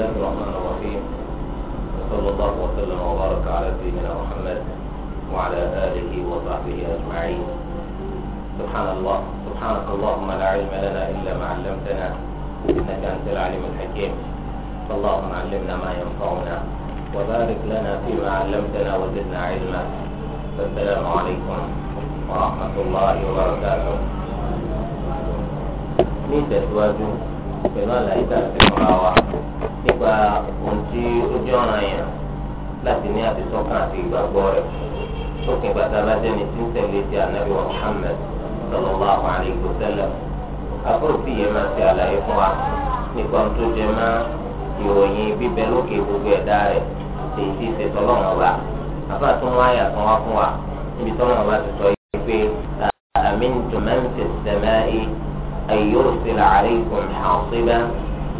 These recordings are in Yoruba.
الله الرحمن الرحيم وصلى الله وسلم وبارك على سيدنا محمد وعلى آله وصحبه أجمعين سبحان الله سبحانك اللهم لا علم لنا إلا ما علمتنا إنك أنت العليم الحكيم اللهم علمنا ما ينفعنا وبارك لنا فيما علمتنا وزدنا علما السلام عليكم ورحمة الله وبركاته pẹ̀lú àlàyé tá a fi mọ́ra wa nípa ohun tí ó jẹ́ ọ̀ràn yẹn láti ní àfisọ́kàn àti ìgbàgbọ́ rẹ̀ sókè gbàtà alájẹni tí ń tẹ̀lé ti ànábì wa Muhammad sallallahu alayhi wa sallam akóròfin yẹn máa ṣe àlàyé fún wa nípa ohun tó jẹ mọ́ ìròyìn bíbẹ lókè gbogbo ẹ̀dá rẹ̀ èyí tí ṣe tọ́lọ́wọ́n wa àbá tó ń wáyà kan wá fún wa níbi tọ́lọ́wọ́n wa ti sọ yìí pé àmì أن يرسل عليكم حاصبا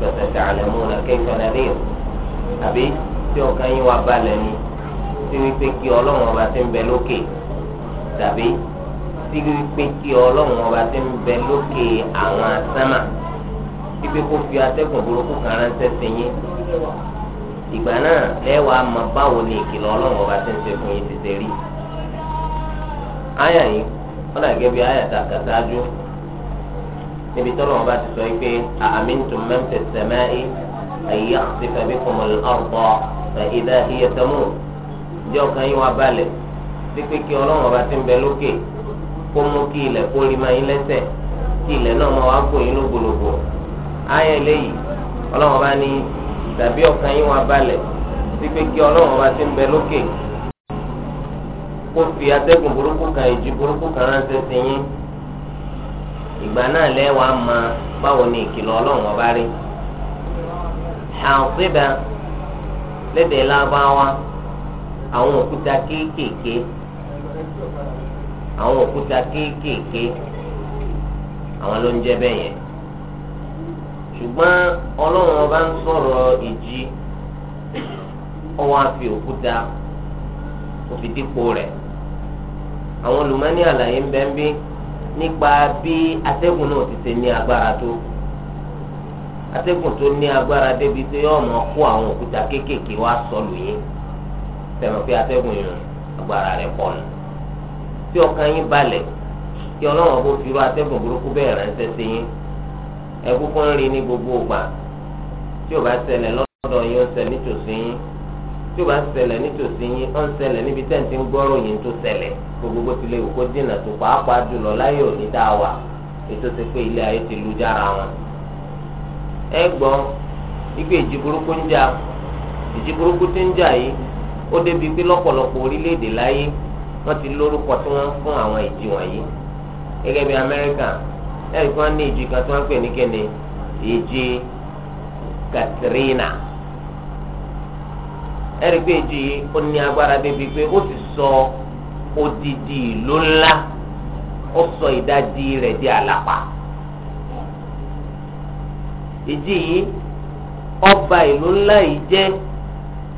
فستعلمون كيف نذير àbí tí ọkàn yín wá balẹ̀ ni tí wípé kí ọlọ́run ọba ti ń bẹ lókè tàbí tí wípé kí ọlọ́run ọba ti ń bẹ lókè àwọn sánmà wípé kó fi atẹ́gùn burúkú kan ránṣẹ́ sí yín ìgbà náà lẹ́wàá mọ báwo ni ìkìlọ̀ ọlọ́run ọba ti ń ṣe fún yín ti ṣe rí. áyà yìí wọ́n dàgẹ́ bí áyà tá a níbi tọ́lọ̀ wọn bá ti sọ pé a'amintum man fi as-sama'i an yakhsifa bikum al-arda fa idha hiya tamur ìjọ kan yín wá balẹ̀ pípé kí ọlọ́run ọba ti ń bẹ lókè kó mú kí ilẹ̀ kó rí máa yín lẹ́sẹ̀ kí ilẹ̀ náà máa wá gbò yín lógbòlógbò ayé eléyìí ọlọ́run ọba ní tàbí ọkàn yín wá balẹ̀ pípé kí ọlọ́run ọba ti ń bẹ lókè kó fi atẹ́gùn burúkú kan ìjì burúkú kan ránṣẹ́ sí yín. ìgbà náà lẹ́wà ma báwo ni ìkìlọ̀ ọlọ́run ọba rí àǹfíbà lédè lábáwá àwọn òkúta kéékèèké àwọn òkúta kéékèèké àwọn ló ń jẹ́ bẹ́ẹ̀ yẹn ṣùgbọ́n ọlọ́run ọba ń sọ̀rọ̀ ìjì ó wá òkúta òfìdípò rẹ̀ àwọn olùmọ́ní àlàyé ń bẹ́ẹ̀ nípa bí atẹ́gùn náà ti ṣe ní agbára tó atẹ́gùn tó ní agbára débi tó yọ ọmọ kó àwọn òkúta kéékèèké wá sọlù yín tẹ̀mọ̀ pé atẹ́gùn yìí agbára rẹ̀ pọ̀ nù tí ọkàn yín balẹ̀ kí ọlọ́wọ́n kó fi irú atẹ́gùn burúkú bẹ́ẹ̀ ránṣẹ́ sí yín ẹkú kó ń rí ní gbogbo ògbà tí ò bá ṣẹlẹ̀ lọ́dọ̀ yín ó ṣẹlẹ̀ nítòsí yín. tí o bá ń ṣẹlẹ̀ nítòsí yín ó ń ṣẹlẹ̀ níbi tẹ́ ń gbọ́rọ̀ yín tó gbogbo ti wò kó tó pàápàá jùlọ láyé òní wa ètò ti pé ilé ayé ti lu jára wọn. ẹ gbọ́ ipe ìjì burúkú ń jà ìjì burúkú ti ń jà yìí ó débi pé lọ́pọ̀lọpọ̀ orílẹ̀-èdè láyé wọ́n ti lórúkọ tí wọ́n ẹ̀rígbé èjì yìí ó ní agbára débi pé ó ti sọ odidi ìlú ńlá ó sọ ìdajì rẹ̀ di àlàpà èjì yìí ọba ìlú ńlá yìí jẹ́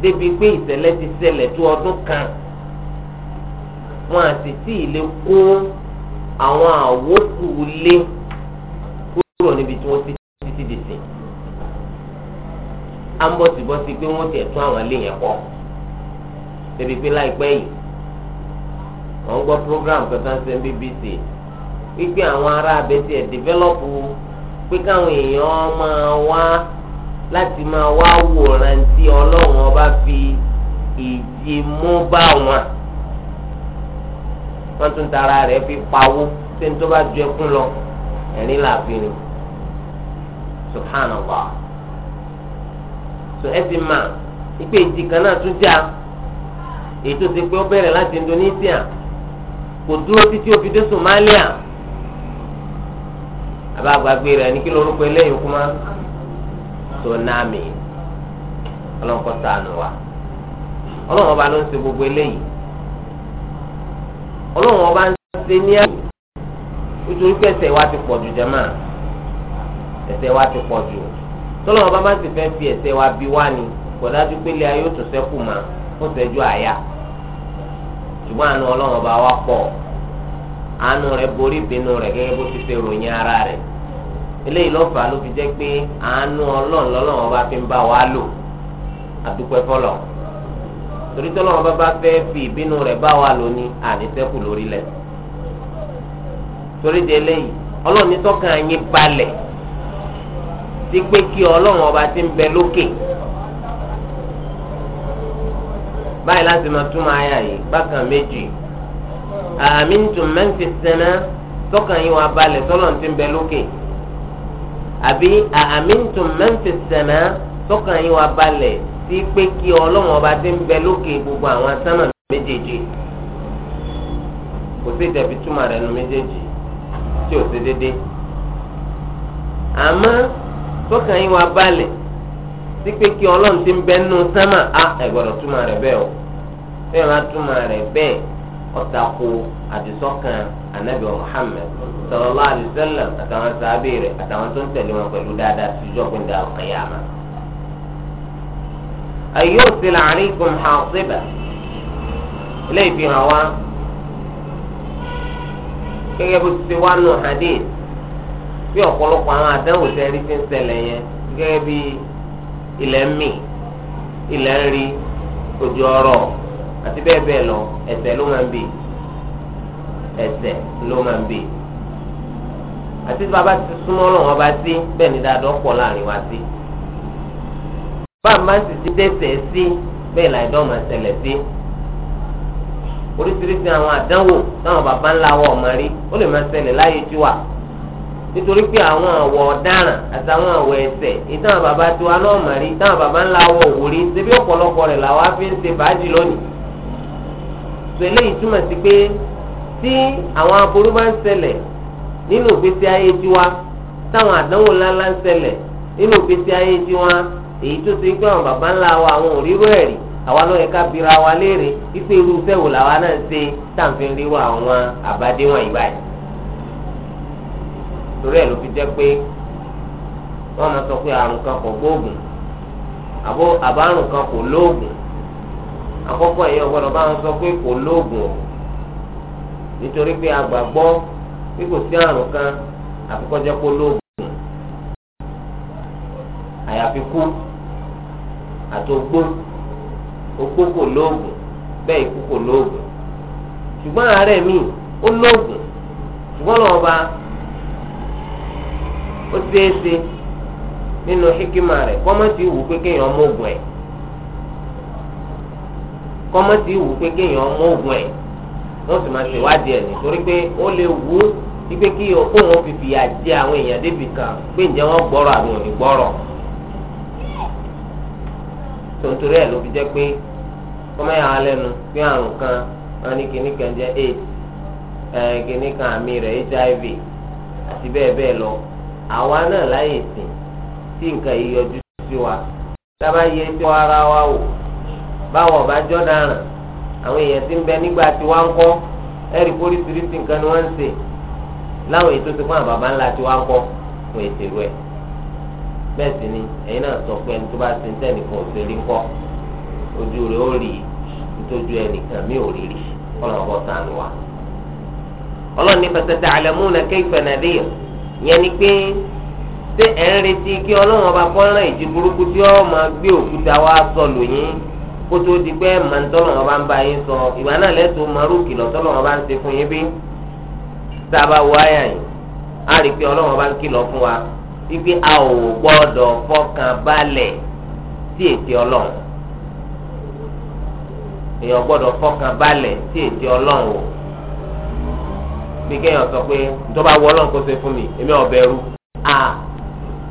débi pé ìṣẹ̀lẹ̀ ti ṣẹlẹ̀ tó ọdún kan wọn àti tí ì kó àwọn àwòkù lé kúrò níbi tí wọ́n ti ti ti dì sí á ń bọ̀sibọ́sí pé wọ́n tiẹ̀ tún àwọn ilé yẹn kọ́ ṣebí pé láìpẹ́ yìí wọ́n gbọ́ program kankan ṣe ń BBC wípé àwọn ará abẹ tiẹ̀ dìvẹ́lọ́pù pé káwọn èèyàn máa wá láti máa wá wòran tí ọlọ́run ọba fi ìjì mú bá wọn wọ́n tún tara rẹ̀ fi pawó ṣé ní tó bá ju ẹkún lọ ẹ̀rín làbìrin subhanallah tó ẹ ti mà ipe ìtì kan náà tún já ètò ti pé ó bẹ̀rẹ̀ láti Indonesia kò dúró títí ó fi dé Somalia àbágbàgbé rẹ̀ ní kí lórúkọ eléyìí kú mọ́ tsunami ọlọ́nkọ́ sànù wa ọlọ́wọ́n ọba ló ń ṣe gbogbo eléyìí ọlọ́wọ́n ọba ń ṣe ní ẹ̀rù nítorí pé ẹ̀ṣẹ̀ wa ti pọ̀ jù jẹ́ máa ẹ̀ṣẹ̀ wa ti pọ̀ jù tọ́lọ́ wọn bá má sì fẹ́ fi ẹ̀ṣẹ̀ wa bí wá ni kò dájú pé ilé ayé ó tún sẹ́kù mọ́ fún ìṣẹ́jú àyà ṣùgbọ́n àánú ọlọ́run ọba wa pọ̀ àánú rẹ̀ borí ìbínú rẹ̀ gẹ́gẹ́ bó ti ṣe ròyìn ara rẹ̀ eléyìí lọ́fà ló fi jẹ́ pé àánú ọlọ́run lọ́lọ́run ọba fi ń bá wa lò àdúpẹ́ fọlọ́ torí tọ́lọ́ bá bá fẹ́ fi ìbínú rẹ̀ bá wa lò ní àníṣẹ́kù lórílẹ̀ torí de eléyìí ọlọ́run ní tọ́kàn sí pé kí ọlọ́run ọba ti ń bẹ lókè báyìí láti máa túmọ̀ àyà yìí bákan méjì amintum man fi sama tọkàn yín wá balẹ̀ tọ́lọ́run ti ń bẹ lókè àbí amintum man fi sama tọkàn yín wá balẹ̀ sí pé kí ọlọ́run ọba ti ń bẹ lókè gbogbo àwọn sánà méjèèjì kò sí ìtẹ̀fi túmọ̀ rẹ̀ nu méjèèjì tí ò sí déédéé àmọ́ tọkàn yín wá balẹ̀ sí pé kí ọlọ́run ti ń bẹ nínú sánmà á ẹ̀gbọ́dọ̀ túmọ̀ rẹ̀ bẹ́ẹ̀ o bẹ́ẹ̀ máa túmọ̀ rẹ̀ bẹ́ẹ̀ ọ̀tàkù àdìsọ́kàn anabi Muhammad sallallahu alaihi wasallam àtàwọn sàábì rẹ̀ àtàwọn tó ń tẹ̀lé wọn pẹ̀lú dáadáa síjọ́ pé ń da al-qiyama. ayyursil alaykum hasiba ilé ìfihàn wa gẹ́gẹ́ bó ti wá nù hadith bí ọ̀pọ̀lọpọ̀ àwọn àdánwò tẹ rí fi ń ṣẹlẹ̀ yẹn gẹ́gẹ́ bí ilẹ̀ ń mì ilẹ̀ ń rí ojú ọrọ̀ àti bẹ́ẹ̀ bẹ́ẹ̀ lọ ẹ̀ṣẹ̀ ló máa ń bì ẹ̀ṣẹ̀ ló máa ń bì àti tí bàbá ti súnmọ́ lọ́wọ́ bá sí bẹ́ẹ̀ ni dáadọ́ pọ̀ láàrin wa sí bàbá sì ti dẹ́ṣẹ̀ sí bẹ́ẹ̀ láìdọ́ máa ṣẹlẹ̀ sí oríṣiríṣi àwọn àdánwò táwọn bàbá ńlá wọ̀ ọ̀mọ́ rí ó lè máa ṣẹlẹ̀ láyé tí wà nítorí pé àwọn àwọ̀ ọ̀daràn àtàwọn àwọ̀ ẹ̀ṣẹ̀ ìtàn bàbá tó wa náà mọ̀ rí ìtàn bàbá ńlá wọ̀ wò rí ṣebí ọ̀pọ̀lọpọ̀ rẹ̀ làwọn afi ń ṣe fàájì lónìí. sọ eléyìí túmọ̀ sí pé tí àwọn aburú bá ń ṣẹlẹ̀ nínú ìgbésí ayé tiwa táwọn àdánwò ńláńlá ń ṣẹlẹ̀ nínú ìgbésí ayé tiwa èyí tó ti pé àwọn bàbá ńlá wa àwọn òríró ẹ̀rí àwa ló yẹ ká bira wa léèrè ipe irú iṣẹ́ wò làwa náà ń ṣe táǹfin rírọ àwọn àbádé wọn ìbáyìí. torí ẹ̀ ló fi jẹ́ pé wọ́n máa sọ pé àrùn kan kò gbóògùn àbó àbárùn kan kò lóògùn àkọ́kọ́ ẹ̀yẹ ọ̀gbọ́dọ̀ bá wọn sọ pé o nítorí pé àgbàgbọ́ pé kò sí àrùn kan àfikọ́jẹ́ kó lóògùn àyàfi kú àtògbó ogbó kò lóògùn bẹ́ẹ̀ ikú kò lóògùn ṣùgbọ́n àárẹ̀ míì ó lóògùn ṣùgbọ́n lọ́wọ́ bá ó ṣeéṣe nínú hikima rẹ̀ kọ́mọ́tì wù pé kéèyàn mú ògùn ẹ̀ kọ́mọ́tì wù pé kéèyàn mú ògùn ẹ̀ wọ́n sì máa ṣèwádìí ẹ̀ nítorí pé ó lè wú ipe kí òun fi fìyà àwọn èèyàn débi kan pé ǹjẹ́ wọ́n gbọ́rọ̀ àbí òní gbọ́rọ̀ tontorí ẹ̀ ló fi jẹ́ pé kọ́mọ́ lẹ́nu pé àrùn kan wọn ní kan HIV àti bẹ́ẹ̀ bẹ́ẹ̀ lọ àwa náà láyè sìn tí nǹkan yìí yọjú sí wa sábà yẹ wọn ara wa wò báwọn ọba jọ dáràn àwọn èèyàn ti ń bẹ nígbà tí wọn ń kọ ẹrí póríṣiríṣi nǹkan ni wọn ń ti fún àwọn baba ńlá tí wọn ń kọ fún ètò rẹ sì ni ẹ̀yin náà sọ pé ẹni tó bá ti ń tẹnìkan ò ojú rẹ ó rí ẹnìkan ò rí rí sànù ìyẹn ni pé ṣé ẹ̀ ń retí kí ọlọ́run ọba kọ́ńrán ìjì burúkú tí ó máa gbé òkúta wá sọlù yín kó tó di pé màá ń tọ́lọ̀ wọn bá ń bá yín sọ ìgbà náà lẹ́tọ̀ọ́ marúkì lọ tọ́lọ̀ ń ṣe fún yín bí tá a bá wọ àyà yìí á rí i pé ọlọ́run bá ń kìlọ̀ fún wa wípé a ò gbọ́dọ̀ fọkàn balẹ̀ sí ètè ọlọ́run èèyàn gbọ́dọ̀ fọkàn balẹ̀ sí ètè ọlọ́run o bí kéèyàn sọ pé tó bá wọ ọlọ́run kó ṣe fún mi èmi ò bẹ̀rù à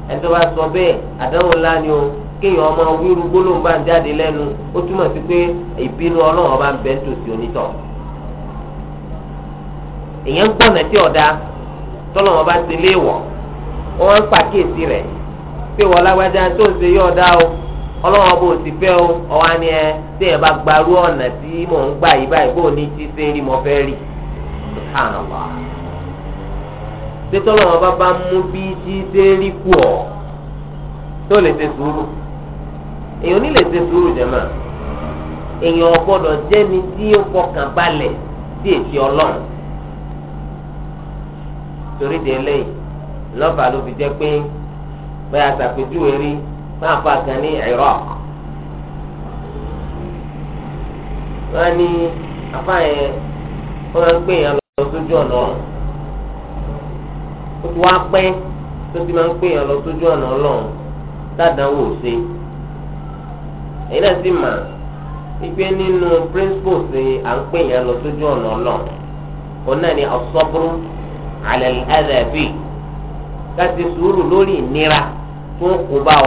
ẹni tó bá sọ bẹ́ẹ̀ àdánwò ńlá ni o kéèyàn ọmọ wíru gbólóhùn bá ń jáde lẹ́nu ó túmọ̀ sí pé ìbínú ọlọ́run ọba ń bẹ tòsí onítọ̀ èèyàn gbọ́nà tí ọ̀dà tọ́lọ́wọ́n bá ti léèwọ̀ wọ́n ń pàkíyèsí rẹ̀ pé wọ́n lágbájá tó ń ṣe yọ̀ ọ̀dà o ọlọ́wọ́n bò ti fẹ́ o ọ̀wá ni ẹ tí ẹ bá gbarú ọ̀nà tí mò ń gbà yí báyìí bò ní ti ṣe rí mo fẹ́ subhanallah títọ́ lọ́wọ́ bá bá mú bí jíde rí kú ọ̀ tó lè ṣe sùúrù èèyàn ní lè ṣe sùúrù jẹ́mà èèyàn gbọ́dọ̀ jẹ́ni tí ó fọkàn balẹ̀ sí èsì ọlọ́run torí de lẹ́yìn lọ́fà ló fi jẹ́ pé bẹ́ẹ̀ àtàpéjúwe rí máa fa kan ní Iraq wọ́n ní afáyẹn wọ́n máa ń pè yàn sójú ọ̀nà ọ̀hún ó ti wá pẹ́ tó ti máa ń pè yàn lọ sójú ọ̀nà ọlọ́run sádánwò ṣe èyí náà sì mà nínú principles à ń pè yàn lọ sójú ọ̀nà ọlọ́run òun náà ni ọ̀sọ́bùrú alẹ́ ẹ̀rẹ́bì láti sùúrù lórí ìnira tó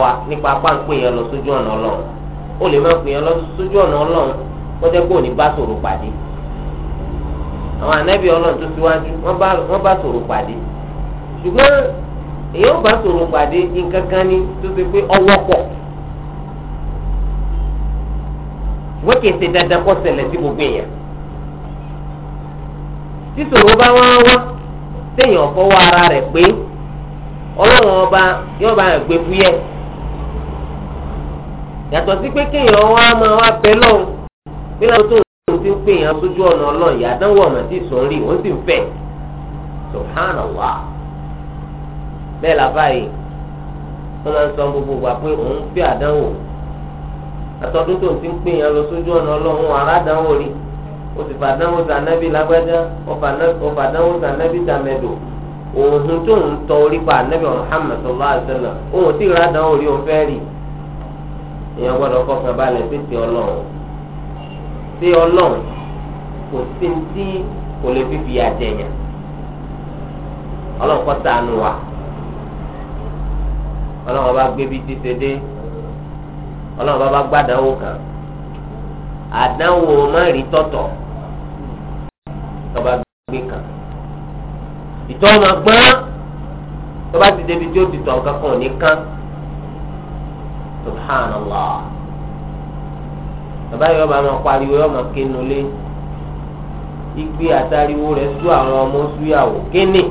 wa nípa apá ń pè yàn lọ sójú ọ̀nà ọlọ́run ó lè má pè yàn lọ sójú ọ̀nà ọlọ́run jẹ́ bá sòrò àwọn ànábì Ọlọ́run tó síwájú wọ́n bá sọ̀rọ̀ pàdé ṣùgbọ́n èyí ò bá sọ̀rọ̀ pàdé nǹkan kan ni tó ṣe pé ọwọ́ pọ̀ wọ́n kì í ṣe dandan kó ṣẹlẹ̀ sí gbogbo èèyàn sísòro bá wá wá ara rẹ̀ pé Ọlọ́run ọba yóò bá yàn gbé fúyẹ́ yàtọ̀ sí pé kéèyàn wá máa wá ti ń pè sójú ọ̀nà ọlọ́run yìí àdánwò ọ̀nà tí sùn rí òun sì ń fẹ̀ subhanallah bẹ́ẹ̀ làbá yìí wọ́n máa ń sọ gbogbo wa pé òun fẹ́ àdánwò àtọ́dún tó ti ń pè lọ sójú ọ̀nà ọlọ́run àràdánwò rí o sì fàdánwò sànẹ́bí lágbájá o fàdánwò sànẹ́bí sàmẹ́dò òun tó ń tọ orí pa ànẹ́bí Muhammad sallallahu alaihi wasallam òun ti ràdánwò rí òun fẹ́ rí ìyẹn gbọ́dọ̀ kọ́kàn sí ọlọ́run kò sí tí kò lè fi fìyà jẹyàn ọlọ́run kọ́ ṣàánú wa ọlọ́run ti ṣe dé ọlọ́run ọba bá gbàdánwò kan àdánwò mọ́rì tọ̀tọ̀ tọba gbé kan ìtọ́ gbọ́n tọba ti débi tí ó ti tọ̀ ní kán bàbá yìí ọba máa pariwo ọmọ kéénu lé igbe àtàriwo rẹ̀ sú àwọn ọmọ súyàwó kéènì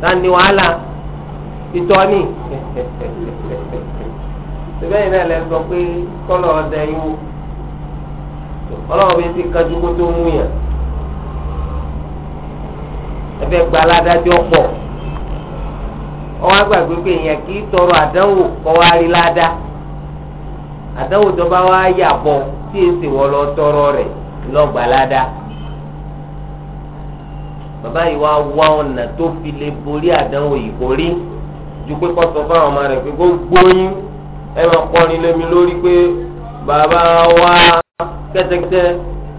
tani wàhálà ìtọ́ni síbẹ̀ yìí náà lẹ sọ pé kọ́lọ̀ ọ̀dẹ yìí wò ọlọ́wọ́ bíi ti kájú kó tó mú yàn ẹfẹ́ gba aládájọ́ pọ̀ ọwọ́ àgbàgbé pé èèyàn kì í tọrọ àdánwò kọ́ wá rí ládàá àtàwọn ìjọba wa yà bọ̀ tí èsì wọ́n lọ tọrọ rẹ̀ lọ́gbàládá bàbá yìí wá wá ọ̀nà tó fi lè borí àdánwò yìí kò rí ju pé kó sọ fáwọn ọmọ rẹ̀ pé gbogbo yín ẹ máa kọrin lémi lórí pé bàbá wa kẹ́tẹ́kẹ́tẹ́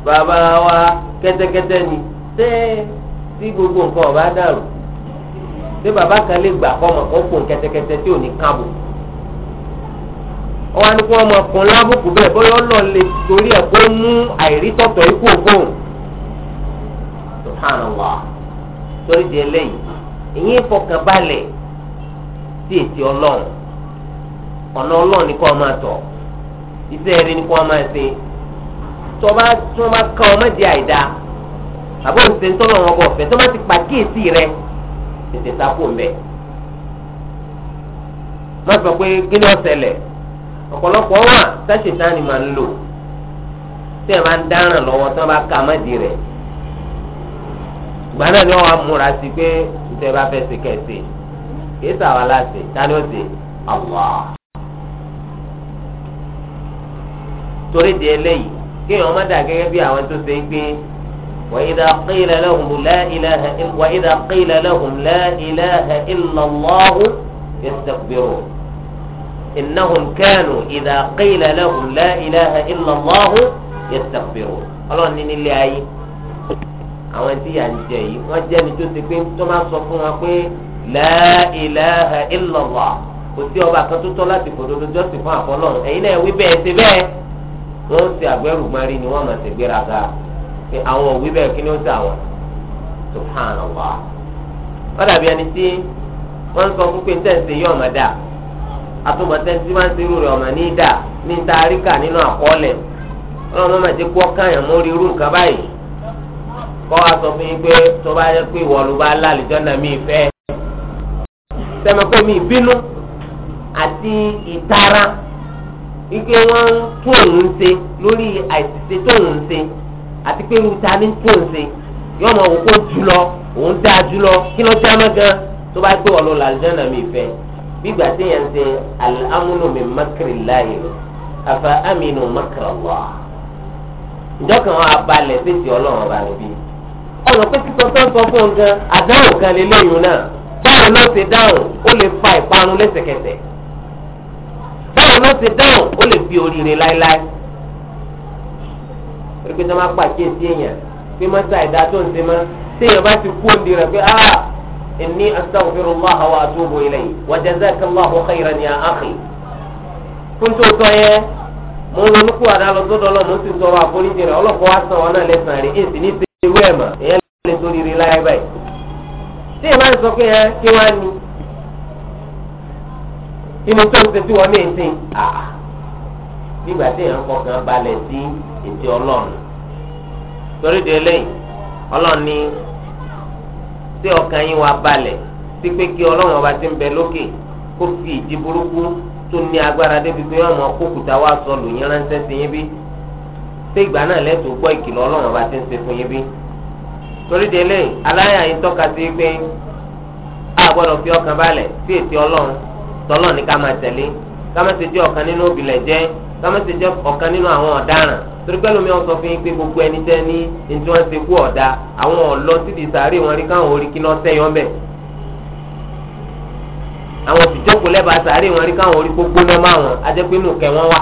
bàbá wa kẹ́tẹ́kẹ́tẹ́ ni ṣé tí gbogbo nǹkan ọ̀bá dàrú ṣé bàbá kan lè gbà kọ́ ọmọ kó fò kẹ́tẹ́kẹ́tẹ́ tí ò ní kábò wọn á ní kí wọn máa kún lábùkù bẹ́ẹ̀ bóyá Ọlọ́run lè torí ẹ̀ kó mú àìrítọ̀tọ̀ ikú òfóun subhanallah torí di eléyìí ìyín ìfọkànbalẹ̀ sí ètí Ọlọ́run ọ̀nà Ọlọ́run ni kò máa tọ̀ iṣẹ́ rẹ̀ ni kò máa ṣe tọba tí wọn bá ká ọmọ di àìda àbọ̀ òṣìṣẹ́ ń tọ́lọ̀ wọn bọ̀ fẹ́ tọ́ bá ti pàkíyèsí rẹ tètè sáfò ń bẹ̀. má sọ pé kí ni ó ṣẹlẹ̀ ọ̀pọ̀lọpọ̀ wà sáṣetánì máa ń lò tí ẹ máa ń dáràn lọ́wọ́ tí wọ́n bá ka mọ́dì rẹ̀ ìgbà náà ni wọ́n á múra sí pé ìtẹ́ bá fẹ́ ṣe kẹ̀sì kìí sàwọ́ aláṣẹ tani ó ṣe Allah. torí di eléyìí kéèyàn má dà gẹ́gẹ́ bí àwọn tó ṣe ń pé وإذا قيل لهم لا إله إلا وإذا قيل لهم لا إله إلا الله يستكبرون innahum كانوا idha قيل لهم لا ilaha illa الله يستكبرون. الله ní اللي ayé àwọn tí yà ń jẹ yìí wọ́n jẹ́ ni tó ti pé tó máa sọ fún wọn pé la ilaha illa allah kò sí ọba kan tó tọ́ láti fòdodo jọ́sìn fún àfọlọ́run ẹ̀yin náà wí bẹ́ẹ̀ ṣe bẹ́ẹ̀ wọ́n ń ṣe àgbẹ̀rù mari ni wọ́n máa ṣe gbéraga pé àwọn òwí bẹ́ẹ̀ kí ni ó ṣe àwọn subhanallah wọ́n dàbí ẹni tí wọ́n sọ fún pé ń tẹ̀sí yọ̀ọ̀mọ̀dá àtúbọ̀tẹ́ tí wọ́n ti rú rẹ̀ ọ̀mọ̀ ní dà ní ntaríkà nínú àkọọ́lẹ̀ ọlọ́run máa ti kọ́ káyàn mórí irú nǹkan báyìí kọ́ wa sọ fún yín pé tó bá yẹ pé ìwọ ló bá lálejò náà mí fẹ́ sẹ́mẹ̀kọ́ mi ìbínú àti ìtara ike wọ́n ń tún òun ṣe lórí àìsíṣe tó òun ṣe àti pé ruta ní tún òun ṣe yọ ọmọ òun kó jùlọ òun dáa jùlọ kí ló dáa mọ́ gan tó bá yẹ pé ìwọ ló lálejò náà mí fẹ́. gbígbà tí yẹn ń afa aminu makrallah ìjọkàn wọn abalẹ̀ sétí ọlọ́run ọba níbí ọ̀nà pé na tó ń sọ fún a àdáhùn kan lélẹ́yìn náà báwo ló ṣe dáhùn ó lè fa ìparun báwo dáhùn ó lè fi oríire láéláé pé pé tó máa pàkíyèsí èèyàn pé mọ́tà ìdá tó ń ṣe mọ́ bá ti kú òǹdí rẹ̀ ah, إني أستغفر الله وأتوب إليه وجزاك الله خيرا يا أخي كنت أتوه mo ń ronúkú àdá lọ sọ́dọ̀ Ọlọ́run sì tọrọ àforíjì rẹ̀ ọlọpàá wa sàn wọn náà lẹsàn rẹ̀ èsì ní ti ewu ẹ mà èyàn lè torí rí láyé báyìí. tí ìmọ̀ ń sọ pé ẹ kí e, wọ́n á ní kí ni tó ń ṣe tí wọ́n ní èsì nígbà tí èèyàn kọkàn balẹ̀ sí ètò Ọlọ́run torí de lẹ́yìn Ọlọ́run ní. tí ọkàn yín wá balẹ̀ sí pé kí ọlọ́run ọba ti ń bẹ lókè kó fi ìdí burúkú tó ní agbára débi pé ọmọ kókùtà wá sọ lù ránṣẹ́ sí yín bí ṣé ìgbà náà lẹ́tọ̀ọ́ gbọ́ ìkìlọ̀ ọlọ́run ọba ti ń ṣe fún yín bí. torí délé aláya a gbọ́dọ̀ fi ọkàn balẹ̀ sí ọlọ́run ká máa tẹ̀lé ká má jẹ́ ọ̀kan nínú jẹ́ ká torí pẹ́ lómi ọ̀sán fún yín pé gbogbo ẹni tẹ́ ní ní tí wọ́n ti kú ọ̀dà àwọn ọ̀lọ́ sídìí sàárè wọn rí káwọn orí kíná sẹ́yọ́ bẹ̀. àwọn òsìjọ́kù lẹ́bàá sàárè wọn rí káwọn orí gbogbo náà máa wọn ajẹ́pínú kẹ́ wọ́n wà.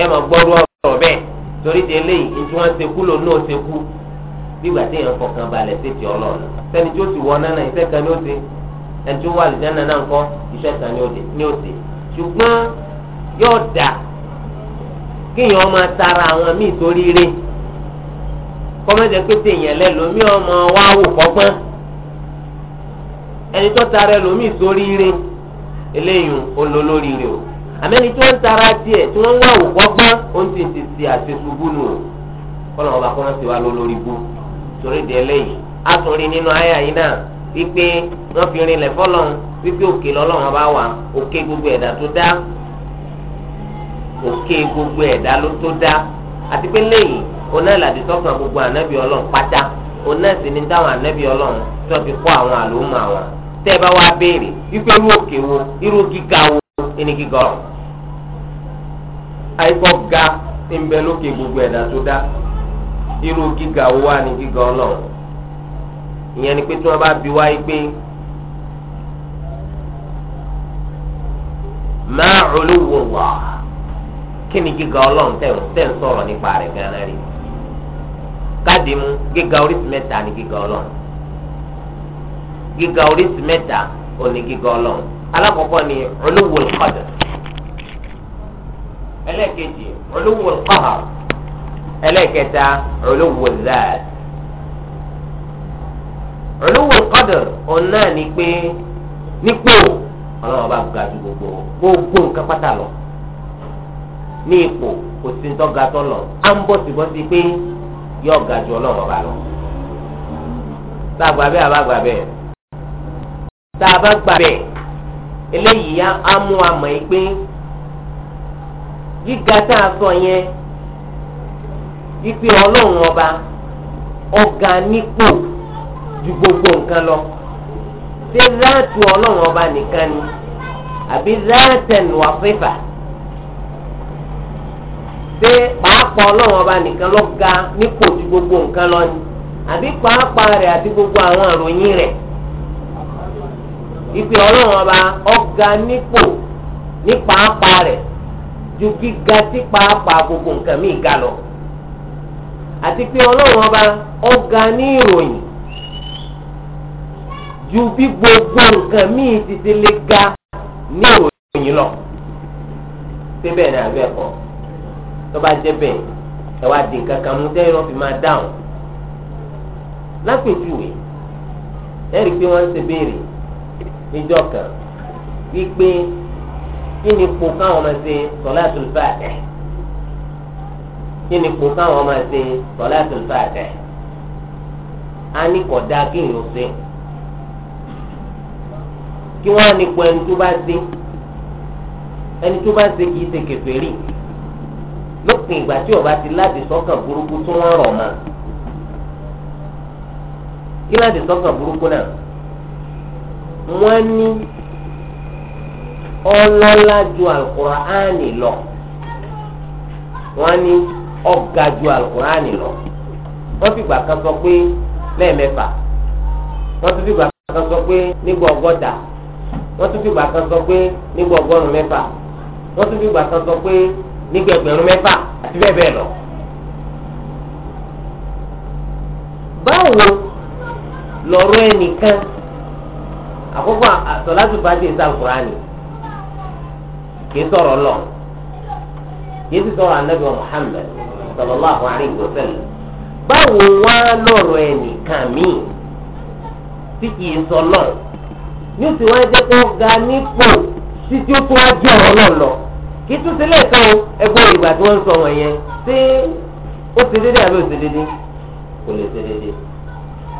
ẹ mọ̀ gbọ́rú ọ̀rọ̀ bẹ́ẹ̀ torí di eléyìí ní wọ́n ti kú lòun náà ti kú bígbà tí èèyàn fọkàn balẹ̀ sí ti ọlọ́run sẹ́ni tí ó ti wọ náà iṣẹ́ ti ẹni tí ó wà kéèyàn ọmọ tara àwọn míì torí rè kọ́mẹ́tẹ̀ pété èèyàn lẹ́lòmíì ọmọ wa wò kọ́gbọ́n ẹni tó tara ẹlòmíì torí rè eléyìí olólórí rè o àmẹ́ni tí wọ́n tara tiẹ̀ tí wọ́n wá wò kọ́gbọ́n ó ń ti ti ti àṣeṣubú nù o kọ́nà ọba kọ́nà ti wá lólórí bú torí di eléyìí a tún rí nínú àyà yìí náà wípé wọ́n fi rinlẹ̀ fọ́lọ́run wípé òkè lọ́lọ́run bá wà òkè gbogbo ẹ̀dá tó dá òkè gbogbo ẹ̀dá ló tó dá àti pé lẹ́yìn oná ìlàdí sọ́kàn gbogbo ànábì ọlọ́run pátá oná sì ni táwọn ànábì ọlọ́run tó ti kọ́ àwọn àlòmọ́ àwọn tẹ́ ẹ bá wá béèrè wípé irú òkè wo irú gíga wo ẹni gíga ga ń bẹ lókè gbogbo ẹ̀dá tó dá irú gíga wo wá ni gíga ọlọ́run ìyẹn ni pé tí wọ́n bá bi wá pé. kí ni gíga ọlọ́run tẹ̀ ń sọ̀rọ̀ nípa rẹ̀ gan-an rí káàdì mú gíga oríṣi mẹ́ta ni gíga ọlọ́run gíga oríṣi mẹ́ta ò ní gíga ọlọ́run alákọ̀ọ́kọ́ ni olówó ìkọ̀dọ̀ ẹlẹ́ẹ̀kejì olówó ìkọ̀hà ẹlẹ́ẹ̀kẹta olówó ìzáàd olówó ìkọ̀dọ̀ òun náà ni pé nípò ọlọ́run bá ga gbogbo nǹkan pátá lọ ní ipò kò sí ntọ́ga tọ́lọ̀ á ń bọ̀sibọ́sí pé yọ ga ju ọlọ́run ọba lọ. tá a gbà bẹ́ẹ̀ a bá gbà bẹ́ẹ̀ tá a bá gbà bẹ́ẹ̀ eléyìí á mú wa mọ̀ yìí pé gíga tá a sọ yẹn ipe ọlọ́run ọba ọ̀gá nípò ju gbogbo nǹkan lọ ṣé záàtù ọlọ́run ọba nìkan ni àbí záàtẹ̀nù àfẹ́fà. ṣé pàápàá ọlọ́run ọba nìkan ló ga nípò ju gbogbo lọ ni àbí pàápàá rẹ̀ àti gbogbo àwọn àròyìn rẹ̀ ìpè ọlọ́run ọba ọga nípò ní pàápàá rẹ̀ ju gíga sí pàápàá gbogbo nǹkan ga lọ àti pé ọlọ́run ọba ju bí gbogbo nǹkan ti ti lè ga ní ìròyìn lọ tọ́ba jẹ́ bẹ́ẹ̀ ẹ wá di nǹkan kan mú tẹ́yìn náà fi máa dáhùn. lápèjúwe ẹ rí i pé wọ́n ń ṣe béèrè níjọ́ kan wípé kí ni ipò káwọn máa ṣe sọ̀láàtù fàtẹ̀ kí ni ipò káwọn máa ṣe sọ̀láàtù fàtẹ̀ a ní kódà kí n ò ṣe kí wọ́n á nípo ẹni tó bá ṣe ẹni tó bá ṣe kì í ṣe kèfèrí lópin ìgbà tí ọba ti láti sọ́kàn burúkú tó wọ́n rọ̀ mọ́ kí láti sọ́kàn burúkú náà wọ́n ní ọlọ́lá ju alukur'ani lọ wọ́n ní ọ̀gá ju alukur'ani lọ wọ́n fìgbà kan sọ pé lẹ́ẹ̀mẹ́fà wọ́n tún fìgbà kan sọ pé nígbà ọgọ́ta wọ́n tún fìgbà kan sọ pé nígbà ọgọ́rùn-ún mẹ́fà wọ́n tún fìgbà kan sọ pé ní gbẹgbẹrún mẹ́fà àti bẹ́ẹ̀ bẹ́ẹ̀ lọ. báwo lọ̀rọ̀ ẹnìkan àkókò àtọ̀lájú bá ti ń sàkúránì kì í sọ̀rọ̀ lọ kì í sì sọ̀rọ̀ anabi wa Muhammad sallallahu alayhi wa sallam báwo wá ẹnìkan míì tí kì í sọ lọ ní o ti wá jẹ́ ga nípò títí ó tó wá jẹ́ ọ̀rọ̀ kì í tún sílẹ̀ tán o ẹgbẹ́ ìgbà tí wọ́n ń sọ wọn yẹn ṣé ó ṣe déédéé àbí ó ṣe déédéé kò lè ṣe déédéé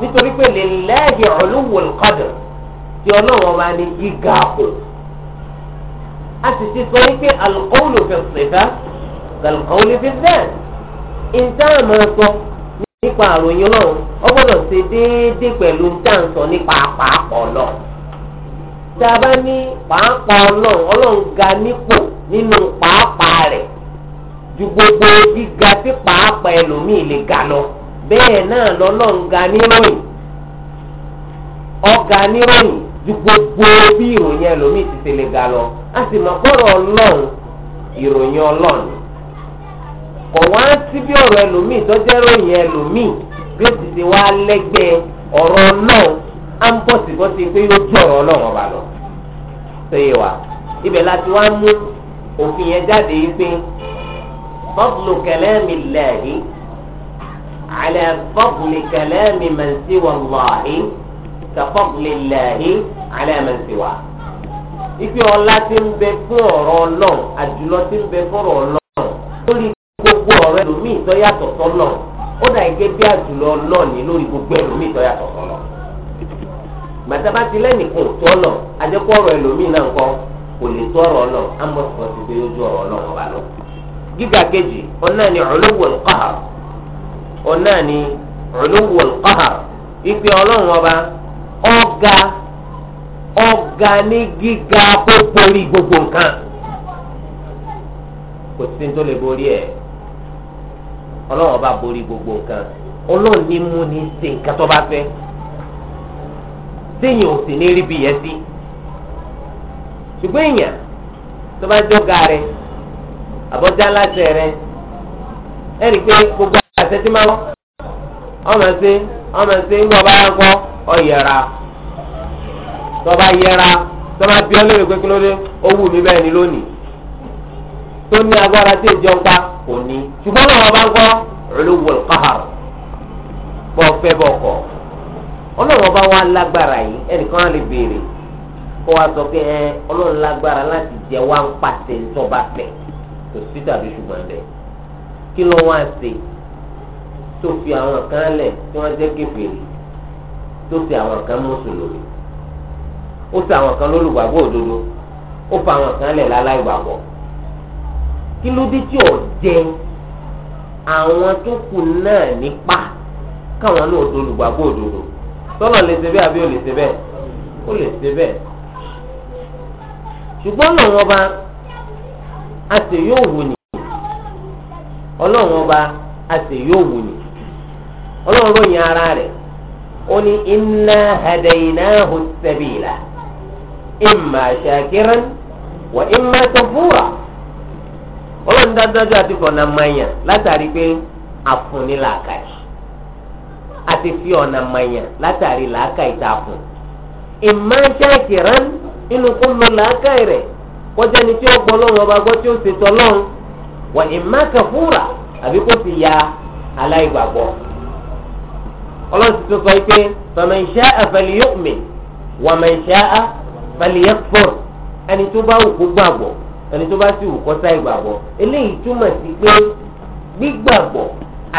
nítorí pé lillahi ulul qadr tí ọlọ́wọ́ máa ní gíga kù a sì ti sọ wípé al-qawlu fi as-sifat fi az-zat máa sọ nípa àròyìn ọlọ́run ó gbọ́dọ̀ ṣe déédéé pẹ̀lú ìtàn sọ nípa pàápàá ọlọ́run tá a bá ní pàápàá ọlọ́run ọlọ́run ga nípò nínú pàápàá rẹ̀ ju gbogbo gíga tí pàápàá ẹlòmíì lè ga lọ bẹ́ẹ̀ náà lọ́lọ́run ga níròyìn ọ̀gá níròyìn ju gbogbo bí ìròyìn ẹlòmíì ti ṣe lè ga lọ a sì mọ̀ kọ́rọ̀ ọlọ́run ìròyìn ọlọ́run kọ̀ wá sí bí ọ̀rọ̀ ẹlòmíì tó jẹ́ ròyìn ẹlòmíì bí ó ti ṣe wá lẹ́gbẹ̀ẹ́ ọ̀rọ̀ ọlọ́run á ń bọ̀ sí bọ́ sí pé yóò ju ọlọ́run ọba lọ. ṣé wa ibẹ̀ láti wá mú òfin yẹn jáde yìí pé fadlu kalami llahi ala fadli kalami man siwa Allahi ka fadli llahi ala man siwa. ipe ọlá ti ń bẹ fún ọ̀rọ̀ ọlọ́run àjùlọ ti ń bẹ fún ọ̀rọ̀ ọlọ́run lórí gbogbo ọ̀rọ̀ ẹlòmíì tó yàtọ̀ sọ́lọ̀ ó dà gẹ́gẹ́ bí àjùlọ ọlọ́ọ̀ni lórí gbogbo ẹlòmíì tó yàtọ̀ sọ́lọ̀. gbàtà bá ti lẹ́nìkan ò tọ́lọ̀ kò lè tó ọ̀rọ̀ lọ amọ̀rọ̀ kan ti gbé ojú ọ̀rọ̀ lọ ọba lọ. gíga kejì ọ̀nà ni ulul qahar ọ̀nà ni ulul qahar ìpè ọlọ́run ọba ọ̀gá ọ̀gá ní gíga pópórí gbogbo nǹkan kò sí tó lè borí ẹ̀ ọlọ́run ọba borí gbogbo nǹkan ọlọ́run ní mú ní ṣe tó bá fẹ́ téèyàn ò sì ní rí bí yẹn sí. Si ṣùgbọ́n èèyàn tó bá jọ́gà rẹ̀ àbọ̀dá aláṣẹ rẹ̀ ẹ̀ rí i pé gbogbo àṣẹ tí máa wọ́ ọmọ ṣe ọmọ ṣe ń gbọ́ bá yá gbọ́ ọ yẹra tó bá yẹra tó bá bí ọlọ́rẹ̀ pé kí ló dé owó mi bẹ́ẹ̀ ni lónìí tó ní agbára tí èjọ ń pa kò ní ṣùgbọ́n náà bá ń gbọ́ olówó káhàr bọ́ fẹ́ bọ́ kọ́ ọlọ́run ọba wa lágbára yìí ẹnìkan á lè béèrè kó wa sọ pé ẹ ọlọ́run lágbára láti jẹ wá ń pàṣẹ ìjọba pẹ̀ kò sí tàbí ṣùgbọ́n bẹ́ẹ̀ kí ló wá ṣe tó fi àwọn kan lẹ̀ tí wọ́n jẹ́ kèfèrí tó fi àwọn kan mùsùlùmí ó fi àwọn kan lólùgbàgbọ́ òdodo ó fa àwọn kan lẹ̀ láláìgbàgbọ́ kí ló dé tí ò jẹ àwọn tó kù náà nípa káwọn náà dolùgbàgbọ́ òdodo tọ́lọ̀ lè ṣe bẹ́ẹ̀ àbí ò lè ṣe bẹ́ẹ̀ ó lè ṣe bẹ́ẹ̀ ṣùgbọ́n lọ́wọ́ bá àṣẹ yóò wò ní ọlọ́wọ́ bá àṣẹ yóò wò ní ọlọ́wọ́ ròyìn ara rẹ̀ ó ní inna hadaynahu shakiran wa imma kafura ọlọ́run dájúdájú àti fọ̀nà mayà látàrí pé àfúnni làákàyè àti fi ọ̀nà mayà látàrí làákàyè tá a shakiran. inú kó lọ làákàyè rẹ̀ kọjá ni tí ó gbọ́ lọ́wọ́ ọba gbọ́ tí ó ṣe tọ́ lọ́hùn wà ìmá kẹfúrà àbí kó ti ya aláìgbàgbọ́ ọlọ́run ti sọ pé faman sha'a falyu'min wa man sha'a falyakfur ẹni tó bá wù kó gbàgbọ́ ẹni tó bá sì wù kó sá ìgbàgbọ́ eléyìí túmọ̀ sí pé gbígbàgbọ́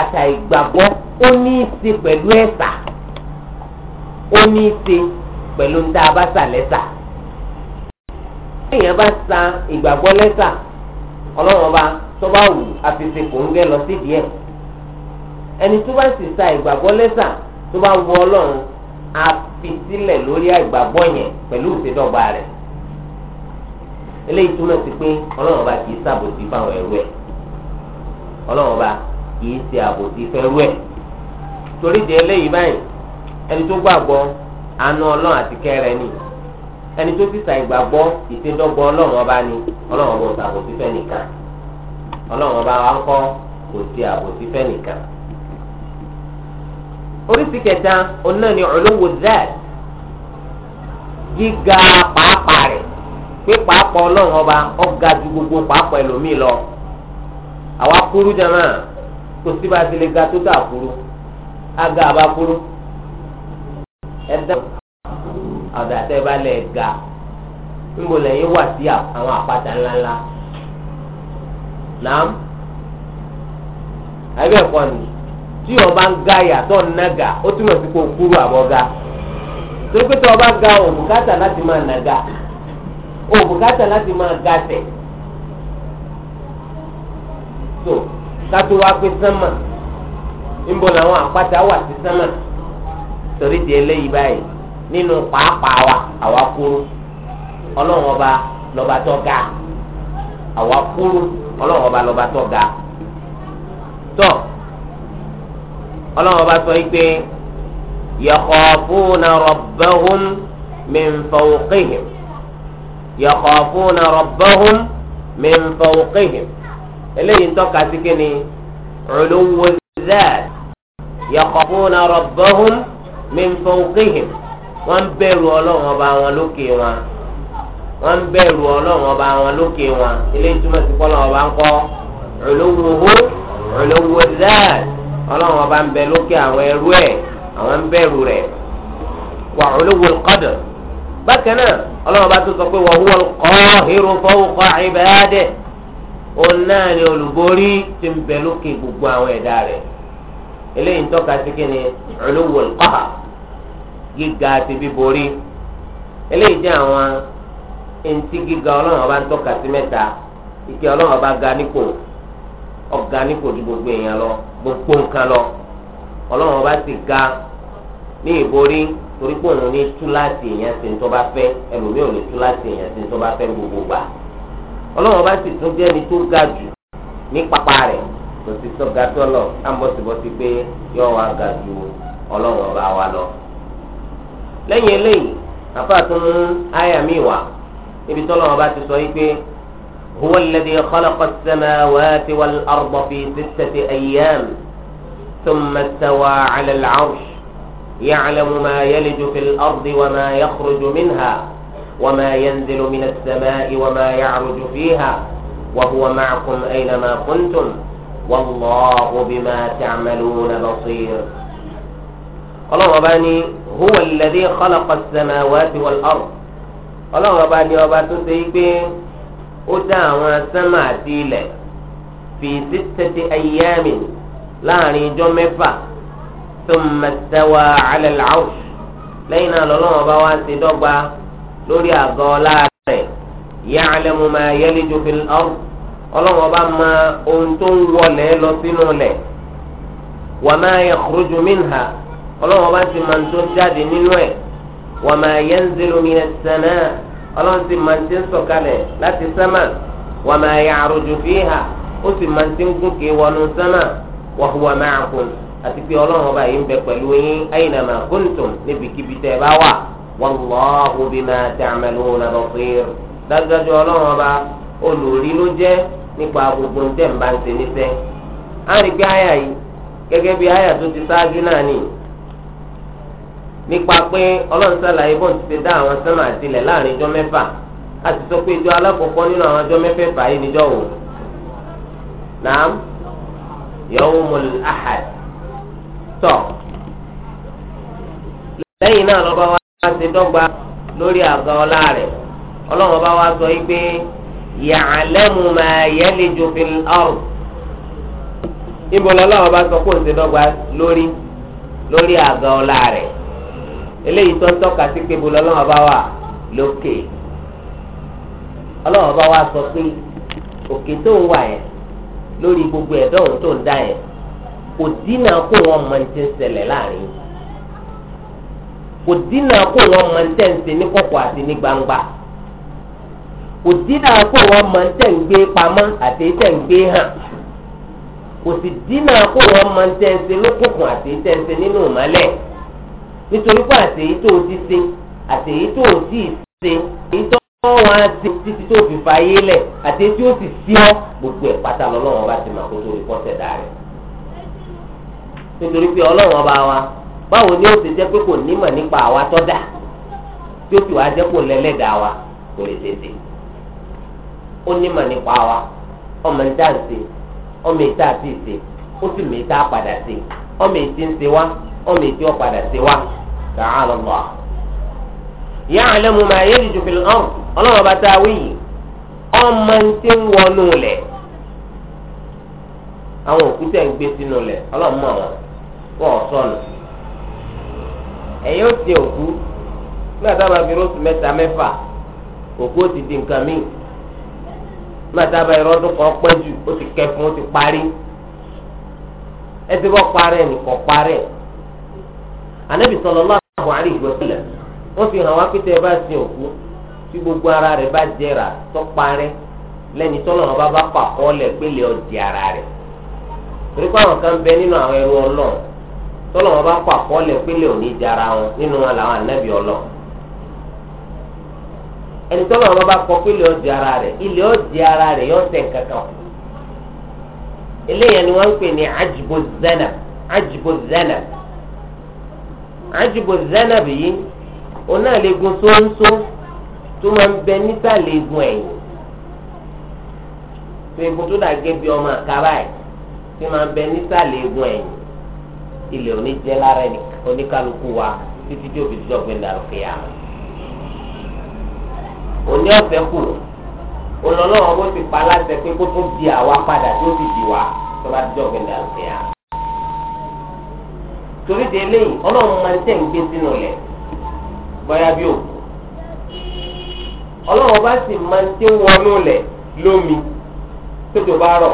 àtà ìgbàgbọ́ ó ní í ṣe pẹ̀lú ẹ̀sà ó ní í ṣe pẹ̀lú ń tá a bá sà lẹ́sà èèyàn bá san ìgbàgbọ́ lẹ́sà ọlọ́run ọba tó bá wù àfẹsẹ̀ kò ń gẹ́ lọ sí díẹ̀ ẹni tó bá sì sa ìgbàgbọ́ lẹ́sà tó bá wù ọlọ́run àfisílẹ̀ lórí àgbàgbọ́ yẹn pẹ̀lú ìṣèdọ́gba rẹ̀ eléyìí túmọ̀ sí pé ọlọ́run ọba kì í ṣàbòsí fáwọn ẹrú ẹ̀ ọlọ́run ọba kì í ṣe àbòsí fẹ́rú ẹ̀ torí di eléyìí báyìí ẹni tó gbàgbọ́ àánú ọlọ́run àti kẹrẹ nìyí ẹni tó ti sàn ìgbàgbọ́ ìṣèdọ́gbọ́ ọlọ́run ọba ni ọlọ́run ọba òsà kò sí fẹ́ nìkan ọlọ́run ọba wa ń kọ́ kò sí àbòsí fẹ́ nìkan. oríṣi kẹta ọ̀nà ni olówó zed gíga pàápàá rẹ̀ pé pàápàá ọlọ́run ọba ọ̀gá ju gbogbo pàápàá ẹlòmíì lọ. àwa kúrú jama kò sí bá a ti lè ga tó tà kúrú aga àbá kúrú ẹ̀dá àgbàtẹ́ bá ga níbo lẹ́yìn wà sí àwọn àpáta ńláńlá nàám ẹgbẹ́ ẹ̀kọ́ ni tí ọba ń ga yàtọ̀ nága ó túmọ̀ sí kó kúrú àbọ̀gá tó pé ọba ga òbúkátà láti máa nàga òbúkátà láti máa ga tẹ̀ so kátó wá pé sánmà níbo làwọn àpáta wà sí sánmà torí di báyìí. nínú pàápàá wa àwa kúrú ọlọ́run ọba lọ́ba tó ga àwa kúrú ọlọ́run ọba lọ́ba tó ga tó ọlọ́run ọba sọ yìí pé yakhafuna rabbahum min fawqihim yakhafuna rabbahum min fawqihim eléyìí ń tọ́ka sí kí ni uluwwul zaat yakhafuna rabbahum min fawqihim. wọ́n ń bẹ̀rù ọlọ́run ọba wọn lókè wọn wọ́n bẹ̀rù ọlọ́run ọba wọn lókè wọn ilé ìtumọ̀ sí kọ́lọ́ ọba ń kọ́ olówó olówó dáa ọlọ́run ọba ń bẹ lókè àwọn ẹrú ẹ̀ àwọn ń bẹ̀rù rẹ̀ wà olówó kọ́dọ̀ bákan náà ọlọ́run ọba tó sọ pé wọ́n wọ́n kọ́ hírun fọ́wọ́ kọ́ àìbáyádẹ́ òun náà ni olùborí ti ń bẹ lókè gbogbo àwọn ẹ̀dá rẹ̀ eléyìí ń gíga àti bíborí eléyìí jẹ́ àwọn eŋti gíga ọlọ́run ọba ń tọ́ka sí mẹ́ta ike ọlọ́run ọba ga nípò ọ̀gá nípò ju gbogbo èèyàn lọ gbogbo nǹkan lọ ọlọ́run ọba sì ga ní ìborí torí pé òun ní tú láti èèyàn sí tó bá fẹ́ ẹlòmíì ò ní tú láti èèyàn sí tó bá fẹ́ gbogbo gbà ọlọ́run ọba sì tún jẹ́ni tó ga jù ní pápá rẹ̀ kò sí sọ́gà tọ́lọ̀ táwọn bọ́sibọ́sí pé yọ wá ga ju ọlọ́run ọba wa lọ. lẹ́yìn eléyìí àfáà tó mú àyà mi wá níbi tó lọ́wọ́ bá ti sọ yìí pé هو الذي خلق السماوات والأرض في ستة أيام ثم استوى على العرش يعلم ما يلج في الأرض وما يخرج منها وما ينزل من السماء وما يعرج فيها وهو معكم أينما كنتم والله بما تعملون بصير ọlọ́run ọba ní huwa alladhi khalaqa as-samawati wal-ard ọlọ́run ọba ní ọba tó ṣe pé ó dá àwọn sánmà àti ilẹ̀ fi sittati ayyamin láàrin ijọ́ mẹ́fà thumma istawa 'ala al-'arsh lẹ́yìn náà lọ́lọ́run ọba wá ṣe dọ́gba lórí àgọ́ ọlá rẹ̀ ya'lamu ma yaliju fil-ard ọlọ́run ọba mọ ohun tó ń wọlé lọ sínú lẹ̀ wa ma yakhruju minha. ọlọ́run bá ti máa ń tó jáde nínú ẹ̀ wa ma yanzilu minas samaa ọlọ́run ti máa ń ti ń sọ̀kalẹ̀ láti sánmà wa ma ya'ruju ó sì máa ń ti ń gòkè wọnú sánmà na huwa ma'akum àti pé ọlọ́run ọba yìí ń bẹ pẹ̀lú yín níbikíbi tẹ́ ẹ bá wà dájúdájú ọlọ́run ọba nípa pé ọlọ́run sàlàyé bọ́ọ̀n ti ṣe dá àwọn sánmà àti ilẹ̀ láàrin ijọ́ mẹ́fà a ti sọ pé ijọ́ alákọ̀ọ́kọ́ nínú àwọn ijọ́ mẹ́fẹ̀ẹ̀fà yìí níjọ́ wò naam yawmul ahad tọ́ lẹ́yìn náà lọ́ba wa ṣe dọ́gba lórí àga ọlá rẹ̀ ọlọ́run ọba wa sọ yìí pé ya'lamu ma yaliju fil ard ìbọ̀lọ́lọ́wọ́ bá sọ pé òun ṣe dọ́gba lórí lórí àga ọlá rẹ̀ eléyìí tó tọ́ka sí pé bolo ọlọ́run ọba wà lókè ọlọ́run ọba wà sọ pé òkè tó ń wà yẹn lórí gbogbo ẹ̀dọ́ òun tó ń dá yẹn kò dínà kó wọn mọ ní ti ń ṣẹlẹ̀ láàrin kò dínà kó wọn mọ ní tẹ̀sí ní kọ̀kọ̀ àti ní gbangba kò dínà kó wọn mọ ní tẹ̀gbé pamọ́ àti tẹ̀gbé hàn kò sì dínà kó wọn mọ ní tẹ̀sí lókùnkùn àti tẹ̀sí nínú ìmọ́lẹ̀ nítorí pé àtẹ̀yí tó o ti ṣe àtẹ̀yí tó o ti ṣe èyí tó wọ́n wá ṣe títí tó fi fa ayé lẹ̀ àtẹ̀yí tí ó sì sí ọ́ gbogbo ẹ̀ pátá lọ́lọ́wọ́n bá ti mà kó tó ikọ́ ṣẹ̀dá rẹ̀ nítorí pé ọlọ́wọ́n bá wa báwo ni ó ti jẹ́ pé kò nímọ̀ nípa àwa tó dà tí ó sì wá jẹ́ kó lẹ́lẹ́dàá wa kò lè tètè ó nímọ̀ nípa wa ọmọ ìta ń ṣe ọmọ ìta àti ìṣe ó sì mọ ìta padà ṣe ọmọ ìti ń ṣe wá ọmọ ìti ó padà ṣe wá. تعالى الله يعلم ما يلج في الأرض الله بتاوي أمن ونولي àwọn òkúta ń gbé sínú lẹ ọlọ́mọ àwọn wọn ò sọnù ẹ̀yin ó ti òkú nígbà tá a bá fi róòtù mẹ́ta mẹ́fà òkú anabi sallallahu alaihi wa sallam wọ́n fi hàn wá pété ẹ bá sin òkú gbogbo ara rẹ bá jẹrà tó parẹ́ lẹ́ni tọ́lọ́run bá bá pa ọ́lẹ̀ pélé ọ̀dì ara rẹ̀ torí pé àwọn kan bẹ nínú àwọn ẹrú bá pa ọ́lẹ̀ pélé òní jara wọn nínú wọn làwọn anabi ẹni bá ara rẹ̀ ilé ọ̀dì ara rẹ̀ yọ̀ sẹ̀ kankan eléyàn ni wọ́n ń pè ní àjùbọ̀ zanab yìí òun náà lè gun sóńsó tó máa ń bẹ nísàlẹ̀ egun ẹ̀yìn tó egun tó dà gẹ́gẹ́ bí ọmọ àkàrà ẹ̀ tó máa ń bẹ nísàlẹ̀ egun ẹ̀yìn ilẹ̀ òní jẹ́ lára oníkálukú wa títí tí òbí tó gbé dàrú kéya òní ọ̀fẹ́ kù olọ́lọ́wọ́ bó ti pa aláṣẹ pé kó tún di àwa padà tó ti di wa tó bá tó gbé dàrú kéya. torí de eléyìí ọlọ́run máa ń tẹ̀ ń gbé sínú rẹ̀ bóyá bí òkú ọlọ́run bá sì máa ń tẹ́ wọnú rẹ̀ lómi tójò bá rọ̀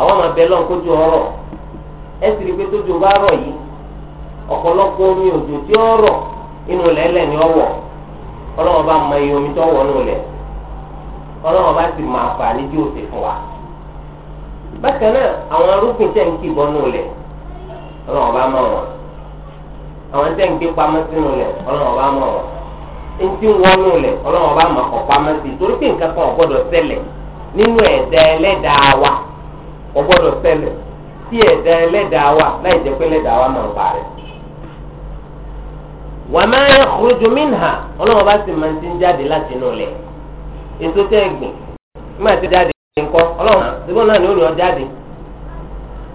àwọn máa bẹ lọ́n kójú ọrọ̀ ẹ sì rí i pé bá rọ̀ yìí ọ̀pọ̀lọpọ̀ omi òjò tí ó rọ̀ inú lẹ́lẹ̀ ni ọwọ́ ọlọ́run bá omi tó ọlọ́run ọba mọ̀ wọ́n àwọn tẹ́ ń gbé pamọ́ sínú lẹ̀ ọlọ́run ọba mọ̀ wọ́n ntí wọnú ọlọ́run ọba mọ̀ kọ̀ pamọ́ sí torí pé nǹkan kan nínú ẹ̀dá ẹlẹ́dàá wa ẹ̀dá ẹlẹ́dàá wa láì jẹ́ wa mọ̀ nípa rẹ̀ wà ọlọ́run ọba sì máa ti ń jáde láti inú lẹ̀ èso tẹ́ gbìn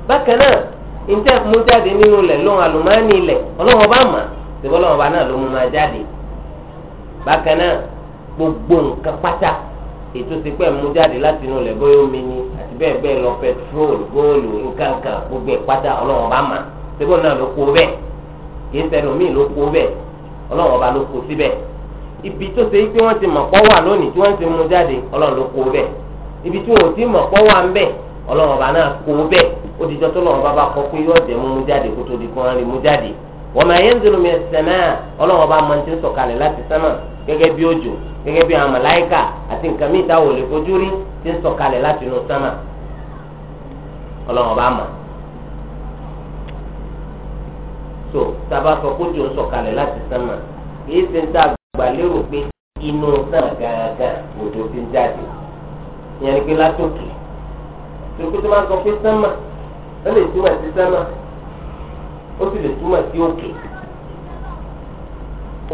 bákan náà njẹ́ mú jáde nínú ilẹ̀ lóhùn àlùmọ́ọ́nì ilẹ̀ ọlọ́wọ́n bá mà síbí ọlọ́wọ́n bá náà ló mú máa jáde bákan náà gbogbo nǹkan pátá ètò ti pẹ́ mú jáde láti inú ilẹ̀ bóyá omi ni àti bẹ́ẹ̀ bẹ́ẹ̀ lọ pẹtrol góòlù nǹkankan gbogbo ẹ̀ pátá ọlọ́wọ́n bá mà síbí ọlọ́wọ́n ló kó bẹ́ẹ̀ kìí sẹ́nu míì ló kó bẹ́ẹ̀ ọlọ́wọ́n bá ló kó síbẹ̀ ibi tó ṣe pé wọ́n ti mọ̀ pọ́ wà lónìí tí wọ́n ti mú jáde ọlọ́wọ́n ó ti jọ tó lọ́wọ́ bàbá kọ pé yóò jẹ́ mú jáde kó tó di kó wọ́n rí mú jáde wọ́n máa yẹn ń zoro mìíràn sẹ́mà ọlọ́wọ́ bá máa ti ń sọ̀kalẹ̀ láti sẹ́mà gẹ́gẹ́ bí òjò gẹ́gẹ́ bí àwọn màláìkà àti nǹkan míì táwọn lè fojú rí ti ń sọ̀kalẹ̀ láti inú sẹ́mà ọlọ́wọ́ bá máa so taba sọ kójú ń sọ̀kalẹ̀ láti sánmà kìí ṣe ń tà gbàlérò pé inú sánmà gángan òjò ti ń jáde ìyẹn ni pé látòkè tó kó tó máa sọ pé sánmà ó lè túmọ̀ sí sánmà ó sì lè túmọ̀ sí òkè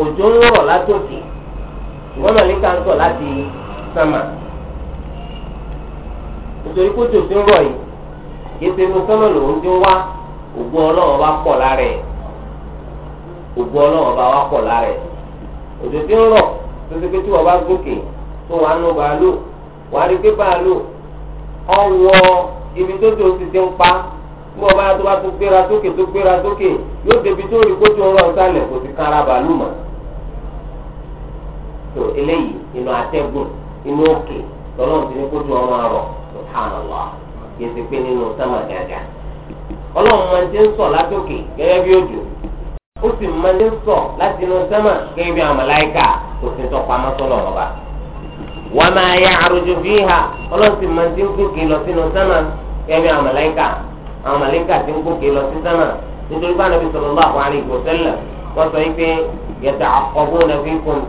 òjò ń rọ̀ látòkè ṣùgbọ́n màlíkà ń sọ̀ láti sánmà nítorí kó tòṣì ń rọ̀ yìí kété inú sánmà lòún ti ń wá ògbó ọlọ́run bá pọ̀ lára ẹ̀ ògbó ọlọ́run bá wá pọ̀ lára ẹ̀ òjò ti ń rọ̀ tó ṣe pé tí wọ́n bá gòkè tó wàá nù bàálù wàá rí pé bàálù ọ̀wọ́ ibi tó tó ti ti ń pa bí wọ́n bá tó bá tó gbéra sókè tó gbéra sókè yóò débi tó rí kótó ń rán sálẹ̀ kò sí kára bàálù tó eléyìí inú atẹ́gùn inú òkè lọ́lọ́run ti ní kótó ọmọ rọ̀ subhanallah kì í pé nínú sámà gàgà. ọlọ́run máa ń ti ń gẹ́gẹ́ bí ó sì máa ń ti ń láti inú sámà gẹ́gẹ́ bí àwọn màlẹ́kà ti ń gòkè lọ sí sánà nítorí bá nàbí sallallahu alaihi wasallam wọ́n sọ yìí pé yata'aqqabuna fikum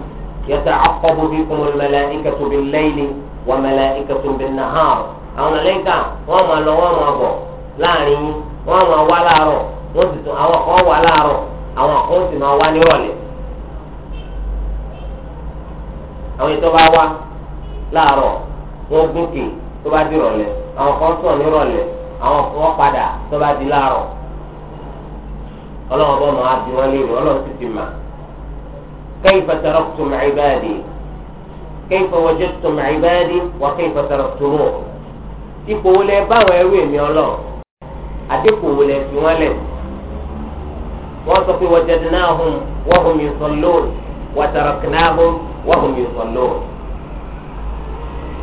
yata'aqqabu fikum al-mala'ikatu bil-layli wa mala'ikatu bin-nahar àwọn màlẹ́kà wọ́n máa lọ wọ́n máa bọ̀ láàrin yín wọ́n máa wá láàárọ̀ sì tún àwọn kan wà láàárọ̀ àwọn kan sì máa wá nírọ̀lẹ́ àwọn ètò bá wá láàárọ̀ wọ́n gòkè tó bá dìrọ̀lẹ́ àwọn kan sọ̀ nírọ̀lẹ́ àwọn kan padà tó bá di láàrọ̀ ọlọ́run bọ́ọ̀mù á di wọ́n léèrè ọlọ́run sì ti mà kayfa taraktum ibadi kayfa wajadtum ibadi wa kayfa taraktumuh ipò wo lẹ báwọn ẹrú èmi ọlọ́run àdínkù wo lẹ fi wọ́n lẹ̀ wọ́n sọ pé wajadnahum wa hum yusallun wa taraknahum wa hum yusallun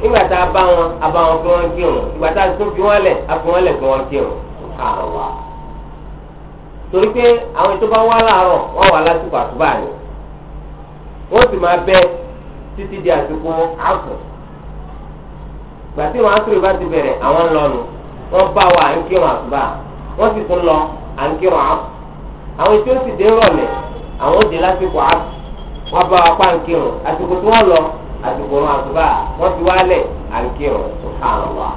nígbà tá a bá wọn a bá wọn fi wọn kírun ìgbà tá a tún fi wọn lẹ̀ a fi wọn lẹ̀ fi wọn kírun àwa. torí pé àwọn ètò bá wá láàárọ̀ wọ́n wà lásìkò àtúbà ni wọ́n sì máa bẹ títí di àsìkò àfọ̀ ìgbà tí wọn àsìkò bá ti bẹ̀rẹ̀ àwọn ń lọnu wọ́n bá wa à ń kírun àtúbà wọ́n sì tún lọ à ń kírun àfọ̀ àwọn ètò sì dé rọ̀lẹ́ àwọn ò dé lásìkò àfọ̀ wọ́n bá wa pa à ń kírun àsìkò tí wọ́n lọ àtùkùrún àtùbà a fi wálẹ̀ àǹkírun subhanallah.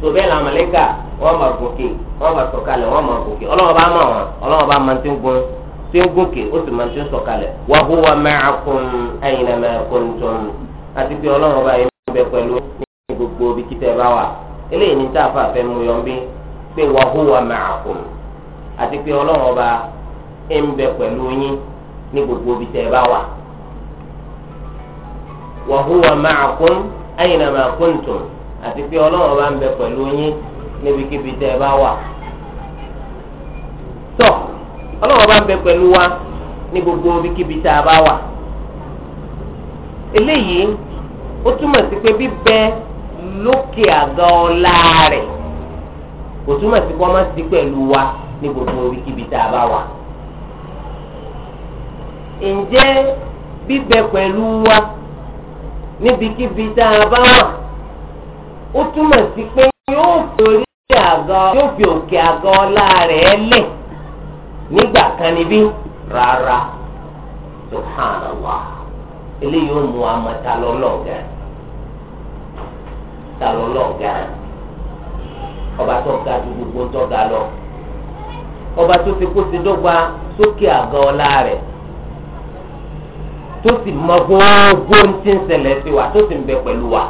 tòbẹ́ làwọn mọ̀lẹ́kà wọ́n máa gòkè wọ́n máa sọ̀kalẹ̀ wọ́n máa gòkè ọlọ́wọ́ bá mọ̀ wọn ọlọ́wọ́ bá máa ti ń gun ti ń gòkè ó sì máa ti ń sọ̀kalẹ̀ wa àti pé ọlọ́wọ́ bá yẹ bẹ pẹ̀lú ní gbogbo bá wà eléyìí ní táàfà fẹ́ mú yọ wa huwa ma'akum aynama kuntum àti pé ọlọ́run bá ń bẹ pẹ̀lú yín níbikíbi tẹ́ ẹ bá wà. tọ́ ọlọ́run bá ń bẹ pẹ̀lú wa ní gbogbo ibikíbi tá a bá wà. eléyìí ó túmọ̀ sí pé bíbẹ lókè àga ọlá wa ní gbogbo ibikíbi wa. níbikíbi tá a bá wà ó túmọ̀ sí pé yóò fi orí àgọ́ yóò fi òkè àgọ́ ọlá rẹ̀ lẹ̀ nígbà kan níbí rárá subhanallah eléyìí ó mu àmọ́ ta lọ́lọ́ọ̀gá ta lọ́lọ́ọ̀gá ọba tó ga ju gbogbo tó ga lọ ọba tó fi kó ti dọ́gba sókè àgọ́ ọlá rẹ̀. tó sì mọ gbogbo ń ti ń ṣẹlẹ̀ wa tó sì ń bẹ pẹ̀lú wa.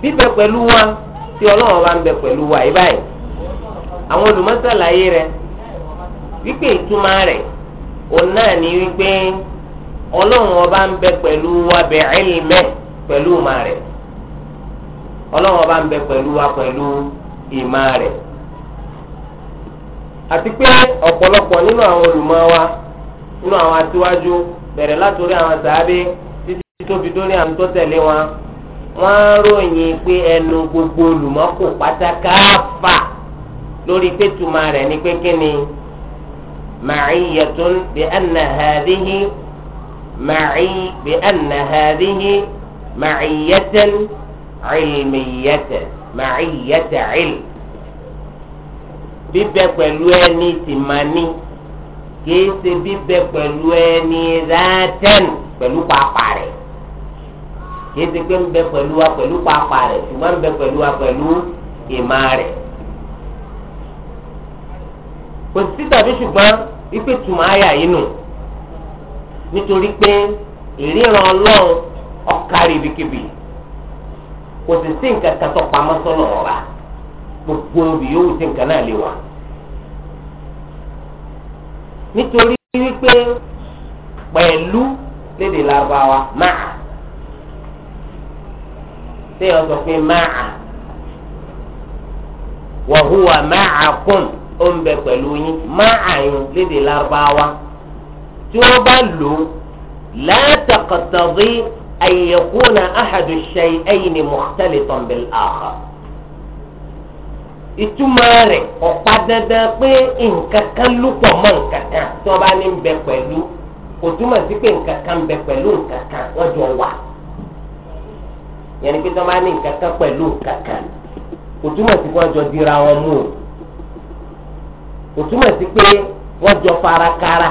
bíbẹ pẹ̀lú wa tí ọlọ́run bá ń bẹ pẹ̀lú wa yìí báyìí àwọn rẹ wípé ìtumá rẹ̀ òun náà ní wípé ọlọ́run ọba ń bẹ wa pẹ̀lú ìmá ọlọ́run ọba ń bẹ wa pẹ̀lú ìmá àti pé ọ̀pọ̀lọpọ̀ nínú àwọn olùmọ̀ wa. nínú àwọn atiwájú bẹ̀rẹ̀ látòrí àwọn sàábé títí tóbi dórí àwọn tó tẹ̀lé wọn wọ́n ròyìn pé ẹnu gbogbo olùmọ́kò pátákáfà lórí pé rẹ̀ ní pé kí ni ma'iyyatun bi anna hadhihi ma'i bi anna hadhihi ma'iyyatan ilmiyatan ma'iyyata ilm bíbẹ pẹ̀lú ẹni tìmánì kìí ṣe bíbẹ pẹ̀lú ẹni rẹ́tẹ́n pẹ̀lú pàápàá rẹ̀ kìí ṣe pé ń bẹ pẹ̀lú wa pẹ̀lú pàápàá rẹ̀ ṣùgbọ́n ń bẹ pẹ̀lú wa pẹ̀lú ìmá rẹ̀. kò sí tàbí ṣùgbọ́n wípé tùmọ̀ àyà yìí nù nítorí pé ìríran ọlọ́run ọ̀kárí ibikíbi kò sì sí nǹkan kan tó pamọ́ sọ́nà ọ̀ra gbogbo ibi yòówù sí nǹkan náà lè wà nítorí wípé pẹ̀lú lédè Lárúbáwá máa téèyàn sọ pé máa wa huwa ma'akum ó ń bẹ pẹ̀lú yín máa yín lédè Lárúbáwá tí wọ́n bá lò ó la taqtadi an yakuna ahadu shay'ayni mukhtalitan bil akhar. ìtumọ̀ rẹ̀ ọ̀pá dandan pé nǹkan kan lúpọ̀ mọ́ nǹkan kan tí wọ́n bá ní bẹ pẹ̀lú kò túmọ̀ sí pé nǹkan kan ni pé tí wọ́n bá ní nǹkan kan jọ dira wọn mú o kò túmọ̀ sí pé farakara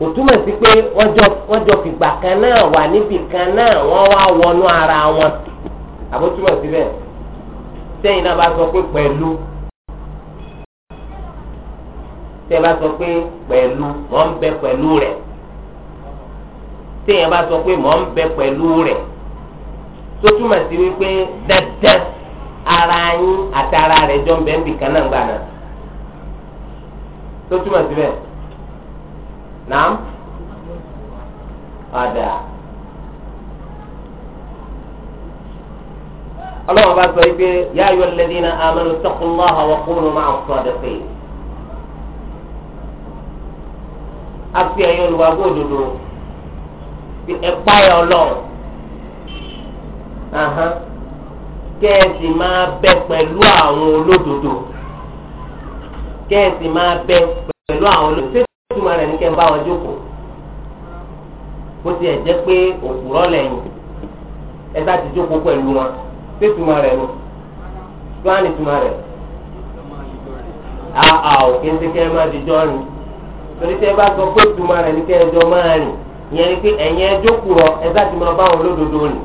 kò túmọ̀ sí pé wọ́n jọ fìgbà kan náà wà níbì kan náà wọ́n wá sẹ́yìn náà bá sọ pé pẹ̀lú tẹ́ bá sọ pé pẹ̀lú mọ̀ ń bẹ pẹ̀lú rẹ̀ téèyàn bá sọ pé mọ̀ ń bẹ pẹ̀lú rẹ̀ tó túmọ̀ sí wípé dandan ara yín àtara rẹ̀ jọ ń bẹ ń bì kan náà náà tó túmọ̀ síbẹ̀ náà padà. ọlọ́run bá sọ wípé yá ayọ̀ alladhina amanu taqullaha wa kunu ma'a as-sadiqin. a fi ẹ̀yin olùwàgbọ́ òdodo fi ẹ̀pá ẹ̀ ọlọ́run kẹ́ẹ̀sì máa bẹ pẹ̀lú àwọn olódodo kẹ́ẹ̀sì máa bẹ pẹ̀lú àwọn olódodo ṣé ìtumọ̀ rẹ̀ ní kẹ́ ń bá wọn jókòó bó tiẹ̀ jẹ́ pé òpùrọ̀ lẹ́yìn ẹ bá ti jókòó pẹ̀lú wọn ṣé tuma rẹ̀ ni kíláàni tuma rẹ̀ àà ah, ah, ò kí n ti kẹ́ ẹ máa di jọ́ torí tẹ́ ẹ bá sọ pé tuma rẹ̀ ni kẹ́ ẹ jọ máa rìn ìyẹn ni pé ẹ̀yin ẹ jókòó rọ ẹ bá ti máa bá wọn lódodo rìn.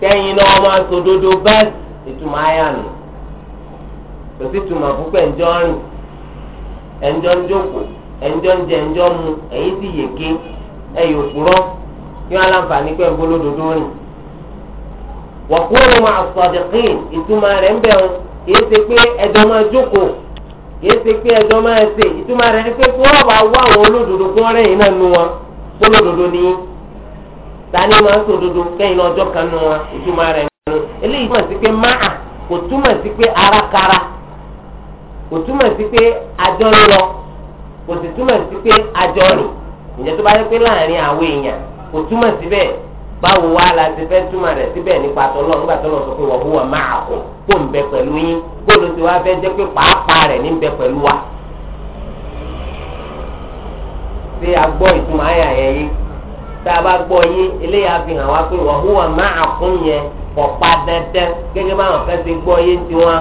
kẹ́yìn náà máa sòdodo bẹ́ẹ̀ ìtumọ̀ ayà nù kò sí ìtumọ̀ púpẹ̀ ńjọ́ rìn ẹ̀ńjọ́ ń jókòó ẹ̀ńjọ́ ń jẹ ẹ̀ńjọ́ mu ẹ̀yìn sì yèké ẹ̀yìn òpùrọ́ yóò aláǹfààní pẹ̀lú gbólódodo rìn. wàkúrò máa as-sadiqin ìtumọ̀ rẹ̀ ń bẹ̀ wọn kìí ṣe pé ẹjọ́ máa jókòó kìí ṣe pé ẹjọ́ máa ṣe ìtumọ̀ rẹ̀ ni pé kí wọ́n bá wá àwọn olódodo kí wọ́n rẹ̀yìn náà nu wọn gbólódodo ní tani máa ń sòdodo kẹ́yìn náà ọjọ́ kan nu wọn ìtumọ̀ rẹ̀ nu eléyìí túmọ̀ sí pé máa kò túmọ̀ sí pé arakara kò túmọ̀ sí pé àjọ ń lọ kò sì túmọ̀ sí pé àjọ rìn ìjẹ́ tó bá yẹ pé láàrin àwọn èèyàn kò túmọ̀ síbẹ̀ báwo wá la ti fẹ́ túmọ̀ rẹ̀ síbẹ̀ nípa tọ́lọ́ nígbà tọ́lọ́ sọ pé wọ́n hùwà máa kó kó ń bẹ pẹ̀lú yín kó ló ti wá fẹ́ jẹ́ pé pàápàá rẹ̀ ní bẹ pẹ̀lú wa. ṣé a gbọ́ ìtumọ̀ ayà yẹn yé tá a bá gbọ́ yé eléyà fi hàn wá pé wọ́n hùwà máa kún yẹn kọ̀ pa dandan gẹ́gẹ́ báwọn kan ti gbọ́ yé tiwọn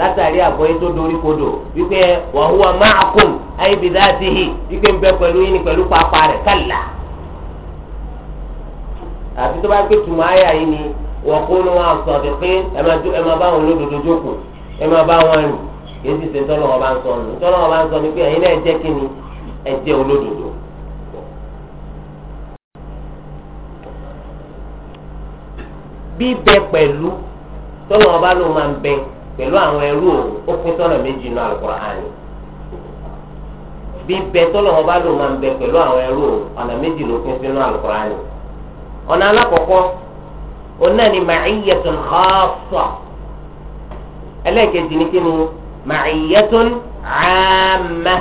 látàrí àgbọ̀yé tó dorí kodò wípé wọ́n hùwà máa kún ayé àfi tó bá pé tùmọ̀ àyà yìí ni wọ́n kó ní wọn sọ ọ̀dẹ̀ pé ẹ máa bá wọn lódodo jókòó ẹ máa bá wọn rìn yéé sì ṣe ntọ́nà wọn bá ń sọ ọ̀nà ntọ́nà wọn bá ń sọ ni pé ẹ̀yin náà jẹ́ kí ni ẹ jẹ́ olódodo. bíbẹ pẹ̀lú tọ́nà wọn bá ló máa ń bẹ pẹ̀lú àwọn ẹrú òun ó pín sọ́nà méjì nínú Al-Kùránì bíbẹ tọ́nà wọn bá ló máa ń bẹ pẹ̀lú àwọn ẹrú òun ọ̀nà méjì ló pín sínú Al-Kùránì ọ̀nà alákọ̀ọ́kọ́ ọ̀nà ni màáyẹ̀tún xaasa ẹlẹ́ẹ̀kejì ni kí ni màáyẹ̀tún àmà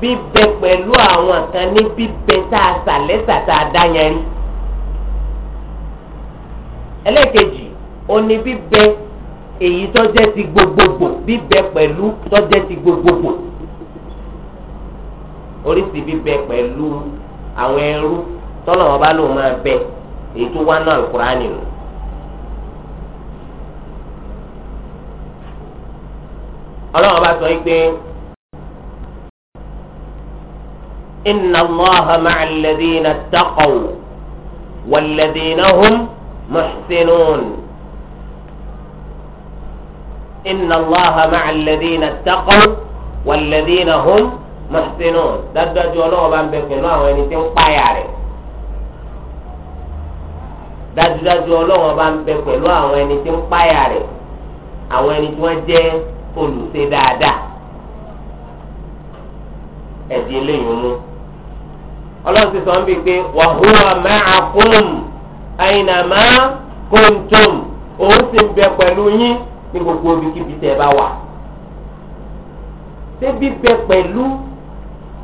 bíbẹ pẹ̀lú àwọn kan ní bíbẹ tá a sàlẹ́sà tá a dá yẹn rí ẹlẹ́ẹ̀kejì ọ̀nà bíbẹ èyí tó ti gbogbogbò bíbẹ pẹ̀lú tó ti gbogbogbò oríṣi bíbẹ pẹ̀lú àwọn ẹrú tọ́lọ̀ wọn bá lóun máa bẹ èyí tó wá náà alukur'ani o. ọlọ́wọ́n bá sọ yìí pé inna allaha ma'a alladhina taqaw walladhina hum muhsinun. inna allaha ma'a alladhina taqaw walladhina hum muhsinun. dájúdájú ọlọ́wọ́n bá ń bẹ pẹ̀lú àwọn ẹni tí ń pààyà rẹ̀ dájúdájú ọlọ́wọ́n bá ń bẹ pẹ̀lú àwọn ẹni tí ń páyà rẹ̀ àwọn ẹni tí wọ́n jẹ́ olùṣe dáadáa ẹ̀dí eléyìí mú ọlọ́run ti sọ ń bí pé wa huwa ma'akum aynama kuntum òun sì ń bẹ pẹ̀lú yín ní gbogbo ibikíbi tẹ́ ẹ bá wà ṣé bíbẹ pẹ̀lú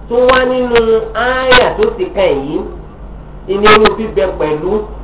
tó wá nínú ááyà tó ti kàn yìí ìní irú bíbẹ pẹ̀lú.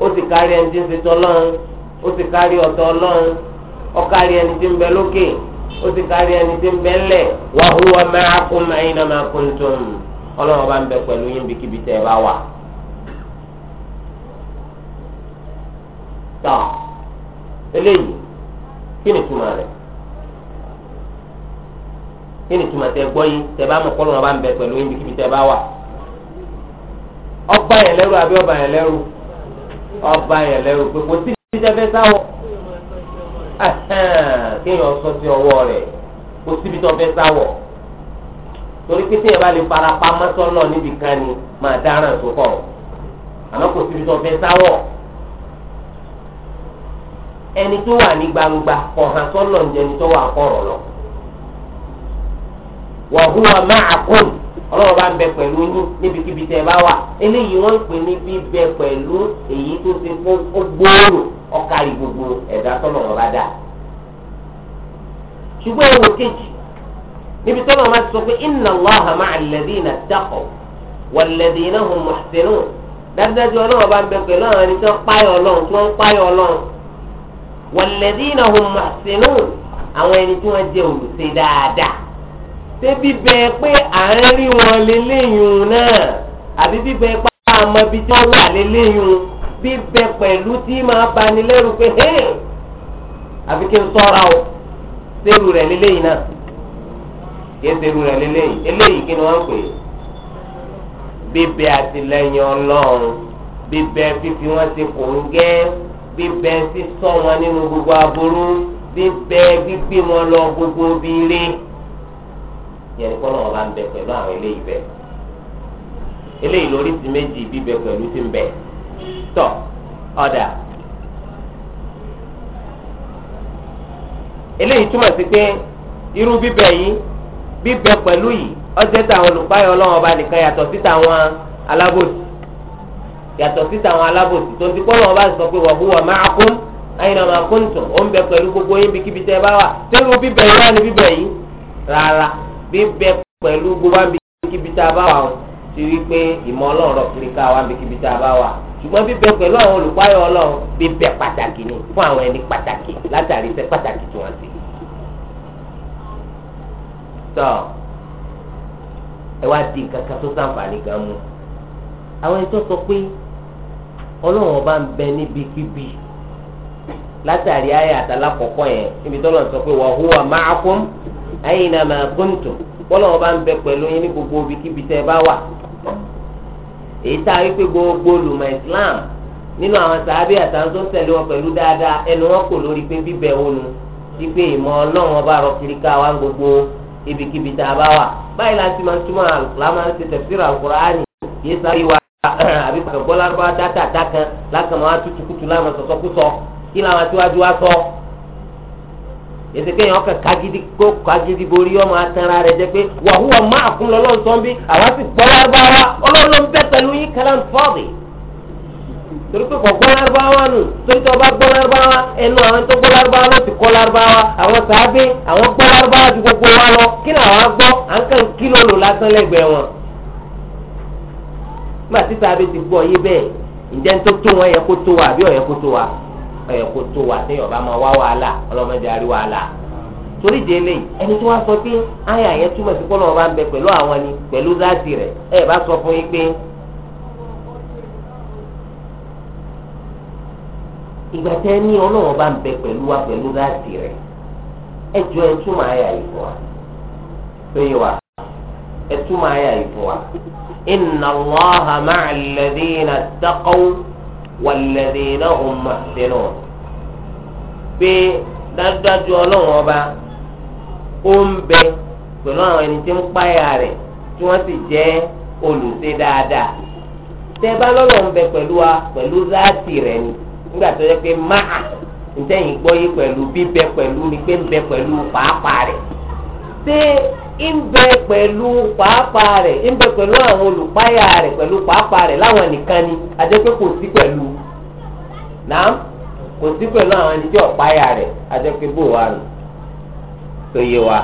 ó sì kárí ẹni tí ń ṣetọ́ lọ́run ó sì kárí ọ̀tọ̀ ọlọ́run ó ẹni tí ń bẹ lókè ó sì kárí ẹni tí ń bẹ ńlẹ̀ wa ọlọ́run ọba ń bẹ pẹ̀lú yín bíkíbi tẹ́ ẹ bá wà. tọ́ eléyìí kí ni túmọ̀ rẹ̀ kí ni túmọ̀ tẹ gbọ́ ọba ń ọba yẹn lẹ́rù pé kò sí ìdíjẹ́fẹ́ sáwọ́ kéèyàn sọ sí ọwọ́ rẹ̀ kò síbi tó fẹ́ sáwọ̀ torí pé téèyàn bá lè fara pamọ́ sọ́nà níbi kan ni máa dáràn tó kọ̀ àmọ́ kò síbi tó fẹ́ sáwọ̀ ẹni tó wà ní gbangba kò hàn sọ́nà ń jẹni tó wà kọ̀rọ̀ lọ. wàhùwà máa kún ọlọ́wọ́ bá ń bẹ pẹ̀lú yín níbikíbi tẹ́ ẹ bá wà eléyìí wọ́n ń pè ní bíbẹ pẹ̀lú èyí tó ṣe fún gbòòrò ọ̀kàrí gbogbo ẹ̀dá tọ́lọ̀ wọn bá dà. ṣùgbọ́n ewu kejì níbi tọ́lọ̀ wọn bá ti sọ pé inna Allaha ma'al ladhina ttaqaw wal ladhina hum muhsinun dájúdájú ọlọ́wọ́ bá ń bẹ pẹ̀lú àwọn ẹni tó ń páyọ̀ ọlọ́run tí wọ́n ṣé bíbẹ pé à ń rí wọn lélẹ́yìn náà àbí bíbẹ pé a mọ ibi tí wọ́n wà lélẹ́yìn bíbẹ pẹ̀lú tí máa bani lẹ́rù pé hẹ́ẹ̀ àfi kí n sọ́ra o ṣerú rẹ̀ lélẹ́yìn náà kí ṣerú rẹ̀ lélẹ́yìn eléyìí kí ni wọ́n ń pè é bíbẹ àtìlẹ́yìn Ọlọ́run bíbẹ fífi wọn ti kò ń gẹ́ bíbẹ sísọ wọn nínú gbogbo aburú bíbẹ gbígbé wọn lọ gbogbo bíire yẹn kọ́ lọ́wọ́ bá ń bẹ pẹ̀lú àwọn eléyìí bẹ́ẹ̀ eléyìí lórí ti méjì bíbẹ pẹ̀lú ti ń bẹ tọ́ ọ̀dà eléyìí túmọ̀ sí pé irú bíbẹ yìí bíbẹ pẹ̀lú yìí ọjọ́ táwọn olùpáyọ̀ ọlọ́wọ́n bá nìkan yàtọ̀ sí tàwọn alábòsí yàtọ̀ sí tàwọn alábòsí tó ń ti kọ́lọ́ wọn bá sọ pé wa huwa ma'akum aynama kuntum ó ń bẹ pẹ̀lú gbogbo yín bíkíbi tẹ́ bá wà tẹ́lú bíbẹ yìí wá ní bíbẹ yìí rárá bíbẹ pẹ̀lú gbogbo àbí kíbi tá a bá wà o ti rí pé ìmọ̀ ọlọ́run rọ̀ kiri ká wa àbí kíbi tá a bá wà ṣùgbọ́n bíbẹ pẹ̀lú àwọn olùpáyọ̀ ọlọ́run bíbẹ pàtàkì ni fún àwọn ẹni pàtàkì látàrí iṣẹ́ pàtàkì tí wọ́n ti. tọ́ ẹ wá di nǹkan kan tó sàǹfààní gan mu àwọn ẹni tó sọ pé ọlọ́run ọba ń bẹ níbikíbi látàrí àyà àtàlákọ̀ọ́kọ́ yẹn níbi tọ́lọ́ sọ pé wa huwa ma'akum anyị na bọ́lọ̀ kpọlọ ọba ń bẹ yín ní gbogbo ibikíbi tẹ́ ẹ bá wà. èyí a pé gbogbo olùmọ̀ islam nínú àwọn sàábì àtàwọn tó ń tẹ̀lé wọn pẹ̀lú dáadáa ẹnu wọn kò lórí pé bíbẹ̀ wọn nu sí pé ìmọ̀ ọlọ́run ọba rọ kiri ká wa gbogbo ibikíbi bá wà. báyìí láti máa ń àlùkùránì sáré wa àbí kùtù láwọn sọ. èsì pé èèyàn kàn kágídí kó kágídí borí ọmọ atara rẹ jẹ pé wàhùwà máa kún lọ́lọ́run sọ ń bí àwọn sì gbọ́ lárúbáwá ọlọ́run ló ń bẹ pẹ̀lú yín kalan fọ́ọ̀dì torí pé kò gbọ́ lárúbáwá nù torí tó bá gbọ́ lárúbáwá ẹnu àwọn tó gbọ́ lárúbáwá ló ti kọ́ lárúbáwá àwọn sàábé àwọn gbọ́ lárúbáwá ju gbogbo wa lọ kí ni àwọn gbọ́ à ń kàn kílò lò lásán lẹ́gbẹ̀ẹ́ wọn. nígbà ẹ̀yẹ kó tó wà téèyàn bá máa wá wàhálà ọlọ́mọdé àrí wàhálà torí di eléyìí ẹni tí wọ́n sọ pé àyà yẹn túmọ̀ sí kọ́lọ́ ọba ń bẹ pẹ̀lú àwọn ni pẹ̀lú láti rẹ̀ ẹ bá sọ fún yín pé ìgbà tẹ́ ní ọlọ́wọ́ bá ń bẹ pẹ̀lú wa pẹ̀lú láti rẹ̀ ẹ jọ ẹ túmọ̀ àyà yìí fún wa péye wa ẹ túmọ̀ àyà yìí fún wa inna Allaha ma'a alladhina walladhina hum muhsinun pé dájúdájú ọlọ́run ọba ó ń bẹ pẹ̀lú àwọn ẹni tí ń páyà rẹ̀ tí wọ́n sì jẹ́ olùṣe dáadáa tẹ́ bá lọ́lọ́ bẹ pẹ̀lú wa pẹ̀lú záàtì rẹ̀ ni nígbà tó yẹ pé máa ntẹ́yìn gbọ́ yí pẹ̀lú bíbẹ pẹ̀lú ni pé ń bẹ pẹ̀lú pàápàá rẹ̀ ṣé ń pẹlụ pẹ̀lú pàápàá rẹ̀ ń bẹ pẹ̀lú àwọn olùpáyà rẹ̀ pẹ̀lú pàápàá rẹ̀ láwọn nìkan ni àjẹpẹ́ kò sí pẹ̀lú náà kò sí pẹ̀lú àwọn ẹni tí ọ̀páyà rẹ̀ àjẹpẹ́ bò wá tó yé wa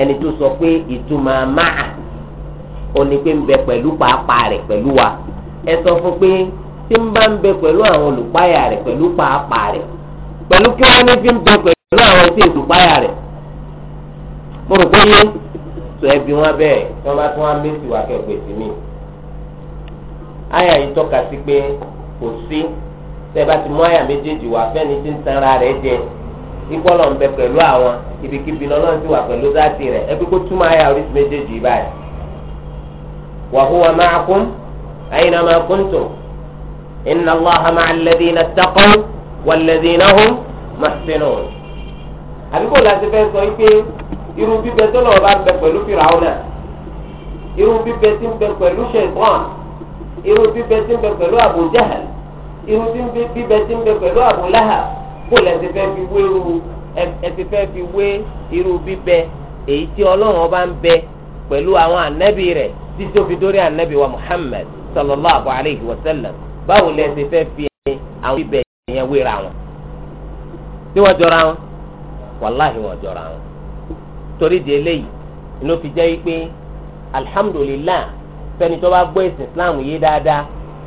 ẹni tó sọ pé ìtumọ̀ máa pàápàá rẹ̀ pẹ̀lú wa ẹ sọ fún pé tí ń bá ń bẹ pẹ̀lú àwọn olùpáyà rẹ̀ pẹ̀lú rẹ̀ pẹ̀lú kí wọ́n ní fi ń mo rò pé yé tó ẹbí wọn bẹ́ẹ̀ tí wọ́n bá tún wá mí sí wa kẹ́gbẹ́ sí mi. àyà yìí tọ́ka sí pé kò sí tẹ́ bá ti mú àyà méjèèjì wá fẹ́ni tí ń tanra rẹ̀ jẹ ìkọlọ̀ ń bẹ pẹ̀lú àwọn ibikíbi lọ́nà ti wà pẹ̀lú dáàtì rẹ̀ ẹ pé kó túmọ̀ àyà oríṣi méjèèjì báyìí. wa huwa ma'akum aynama kuntum inna Allaha ma'a alladhina ittaqaw walladhina hum muhsinun. àbíkò láti fẹ́ sọ pé irú bíbẹ tó lọ́wọ́ bá ń bẹ pẹ̀lú fìràwọ́nà irú bíbẹ tí ń bẹ pẹ̀lú ṣẹ̀tọ́n irú bíbẹ tí ń bẹ pẹ̀lú Abu Jahl irú bíbẹ tí ń bẹ pẹ̀lú Abu Lahab kò lẹ́sì fẹ́ fi wé irú ẹsì fẹ́ fi wé irú bíbẹ èyí tí ọlọ́run ọba ń bẹ pẹ̀lú àwọn ànábì rẹ̀ títí ó fi dórí ànábì wa Muhammad sallallahu alayhi wa sallam báwo lẹ́sì fẹ́ fi àwọn bíbẹ yẹn wéra wọn tí wọ́n jọra wọn wàláhì wọ́n jọra wọn torí di eléyìí ló fi jẹ́ pé alhamdulillah fẹ́ni tó bá gbọ́ ìsìn islam yé dáadáa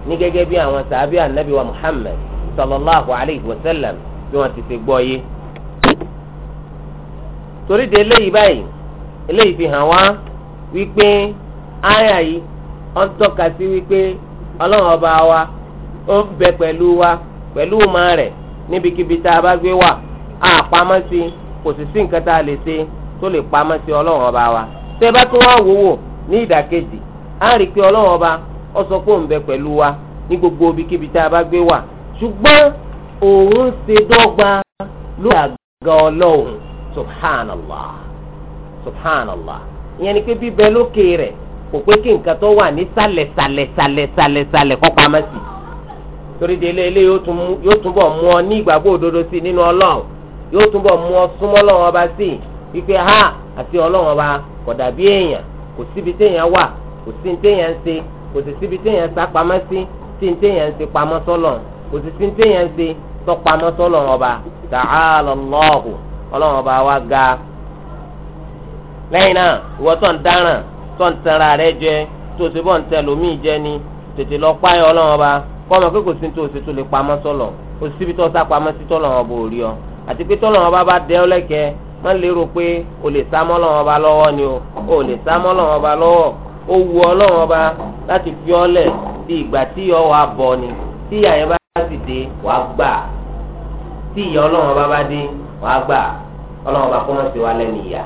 ní gẹ́gẹ́ bí àwọn sàbí anabi wa muhammad sallallahu alayhi wa sallam bí wọ́n ti ṣe gbọ́ yé. torí di eléyìí báyìí eléyìí fi hàn wá wípé àyà yìí wọ́n tọ́ka sí wípé ọlọ́run ọba wa ó ń bẹ pẹ̀lú wa pẹ̀lú ìmọ̀ rẹ̀ níbikíbi tá a bá gbé wà àpamọ́ sí kò sì sí nǹkan tá a lè ṣe. tó lè pamọ́ sí ọlọ́run ọba wa tẹ́ bá tó wá wò wò ní ìdàkejì á rí i pé ọlọ́run ọba ó sọ pé òun bẹ pẹ̀lú wa ní gbogbo ibikíbi tá a bá gbé wà ṣùgbọ́n òun ṣe dọ́gba lórí àga ọlọ́run subhanallah subhanallah ìyẹn ni pé bíbẹ lókè rẹ̀ kò pé kí nǹkan tó wà ní sàlẹ̀ sàlẹ̀ sàlẹ̀ sàlẹ̀ sàlẹ̀ kọ́ pamọ́ sí torí délé ilé yóò túbọ̀ mú ọ ní ìgbàgbọ́ òdodo sí nínú ọlọ́run yóò túbọ̀ mú ọ súnmọ́ ọlọ́run ọba sí i wípé ha àti ọlọ́wọ́n bá kò dàbí èèyàn kò síbi téèyàn wà kò sí téèyàn ń ṣe kò sì síbi téèyàn sá pamọ́ sí tí téèyàn ń ṣe pamọ́ sọ́lọ̀ kò sì sí téèyàn ń ṣe tọ́ pamọ́ sọ́lọ̀ ọba ta'ala Allahu ọlọ́wọ́n bá wa ga. lẹ́yìn náà ìwọ tó ń dáràn tó ń tẹ̀ra rẹ jẹ tó ti bọ́ ń tẹ lómìn jẹ ni tètè lọ páyọ ọlọ́wọ́n bá kọ́mọ pé kò sí tó ṣe tó lè pamọ́ sọ́lọ̀ kò síbi tó sá pamọ́ sí tọ́lọ́wọ́n bò rí ọ àti pé tọ́lọ́wọ́n bá bá dẹ́ ọ lẹ́kẹ̀ẹ́ má lérò pé o lè sá mọ́ Ọlọ́run ọba ni o o lè sá mọ́ ọba lọ́wọ́ ó wu Ọlọ́run ọba láti fi ọ́ lẹ̀ di ìgbà tí ìyọ́ wa ni tí ìyá bá sì dé gbà tí ìyá Ọlọ́run ọba bá dé wà gbà Ọlọ́run ọba kọ́ mọ́ sí wa lẹ́nu ìyá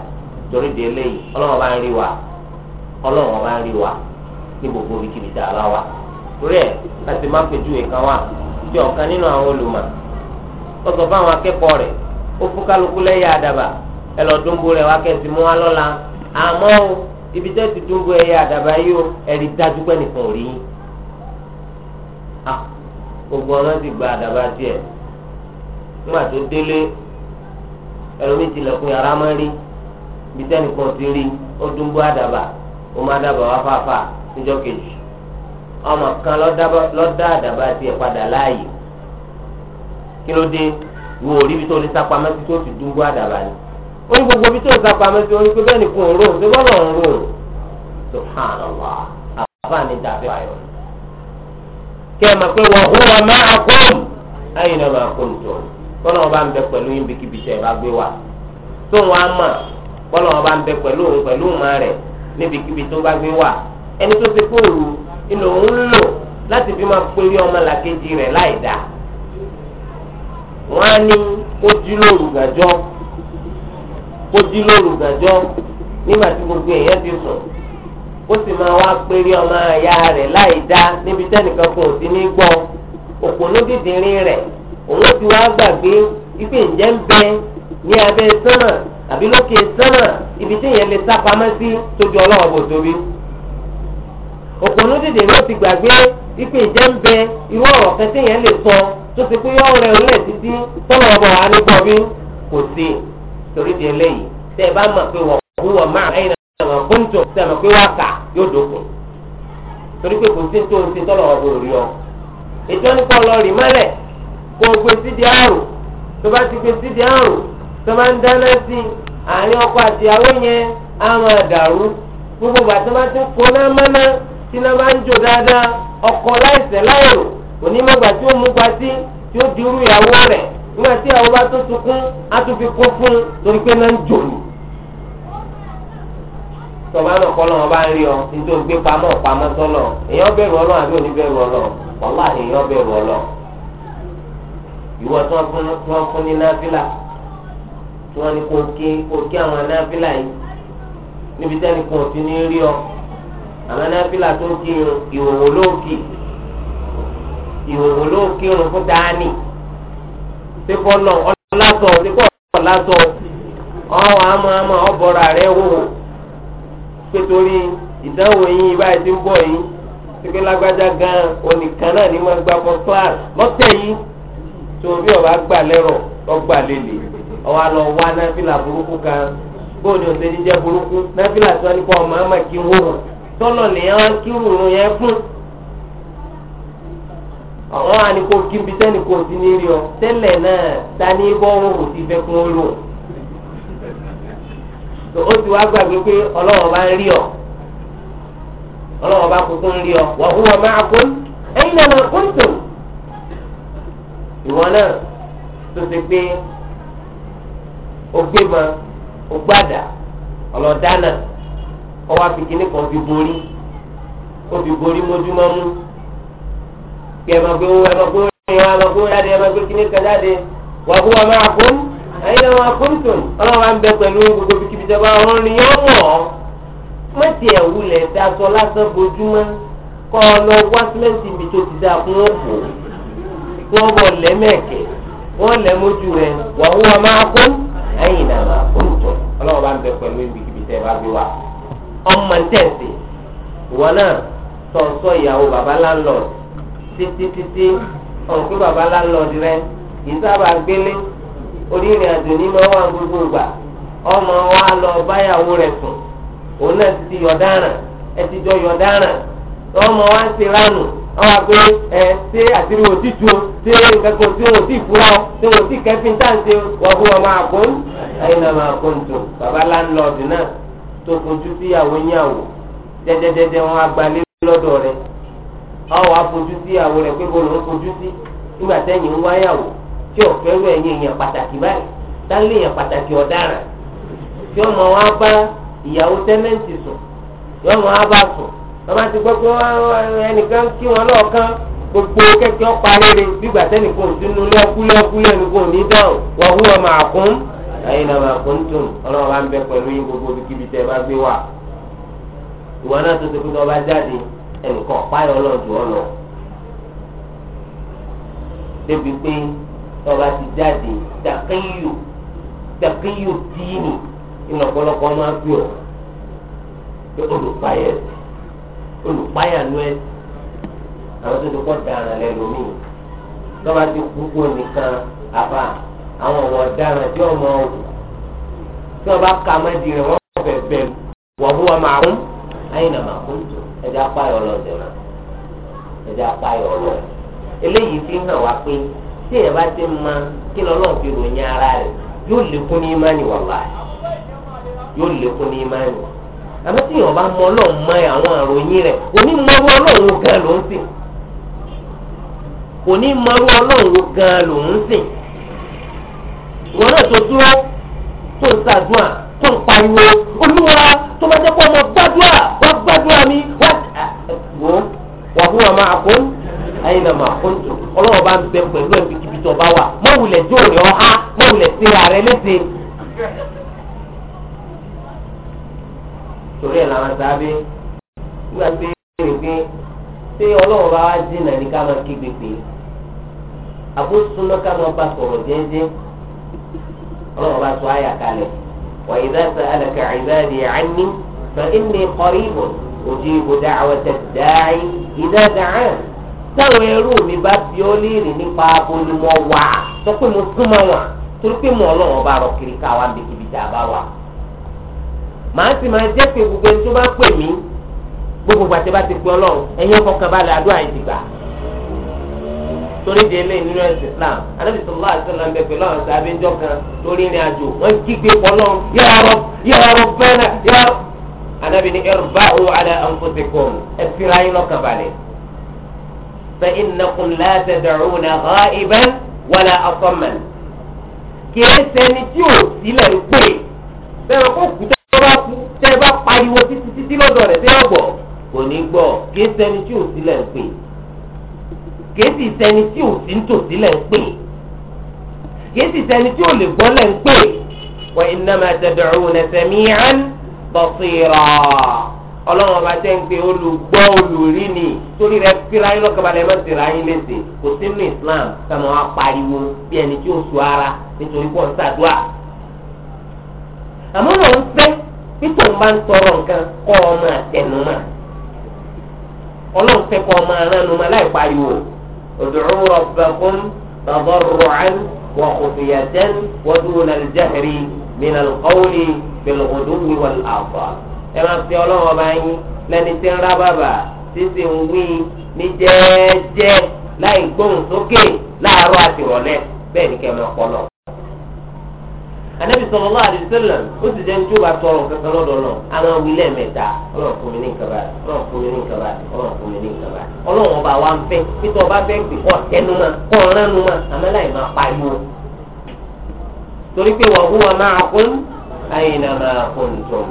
torí di eléyìí ọba ń wa ń rí wa ní gbogbo tá a bá wà torí ẹ lọ dúnbó rẹ wá kẹsì mú wa lọ́la àmọ́ o ibi tẹ́ ti dúnbó ẹ yẹ àdàbà yìí o ẹ̀rí dájú pé nìkan ò rí yín gbogbo ọ̀nà ti gba àdàbà tiẹ̀ nígbà tó délé ẹlòmíì tilẹ̀kùn yàrá máa rí ibi tẹ́ nìkan ti rí ó dúnbó àdàbà ó má dàbà wá fàáfàá níjọ́ kejì ọmọ kan lọ́dá àdàbà tiẹ̀ padà láàyè kí ló dé wò ó rí ibi tó lè sápamọ́ sí tó ti dúnbó àdàbà ni. ó ní gbogbo bí tó ń sapa mẹ́sì ó ní pé bẹ́ẹ̀ ni kò ń rò ó ṣé bọ́ọ̀lù ọ̀hún rò ó subhanallah àbá ni dàbí ayọ̀ kí ẹ mọ̀ pé wọ́n hu wa máa kún ayé náà máa kún tó kọ́nà ń bẹ pẹ̀lú yín kíbi iṣẹ́ ẹ bá gbé wa tó wọn á mọ̀ kọ́nà ọba ń bẹ pẹ̀lú òun pẹ̀lú òun rẹ̀ níbi kíbi tó bá gbé ẹni tó ti kó òru inú òun lò kó dí lóru gànjọ́ nígbà tí gbogbo èèyàn ti sùn ó sì máa wá péré ọmọ ẹ̀yà rẹ̀ láì dá níbi kan ò sí ní òun ti wá gbàgbé ife njem ń bẹ ní abẹ́ sánà àbí lókè ibi tí èèyàn lè sá pamọ́ sí tójú ọlọ́wọ́ bò tóbi bẹ irú ọ̀rọ̀ lè sọ tó ti pé títí tọ́lọ̀ ọ̀bọ̀ torí di eléyìí tẹ́ ẹ bá mọ̀ pé wọ́n kú wọ́n máa ẹ̀yìn náà wọ́n kún tó tẹ́ ẹ mọ̀ pé wọ́n kà yóò dókun torí pé kò sí tó ń ṣe tọ́lọ̀ ọ̀bọ̀ rí ọ. ètò nípa ọlọ́ọ̀rì mọ́lẹ̀ kò gbé sídi àrùn tó bá ti gbé sídi àrùn tó bá ń dáná sí àárín ọkọ àti ìyàwó yẹn á máa dàrú gbogbo ìgbà tó bá ti kó náà mọ́ná tí náà bá ń jò dáadáa ọkọ láìsẹ̀ láìrò onímọ̀gbà tí ó mú gba sí tí ó dirú ìyàwó rẹ̀ nígbà tí àwọn bá tó sunkún á tún fi kún fún un torí pé náà ń jò ní. tọ́ba náà kọ́ lọ́wọ́ bá ń rí ọ nítorí gbé pamọ́ pamọ́ sọ́lọ̀ èèyàn bẹ̀rù ọlọ́run àbí òní bẹ̀rù ọlọ́run wàhálà èèyàn bẹ̀rù ọlọ́run. ìwọ tí wọ́n fún ní náfìlà tí wọ́n ní kó ké kó ké àwọn náfìlà yìí níbi tẹ́ni kan ò ní rí ọ àwọn náfìlà tó kí ìhòòhò ló kì ìhòòhò ló kí fún dání. sekọ lọ ọlásọ sekọ ọlásọ ọwọ àmọ́ àmọ́ ọbọra rẹ wò pétorí ìdánwò yín báyìí ti ń bọ̀ yín pípé gan onìkan náà ní ma gba fún class lọ́tẹ̀ yìí tó bí gbà burúkú kan burúkú kí fún. àwọn àníkó kíbi sẹ́ni kò sí ní rí ọ tẹ́lẹ̀ náà tani bọ́ọ̀rù kò sí fẹ́ kún ó o ó ti wá gbàgbé pé ọlọ́wọ́ bá ń rí ọ ọlọ́wọ́ bá kúkú ọ wà hùwà máa kún ẹ̀yin náà máa kún tó ìwọ náà tó pé ogbada ọwọ́ kan fi borí ó fi borí kí ẹ máa gbé owó ẹ máa gbé owó wà wa kún ẹyin náà máa kún tún ń bẹ pẹ̀lú gbogbo ni yọ má tiẹ̀ wulẹ̀ lásán bojúmọ́ kọ́ ọ lọ wá sílẹ̀ǹtì mi tó ti dáa fún òkú wọ́n bọ̀ lẹ́mẹ̀kẹ́ wọ́n lẹ́ rẹ̀ wà wa kún kún tún ń bẹ pẹ̀lú ọmọ títítítí ọ̀hún pé bàbá láńlọ́ọ̀dì rẹ yìí sábà gbélé onírìn àjò nínú ọwọ́ gbogbo ìgbà ọmọ wa lọ báyàwó rẹ̀ sùn òun náà ti di yọ̀dáràn ẹ ti jọ yọ̀dáràn ọmọ wa ń ṣe ránù àwọn àgbẹ̀ ẹ ṣé àtìrí òtí tu ṣé nǹkan kan tí wọn ò fura ọ tí wọn ò tí táǹtì wọn fún ọmọ àkóń ẹyin náà máa kó nìtò bàbá láńlọ́ọ̀dì náà tó fojú síyàwó yín àwò dẹ́dẹ́dẹ́dẹ́ wọn á gbalé lọ́dọ̀ àwọn afojú sí àwọn rẹ̀ pé bọ́ọ̀lù ló fojú sí nígbà tẹ́yìn ń wáyàwó tí ọ̀fẹ́ rú ẹ̀yìn èèyàn pàtàkì báyìí dálé èèyàn pàtàkì ọ̀daràn tí ọmọ wa bá ìyàwó tẹ́mẹ́ǹtì sùn tí ọmọ wa bá sùn wọ́n máa ti ẹnìkan kí wọn lọ́ọ̀kan gbogbo kẹ́kẹ́ ọ̀pá rere gbígbà gbogbo bá ti ẹnìkan ọ̀páyọ̀ ọlọ́ọ̀dù ọ̀nà débi pé ọba ti jáde dàkíyò dàkíyò díìnì iná ọ̀pọ̀lọpọ̀ máa ń pè ọ́ pé olùpáyà olùpáyà nú ẹ àwọn tó ti kọ́ dàrán lẹ́nu mi lọ́ba ti kú kó nìkan àbá àwọn ọ̀wọ́ dàrán tí ọmọ ọ̀hún tí ọba kà mọ́ ẹ̀dì rẹ̀ wọ́n fẹ́ bẹ̀rù wọ́n hùwà màá kún ayé nà màá kún tó ẹjẹ apáyọ ọlọ́dọ̀ náà ẹjẹ apáyọ ọlọ́ eléyìí fi hàn wá pé tí ẹ bá ti mọ kí lọ́lọ́run fi ròyìn ara rẹ̀ yóò lékún ní imáni wàlá yóò lékún ní imáni àmọ́ tí yọ̀ọ̀ bá mọ ọlọ́run mọ àwọn àròyìn rẹ̀ onímọ̀rú ọlọ́run gan ló ń sìn onímọ̀rú ọlọ́run gan ló ń sìn ìwọ náà tó dúró tó ń ṣàdúrà tó ń pariwo olúwa tó bá jẹ́ pé ọmọ gbàdúrà wá gbàdúrà mi wá. wò ó wà fún wa máa kó ayélujára máa kó tó ọlọ́wọ́ bá ń bẹ pẹ̀lú ẹ̀ bíkíbi tó bá wà mọ̀wùlẹ̀ jó rẹ̀ ọ́ há mọ̀wùlẹ̀ sí ààrẹ léde. torí ẹ̀ làwọn sábẹ́ nígbà tí ó rè pé ṣé ọlọ́wọ́ bá wá jìnnà ní ká máa kígbe pé àbó súnmọ́ ká máa bá sọ̀rọ̀ jẹ́jẹ́ ọlọ́wọ́ bá sọ àyà kalẹ̀. وإذا سألك عبادي عني فإني قريب أجيب دعوة الداعي إذا دعان táwọn ẹrú mi bá bi ọ́ léèrè nípa onímọ̀ wá sọ pé mo súnmọ́ wọn torí pé mo ọlọ́wọ́n bá rọ kiri ká wa níbi tá a bá wà. màá sì máa jẹ́ pé gbogbo ẹni tó bá pè mí gbogbo gbàtẹ́ bá ti pè ọlọ́run ẹ̀yin ọkọ̀ kan balẹ̀ àdúrà yìí ti gbà torí di ilé nínú ẹsẹ̀ Islam anábì sọlá àti sọlá ń bẹ pẹ̀lú àwọn sábẹ́ ńjọ kan lórí ìrìn àjò wọ́n kígbe pọ̀lọ́ yàrá yàrá bẹ́ẹ̀nà yàrá. anábì ní ẹrùbá o alẹ anfusikum ẹ fira yín lọ́kàn balẹ̀. fa innakum la tad'una gha'iban wala asamman. kìí sẹni tí ò sílẹ̀ ń pè bẹ́ẹ̀ kó kùtà tó bá kú tẹ́ bá pariwo títí títí lọ́dọ̀ rẹ̀ tẹ́ ọ̀gbọ̀ kò ní gbọ́ kìí sẹni tí ò sílẹ̀ ń kèésì sẹni tí ò sí nítòsí lẹ̀ ń pè kèésì sẹni tí ò lè gbọ́ lẹ̀ ń pè wa innama tad'una sami'an basira ọlọ́run ọba tẹ́ ń pe olùgbọ́ olùrí ni torí rẹ kíra yín lọ́kàbalẹ̀ má ti ra yín léṣe kò sí nínú Islam kàmá wa pariwo bí ẹni tí ó sọ ara nítorí pọ̀ ń ṣàdúà àmọ́ náà ń fẹ́ pípọ̀ ń bá ń tọrọ nǹkan kọ́ ọmọ àtẹnumọ́ ọlọ́run fẹ́ kọ́ ọmọ aránnumọ́ láì pariwo. ادعوا ربكم تضرعا وخفية ودون الجهر من القول بالغدو والآصال ẹ máa fi ọlọ́run ọba yín lẹ́ni tí ń rá bàbà títí ń wí ní jẹ́ẹ́jẹ́ láì gbóhùn sókè láàárọ̀ àti ìrọ̀lẹ́ bẹ́ẹ̀ ni kẹ́ ẹ máa pọ̀ lọ anabi sallallahu alaihi wasallam ó sì jẹ́ ní tí ó bá tọrọ kankan lọ́dọ̀ náà àwọn wílẹ̀ mẹ́ta ọlọ́run fún mi ní nǹkan báyìí ọlọ́run fún mi ní nǹkan báyìí ọlọ́run fún mi ní nǹkan báyìí ọlọ́run ọba wa ń fẹ́ pété ọba fẹ́ pè kọ́ tẹnu ma kọ́ ránu ma àmọ́ láì máa pariwo. torí pé wa huwa ma'akum aynama kuntum.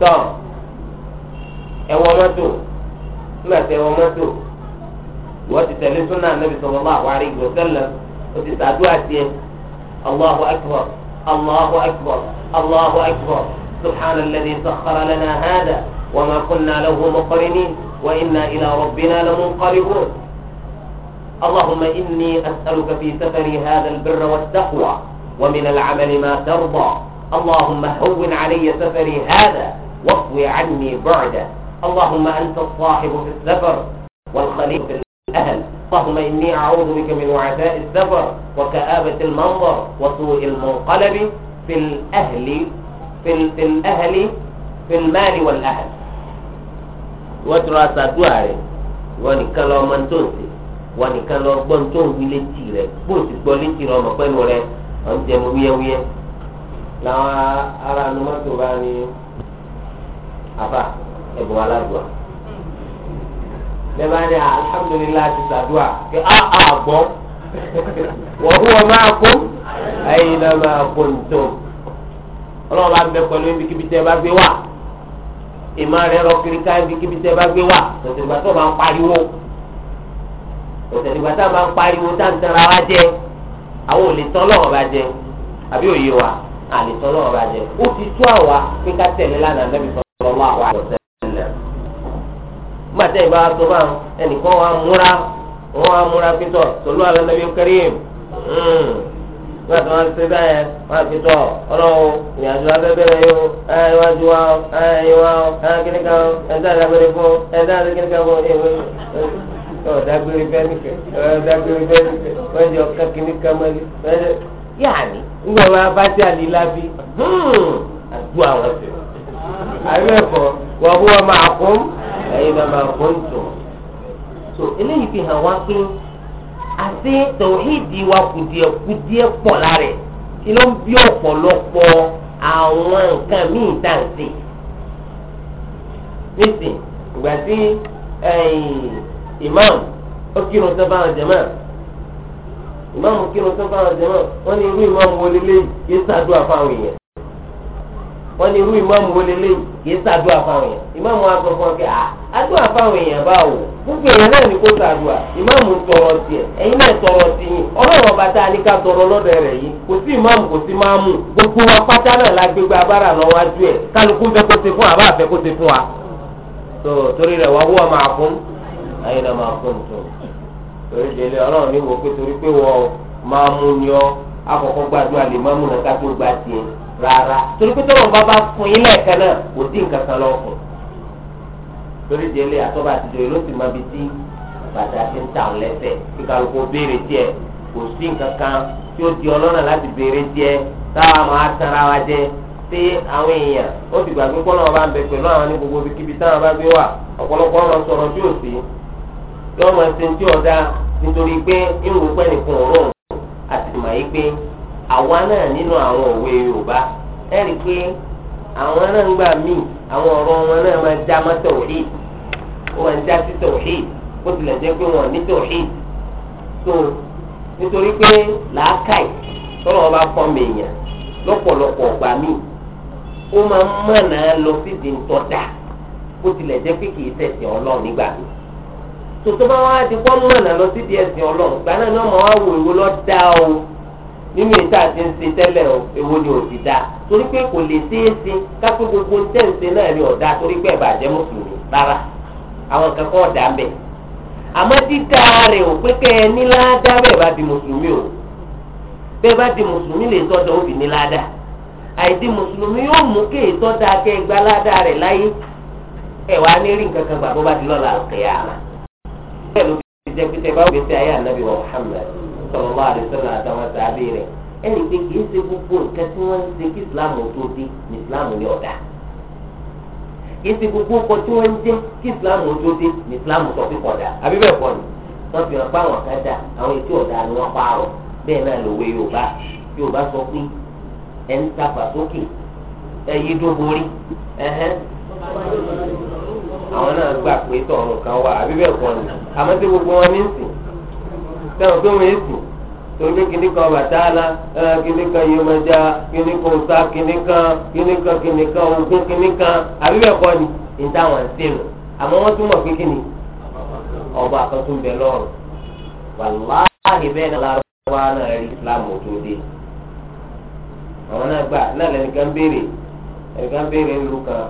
tọ́ ẹ̀wọ̀ mọ́tò nígbà tí ẹ̀wọ̀ mọ́tò ìwọ́ ti tẹ̀lé súnà anabi sallallahu alaihi wasallam ó ti الله أكبر الله أكبر الله أكبر سبحان الذي سخر لنا هذا وما كنا له مقرنين وإنا إلى ربنا لمنقلبون اللهم إني أسألك في سفري هذا البر والتقوى ومن العمل ما ترضى اللهم هون علي سفري هذا واقوي عني بعده اللهم أنت الصاحب في السفر والخليل في أهل، اللهم إني أعوذ بك من وعثاء السفر وكآبة المنظر وسوء المنقلب في الأهل في, في الأهل في المال والأهل وترى ساتواري ونكال ومن تنسي ونكال ومن تنسي لتيري بوسي بوليتيري ومقبل ورين أنت مويوية لا أرى نمتو باني أفا أبو على bẹ́ẹ̀ bá ní alhamdulilayi ti sàdúà kí á á gbọ́ wọ́n hu ọ máa kó ẹ̀yin náà máa kó ntọ́ ọlọ́run bá bẹ pẹ̀lú ibi kíbi tẹ́ bá gbé wà ìmọ̀ rẹ̀ rọ kiri ká ibi kíbi tẹ́ bá gbé wà tòtòdìgbà tó máa ń pariwo tòtòdìgbà tá a máa ń pariwo tá a ń tara wa jẹ àwọn ò lè tán lọ́wọ́ bá jẹ wa àlè tán lọ́wọ́ bá jẹ ti tú àwa pé ká tẹ̀lé lánàá lẹ́bi sọ̀rọ̀ wá àwọn àlọ́sẹ̀ gbàtẹ́ ìbá tó bá wọn ẹnìkan wọn amúra wọn amúra pítọ̀ tòlú alẹ́nàbí kẹrìm hmm. gbàtọ́ wọn ṣe bẹ́ẹ̀ wọn pítọ̀ ọlọ́wọ́ ìyàjọ abẹ́bẹ́rẹ́ yóò ẹ iwájú wa ẹ ìwà ẹ kíníkà ẹ̀dá àdábẹ́rẹ́ fún ẹ̀dá kíníkà fún ìwé ọ̀dàgbére bẹ́ẹ̀ nìkẹ́ ọ̀dàgbére bẹ́ẹ̀ nìkẹ́ wọ́n jọ kíníkà mọ́lẹ́ yáàni ńgbà wọn abájá lílá bí àdúrà wọn sí. àyẹ̀fọ̀ wọ́n máa kún ẹ̀yin náà máa bọ́ ìtọ̀. tó eléyìí fi hàn wá pé àti tòhídì wa kùdìẹ̀kùdìẹ̀ pọ̀ lára ẹ̀ kí ló ń bí ọ̀pọ̀lọpọ̀ àwọn nǹkan míì tá à ń ṣe. nísìn ìgbà tí imam ó kírun tó bá wọn jẹ mọ́ imam kírun tó bá wọn jẹ mọ́ wọ́n ní irú imam wọlé lé yìí sàdúrà fáwọn èèyàn wọ́n ní irú ìmáàmù wo lélẹ́yìn kì í ṣàdúrà fáwọn èèyàn ìmáàmù wa sọ fún ọ pé à ah, àdúrà fáwọn èèyàn báwo gbogbo èèyàn náà ní kó ṣàdúrà ìmáàmù tọrọ tiẹ̀ ẹ̀yin náà tọrọ ti yín ọlọ́run ọba tá a ní ká tọrọ lọ́dọ̀ rẹ̀ yìí kò sí ìmáàmù kò sí máàmù gbogbo wa pátá náà la gbégbá abára lọ wájú ẹ̀ kálukú fẹ́ kó ṣe fún àbá fẹ́ kó ṣe fún wa. tó torí rẹ̀ wá wúwọ́ máa fún ayé máa fún tó torí délé ọlọ́run ní wo pé torí pé wọ́n máàmù ni ọ́ akọ̀kọ́ gbàdúrà lè máàmù náà ká tó gbà tiẹ̀ rárá torí pé tọ́lọ̀ bá bá fún yín lẹ́ẹ̀kan náà kò dín nǹkan kan lọ́wọ́ fún lórí ìdílé àtọ́ba àtijọ́ yìí ló sì bi tí bàtà ti ń ta ọ̀ kí kálukú béèrè tiẹ̀ kò sí nǹkan kan tí ó di ọlọ́nà láti béèrè táwa máa wa jẹ pé àwọn èèyàn ó ti gbàgbé kọ́nà ọba ń bẹ pẹ̀lú àwọn ní gbogbo táwọn bá wà ọ̀pọ̀lọpọ̀ ọ̀rọ̀ sọ̀rọ̀ tí ò àwa náà nínú àwọn òwe yorùbá ẹ rí i pé àwọn náà ń gbà míì àwọn ọ̀rọ̀ wọn náà máa já mọ́ tauhid wọn já sí tauhid bó tilẹ̀ jẹ́ pé wọn ní tauhid so nítorí pé làákàì tọ́lọ́ wọn bá fọ́ mi yàn lọ́pọ̀lọpọ̀ ọ̀gbà míì ó máa ń mọ̀nà lọ sí di ntọ́jà bó tilẹ̀ jẹ́ pé kì í ṣẹ̀sìn ọlọ́run nígbà mi tòtò bá wá di pọ́ mọ̀nà lọ sí di ẹ̀sìn ọlọ́run gbà náà ni wọ́n máa wá wò ìwé lọ́ dáa o. nínú ètò àti ń ṣe tẹ́lẹ̀ o èwo ni ò ti da torí pé kò lè ṣeé ṣe kápẹ́ gbogbo ni ọ̀dà torí pé ẹ̀bà mùsùlùmí rárá àwọn kankan ọ̀dà ń bẹ̀. àmọ́ dídá rẹ̀ ò pé kẹ́ ẹ ní bẹ́ẹ̀ bá di mùsùlùmí o bẹ́ẹ̀ bá di mùsùlùmí lè fi àìdí mùsùlùmí yóò mú kí ètò ọ̀dà kẹ́ gba ládá rẹ̀ láyé ẹ̀ wá ní rí nǹkan kan gbà sọlọ́lá àdìsọ́lá àtàwọn sàábì rẹ̀ ẹnì pé kìí ṣe gbogbo nǹkan tí wọn ń ṣe kí otu tó ní ní gbogbo nǹkan tí ń kí tó ní kọ̀dà àbí bẹ́ẹ̀ kọ́ ni wọ́n fi hàn pé àwọn kan dà àwọn etí ọ̀dà ni wọ́n pààrọ̀ bẹ́ẹ̀ náà lòwe yorùbá yorùbá sọ pé ń tapà sókè sẹ́wọ̀n pé wọ́n èsì torí kìnnì kan bàtàlà kìnnì kan yomẹja kìnnì kan ọ̀sà kìnnì kan kìnnì kan kìnnì kan ogun kìnnì kan àbí bẹ́ẹ̀ kọ́ ni níta wọn ṣe lò àmọ́ wọ́n tún mọ̀ pé kìnnì ọba àkọ́tún bẹ lọ́rùn wàláhì bẹ́ẹ̀ náà lárúbáwá náà rí Islam tó dé àwọn náà gbà náà lẹ́nìkan béèrè ẹnìkan béèrè ńlú kan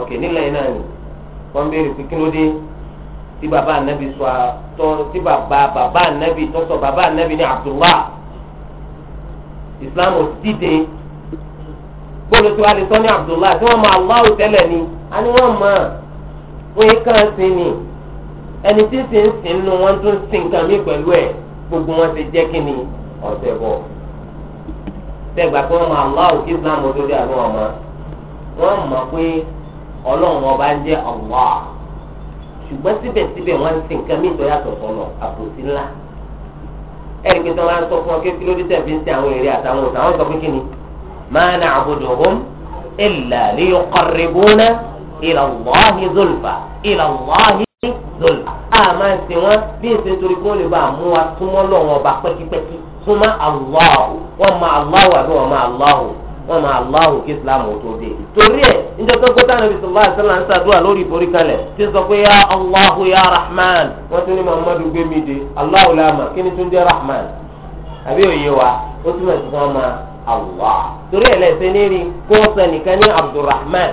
ok nílẹ̀ náà ni wọ́n béèrè pé kí ló dé tí bàbá anabi sọ tọ tí bàbá bàbá anabi tọ́sọ bàbá anabi ní abdullah islam ò dìde gbọdọ tí wàá ní abdullah tí wọn mọ aláwọ tẹ́lẹ̀ ni a ní wọn mọ wọn yìí kàn sí ni ẹni tí ń sìn ń sìn nù wọn tún sìn nǹkan mi pẹ̀lú ẹ gbogbo wọn ti jẹ́ kí ni ọ̀sẹ̀ bọ̀ tẹgbà pé wọn mọ aláwọ kí islam ò lórí àwọn ọmọ wọn mọ pé ọlọ́run ọba ń jẹ́ allah ṣùgbọ́n síbẹ̀síbẹ̀ wọ́n ń sin nǹkan mí ìtọ́ yàtọ̀ fọlọ̀ àbòsí ńlá ẹ̀rí pé sọ wọn sọ fún ọ pé kí ló dé tẹ̀fí ń sin àwọn èrè àtàwọn òsàn àwọn sọ pé kí ni máa na àbòdò hom ìlà lè kọrìbóná ìlà wọ́ọ̀hì zolfà ìlà wọ́ọ̀hì a máa sin wọn bí èsì nítorí kí wọ́n lè bá a mú wa súnmọ́ lọ́wọ́ ọba pẹ́kípẹ́kí súnmọ́ wọn máa Allahu kí islam ò tó dé torí ẹ níjọ tó gbọ́dọ̀ ànábi sallallahu alaihi wasallam ń ṣàdúrà lórí ìforí kalẹ̀ tí sọ pé ya Allahu ya rahman wọ́n tún ní muhammadu gbé mi dé Allahu làmà kí ni tún jẹ́ rahman àbí òye wa ó túmọ̀ sí wọn máa Allah torí ẹ lẹ́sẹ̀ ní kó sọ nìkan ní abdulrahman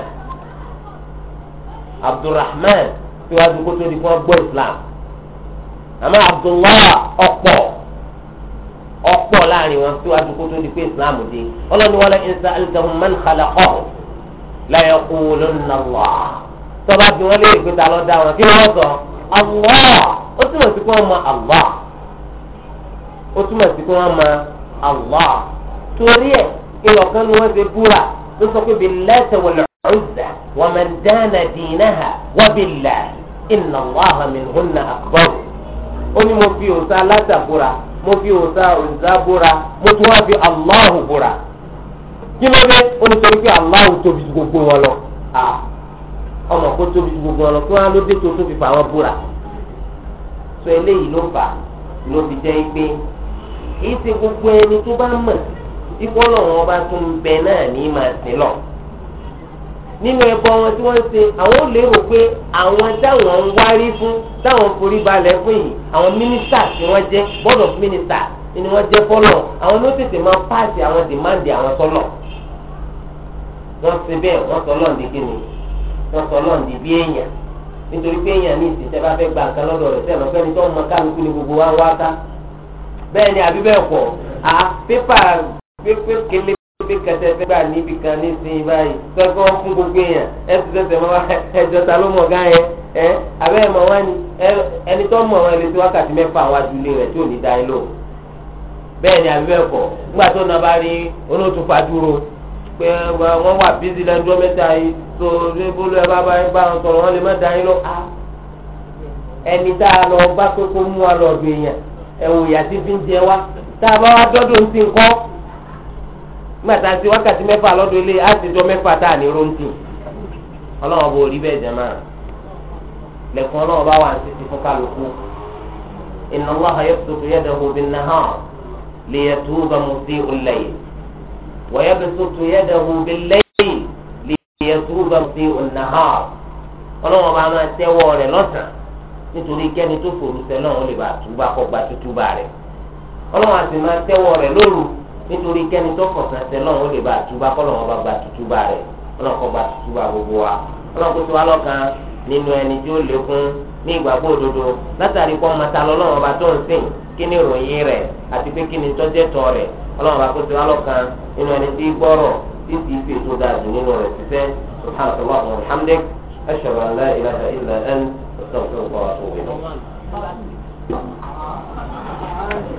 abdulrahman tí wàá dúró tó di kó gbọ́ islam àmọ́ abdullah ọ̀pọ̀ ọ̀pọ̀ láàrin wọn síwájú kó tó di pé islam dé ọlọ́ni wala in sa'altahum man khalaqahum la yaqulunna Allah tọ́ba bí wọ́n lé ìgbésà lọ dá wọn kí wọ́n sọ Allah ó túmọ̀ sí pé wọ́n mọ Allah ó túmọ̀ sí pé wọ́n mọ Allah torí ẹ̀ ìlọ̀kan ni wọ́n ṣe búra ló sọ pé billati wal uzza wa man dana dinaha wa billahi inna Allaha minhunna akbar ó ní mo fi òòsa aláṣà mo fi òòṣà òòṣà bora mo tún wá fi Allahu búra kí ló dé ó ní torí pé tóbi ju gbogbo wọn lọ ọmọ kó tóbi ju gbogbo wọn lọ kí wọn ló dé tó tó fi wọn sọ eléyìí ló fà ló fi gbogbo ẹni tó bá mọ̀ ọba tún bẹ náà ní màá sí nínú ẹbọ wọn tí wọ́n ń ṣe àwọn lérò pé àwọn táwọn ń wárí fún táwọn forí balẹ̀ fún yìí àwọn mínísítà tí wọ́n jẹ́ board of ministers ni wọ́n jẹ́ fọ́lọ̀ àwọn ló tètè máa pàṣẹ àwọn dìmáàndì àwọn sọ́lọ̀ wọ́n ṣe bẹ́ẹ̀ wọ́n sọ lọ́ọ̀dì kíni wọ́n sọ lọ́ọ̀dì bí èèyàn nítorí pé èèyàn ní ìsìn tẹ́ bá fẹ́ gba nǹkan lọ́dọ̀ rẹ̀ sẹ́nu fẹ́ni tó ń mọ kálukú ni gbogbo wa ń wá ká bẹ́ẹ̀ ni àbí bẹ́ẹ̀ kọ́ à pépà pépé kele pé kẹtẹ fẹ́ gbà níbi kan nísìnyí báyìí tọ́kọ́ fún gbogbo èèyàn ẹ ti sẹ̀sẹ̀ mọ́ ẹjọ́ ta ló mọ̀ gán yẹn ẹ abẹ́ ẹ̀ mọ̀ wá ni ẹni wọn wákàtí mẹ́fà tí ò ní da lò bẹ́ẹ̀ ni àbí ẹ̀kọ́ nígbà tó náà bá rí olóòtú fàdúró pé wọ́n wà bísí lẹ́jọ́ mẹ́ta yìí tó bólú ẹ a lọ pé kó mú wa lọ fi ń jẹ tá a bá wá gbàtà sí wákàtí mẹ́fà lọ́dún ilé àtijọ́ mẹ́fà tá à ní rọ́ǹtì ọlọ́run bò rí bẹ́ẹ̀ jẹ́ máa lẹ́kùn bá wà títí fún kálukú inna Allaha yabsutu yadahu bin-nahar liyatuba musi'ul layl wa yabsutu yadahu bil-layl liyatuba musi'un nahar ọlọ́run bá máa tẹ́wọ́ rẹ̀ lọ́sàn nítorí kẹ́ni tó fòrùsẹ́ náà ó lè bá gba àti máa lóru nítorí kẹ́ni tó kọ̀sán tẹ lọ́run ó lè bá àtúbá kọ́lọ́run bá gba àtúbá rẹ̀ ọlọ́run kọ́ gba àtúbá gbogbo wa ọlọ́run kó tó wá lọ́kàn nínú ẹni tí ó lékún ní ìgbàgbọ́ òdodo látàrí kọ́ mọ́ta lọ́lọ́run ọba tó ń sìn kí ni ìròyìn rẹ̀ àti pé kí ni tọ́jẹ́ tọ́ rẹ̀ ọlọ́run ọba kó tó wá lọ́kàn nínú ẹni tí gbọ́rọ̀ tí ti fi ètò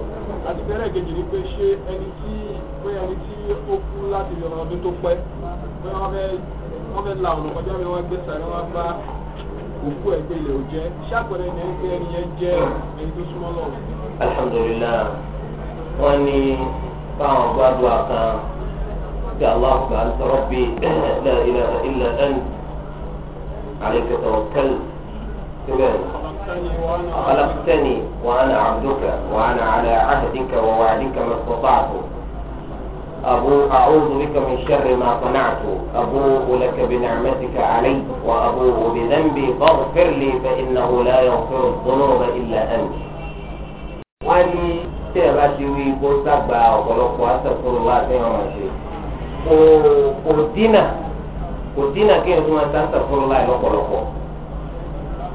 àti bẹ̀rẹ̀ kejì ni pé ṣé ẹni tí pé ẹni tí ó kú láti lè ọdún tó pẹ́ pé wọ́n fẹ́ wọ́n fẹ́ la ọ̀nà kọjá mi wọ́n gbé sàrẹ́ wọ́n bá òkú ẹ̀ pé ilẹ̀ ò jẹ́ ṣé àpẹẹrẹ ni ẹni pé ẹni yẹn jẹ́ ẹni tó súnmọ́ lọ. alhamdulilayi wọn ní báwọn gbàdúrà kan tí allah gba sọ̀rọ̀ bí ilẹ̀ ilẹ̀ ẹni àlejò tó kẹ́lù síbẹ̀. خلقتني وأنا عبدك وأنا على عهدك ووعدك ما استطعت أبو أعوذ بك من شر ما صنعت أبوء لك بنعمتك علي وأبوء بذنبي فاغفر لي فإنه لا يغفر الذنوب إلا أنت wọ́n ní tí ẹ bá ti wí kó sàgbà ọ̀pọ̀lọpọ̀ àtẹ̀kùrù wa àtẹ̀yàn máa ṣe kò kò dínà kò dínà kí ẹ tún máa sàtẹ̀kùrù láì lọ́pọ̀lọpọ̀.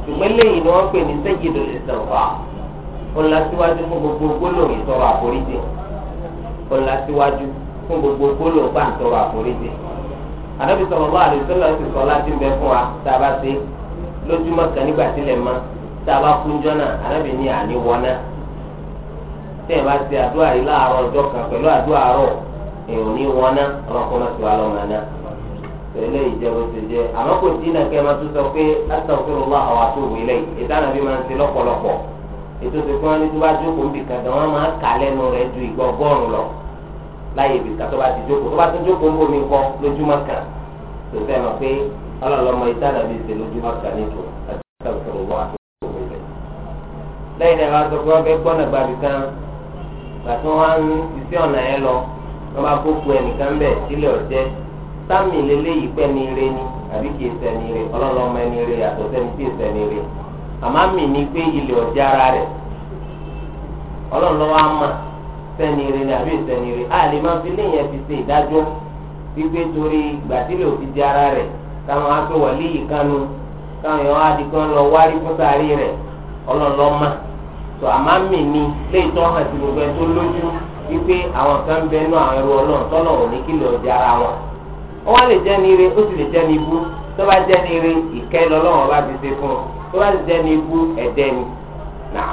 ṣùgbọ́n lẹ́yìn ni wọ́n pè ní sẹ́jìdò ìsọ̀fà ńlọsíwájú fún gbogbo gbólóhùn ìtọrọ àforíjì ńlọsíwájú fún gbogbo gbólóhùn bá ń tọrọ àforíjì. àdàbí sọ̀rọ̀ bá àdìsọ́lá ti sọ láti bẹ fún wa tá a bá ṣe lójúmọ́ kan nígbà sílẹ̀ mọ́ tá a bá kún jọ́nà àdàbí ní àníwọ́ná. tẹ́ ẹ bá ṣe àdúrà yìí láàárọ̀ ọjọ́ kan pẹ̀lú àdúrà àárọ̀ èèyàn ní wọ́ná ọlọ́kùnrin ti tẹ̀lé ìjẹun ti jẹ àmọ́ kò dínà kẹ́ máa tún sọ pé astaghfirullah àwọn àtòwò ilẹ̀ ìdáná bí máa ń ṣe lọ́pọ̀lọpọ̀ ètò ìsìnkú wọn ní tó bá jókòó níbi kan tán wọn máa kà lẹ́nu rẹ̀ ju ìgbà ọgọ́rùn-ún lọ láyé ibi kan tó bá ti jókòó tó bá ti jókòó ń bò mí kọ́ lójúmọ́ kan tó fẹ́ mọ̀ pé ọlọ́lọ́mọ ìdáná bí ṣe lójúmọ́ kan nítorí astaghfirullah àtòwò ilẹ̀ lẹ́yìn náà sọ pé wọ́n fẹ́ gbọ́nà gbàbí sáàmì lélẹ́yìí pẹ́ ní ire ni àbí kìí sẹ́ni ire ọlọ́run ọmọ ẹni ire yàtọ̀ sẹ́ni tí ì sẹ́ni ire àmọ́ àmì ni pé ilé ọjà ara rẹ̀ ọlọ́run lọ́wọ́ á mà ire ni àbí sẹ́ni ire a lè máa fi léyìn ẹ̀sìn ṣe ìdájọ́ wípé torí gbàtílẹ̀ òfin di ara rẹ̀ táwọn á pé wàlẹ́ yìí kánú táwọn èèyàn á di kán lọ wárí fún sàárì rẹ̀ ọlọ́run lọ́ mà tó àmọ́ àmì ni léyìí tó hàn sí gbogbo ẹ̀ tó lójú wípé àwọn kan bẹ́ẹ̀ náà àwọn ẹrú ọlọ́run tọ́lọ̀ òní kìlọ̀ ọjà ara wọn wọ́n lè jẹ́ ní ire ó sì lè jẹ́ ní ibú tó bá jẹ́ ní ire ìkẹ́ lọ́lọ́wọ́ bá fi ṣe fún un tó bá jẹ́ ní ibú ẹ̀dẹ́ ni náà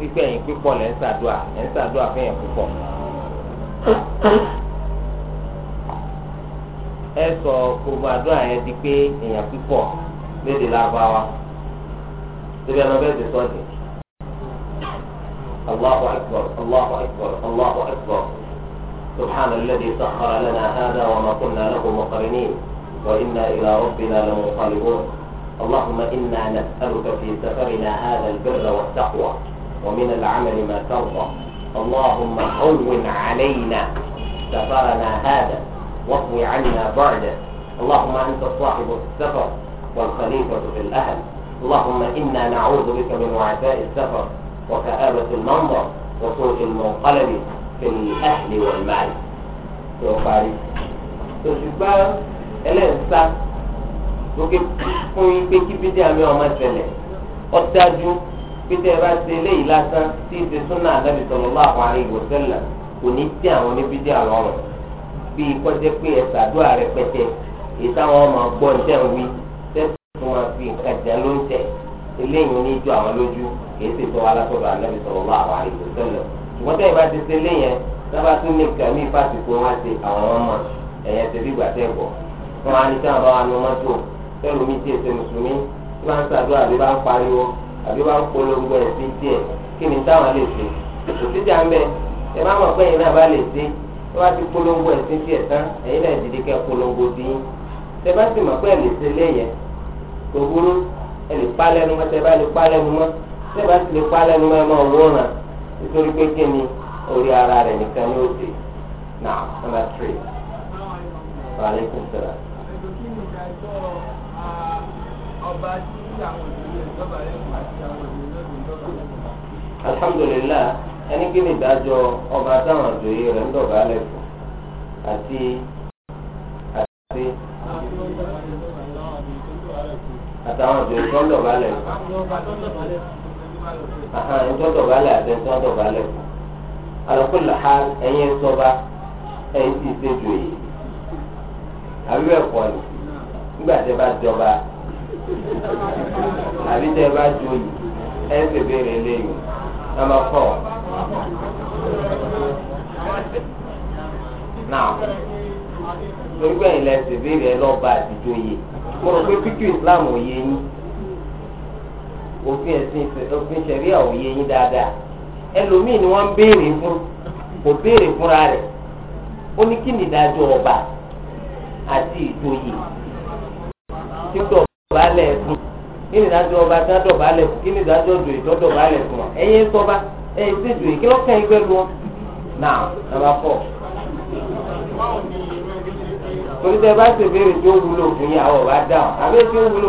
wípé ẹ̀yin pípọ̀ lẹ́ ń ṣàdúà ẹ̀ ń ṣàdúà fún ẹ̀yin púpọ̀. ẹ sọ gbogbo àdúrà yẹn di pé èèyàn pípọ̀ léde lábáwá síbi ẹnu bẹ́ẹ̀ ti sọ ọ́ di. Allahu akbar Allahu akbar Allahu akbar سبحان الذي سخر لنا هذا وما كنا له مقرنين وإنا إلى ربنا لمنقلبون اللهم إنا نسألك في سفرنا هذا البر والتقوى ومن العمل ما ترضى اللهم هون علينا سفرنا هذا واقض عنا بعده اللهم أنت صاحب السفر والخليفة في الأهل اللهم إنا نعوذ بك من وعثاء السفر وكآبة المنظر وسوء المنقلب في الأهل والمال يوفاري òṣùgbọ́n ẹlẹ́ǹsá lókè fún on kí bídí àmì ọmọ ìṣẹ̀lẹ̀ ọ̀dájú pété ẹ bá ṣe eléyìí lásán tí ìṣe súnà ànábì sallallahu alaihi wasallam kò ní tí àwọn oníbídé àlọ́rọ̀ bíi kọjá pé ẹ ṣàdúrà rẹ pẹtẹ ìtàwọn ọmọ gbọ́ ń tẹ̀ ń wí tẹ́sí tó máa fi nǹkan jẹ ló ń tẹ̀ eléyìí ní ju àwọn lójú kìí ṣe tó wá látọ̀dọ̀ ànábì sallallahu alaihi wasallam ṣùgbọ́n tẹ́ ẹ bá ti ṣe eléyẹn sábà tún ní nǹkan ní ìfàsìkò wọn ṣe àwọn ọmọ ẹ̀yẹ ṣe bí gbà tẹ́ bọ̀ wọn á ní àbí wàá polongo ẹ̀sìn tiẹ̀ kí ni táwọn lè ṣe òṣìṣẹ́ jà ń bẹ ẹ má mọ̀ pé ẹ̀yin náà bá lè ṣe ẹ bá ti polongo ẹ̀sìn tiẹ̀ tán ẹ̀yin náà dìde kẹ́ polongo sí yín tẹ bá sì mọ̀ pé ẹ̀ lè ṣe léyẹn tó burú ẹ lè pa lẹ́nu mọ́ tẹ bá lè pa lẹ́nu mọ́ tẹ bá sì lè pa lẹ́nu mọ́ ẹ máa wọ́ràn nítorí pé kí ni orí ara rẹ̀ nìkan yóò dé náà nọ́mbà tí alhamdulilah ẹni kí ni ìdájọ́ ọba táwọn àjòyè rẹ̀ ń dọ̀bálẹ̀ fún àti àti àtàwọn àjòyè tó ń dọ̀bálẹ̀ fún àhàn tó dọ̀bálẹ̀ àti tó ń dọ̀bálẹ̀ fún alùpùpù ha ẹ̀yin sọba ẹ̀yin sì ṣe jòyè àbí bẹ́ẹ̀ nígbà tí ẹ bá jọba. àbí tẹ́ ẹ bá ju oyè ẹ ń léyìn fọ. náà torí pé lọ́ba àtijọ́ mo rò pé Islam ò yé yín òfin ẹ̀sìn òfin ò yé yín dáadáa ẹlòmíì ni wọ́n ń béèrè fún kò béèrè fúnra rẹ̀ ó ní kí ni ọba àti dọ̀bálẹ̀ fún kí ni ìdájọ́ ọba tí wọ́n dọ̀bálẹ̀ fún kí ni ìdájọ́ dòye tó dọ̀bálẹ̀ fún wọn ẹ̀yin sọba ẹ̀yin sì dòye kí lọ́kàn yín pẹ̀lú wọn. náà nàbà fọ. torí tẹ bá ṣe béèrè tí ó wúlò fún yà ọ̀ bá tí ó wúlò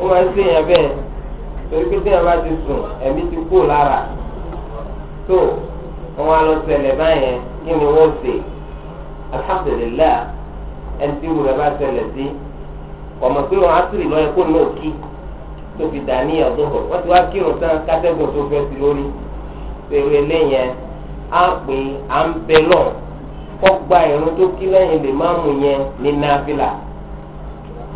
ó máa ń sèyàn bẹ́ẹ̀ torí pé téèyàn bá ti sùn ẹ̀mí ti kú lára tó wọn á lọ ṣẹlẹ̀ báyẹn kí ni wọ́n ṣe alhamdulilayi ẹni tí wùrẹ́ bá ṣẹlẹ̀ sí ọmọ pé wọn á sùn lọ́yẹ kó náà kí tó fi dà ní ọ̀dọ́bọ̀ wọ́n ti wá kírun tán kátẹ́gùn tó fẹ́ sí lórí pẹ̀lú eléyẹn á pè é ń bẹ lọ́n kọ́ gba ìrun tó kí lẹ́yìn lè má mú yẹn ní náfìlà.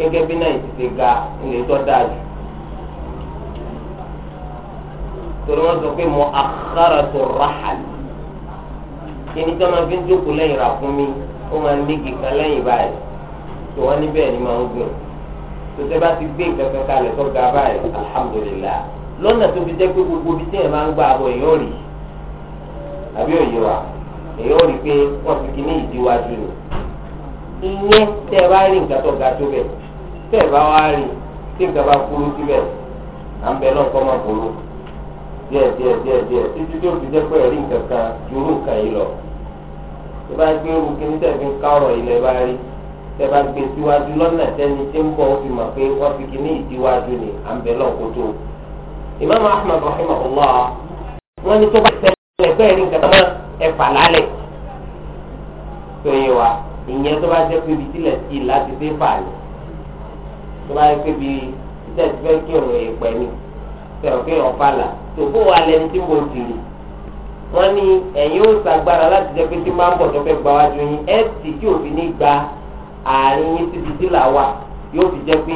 gẹ́gẹ́ bí náà ti ṣe ga ilé tó dáa jù torí wọ́n sọ pé mo àkàrà tó ràhàlì kíni tí wọ́n máa fi ń jókòó lẹ́yìn rà fún mi ó máa ń nígi kan lẹ́yìn báyìí tó wọ́n níbẹ̀ ni máa ń gùn tó tẹ́ bá ti gbé nǹkan kalẹ̀ tó ga báyìí alhamdulilah lọ́nà tó fi jẹ́ pé gbogbo ibi tí máa ń gbà bọ̀ èèyàn ò rí àbí òye wa èèyàn ò rí pé wọ́n fi kíní ìdíwájú rẹ̀ ìyẹn tẹ́ ẹ bá rí nǹkan tó ga tó bẹ̀ tẹ́ ẹ̀ bá wá rí tí nǹkan bá kúrú síbẹ̀ à ń bẹ náà kọ́ máa kúrú díẹ̀ díẹ̀ díẹ̀ díẹ̀ títí tí ó fi jẹ́ pé ẹ̀rí nǹkan kan jùrú nǹkan yìí lọ. tó bá gbé irú kí ní tẹ̀sí ń ká ọ̀rọ̀ ilẹ̀ bá rí tẹ́ bá gbé síwájú lọ́nà tẹ́ni tí ń bọ̀ ó fi mọ̀ pé wọ́n fi kíní ìdíwájú ni à ń bẹ náà kó tó. Imam Ahmad rahimahullah wọ́n ní tó bá tẹ̀lé ẹgbẹ́ ẹ̀rí nǹkan náà ẹ̀fà lálẹ̀ tó yẹ wa ìyẹn tó bá yẹ pé bí títẹ̀ tí fẹ́ kí òun èèpẹ̀ ni fẹ́ràn kí òun fàlà tó kó wà lẹ́ni tí mo ti rí wọ́n ní ẹ̀yin ó sàgbára láti jẹ́ pé tí máa ń bọ̀ tó fẹ́ gba wájú yín ẹ̀ sì kí òfin ní gba àárín yín títí tí là wà yóò fi jẹ́ pé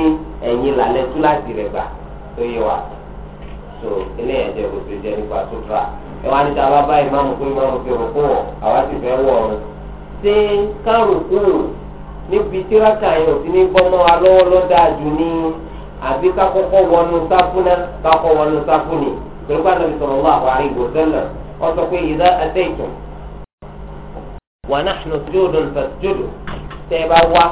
ẹ̀yin làlẹ́ tú láti rẹ̀ gbà tó yẹ wa so eléyà jẹ́ kó tó jẹ́ nípa tó fà ẹ wá níta bá bá ìmáàmù pé ìmáàmù fi rò kó wọ̀ àwa sì fẹ́ wọ̀ ọ̀run níbi tíráta yẹn ò sí ní bọ́mọ́ wa lọ́wọ́ lọ́dáa jù ní àbí kakọ́kọ́ wọnú sáfúnà kakọ́ wọnú sáfúnì pẹ̀lú Ànábì sallallahu alaihi wasallam ó sọ pé idha ataytum wa nahnu sujudun fasjudu tẹ́ ẹ bá wá.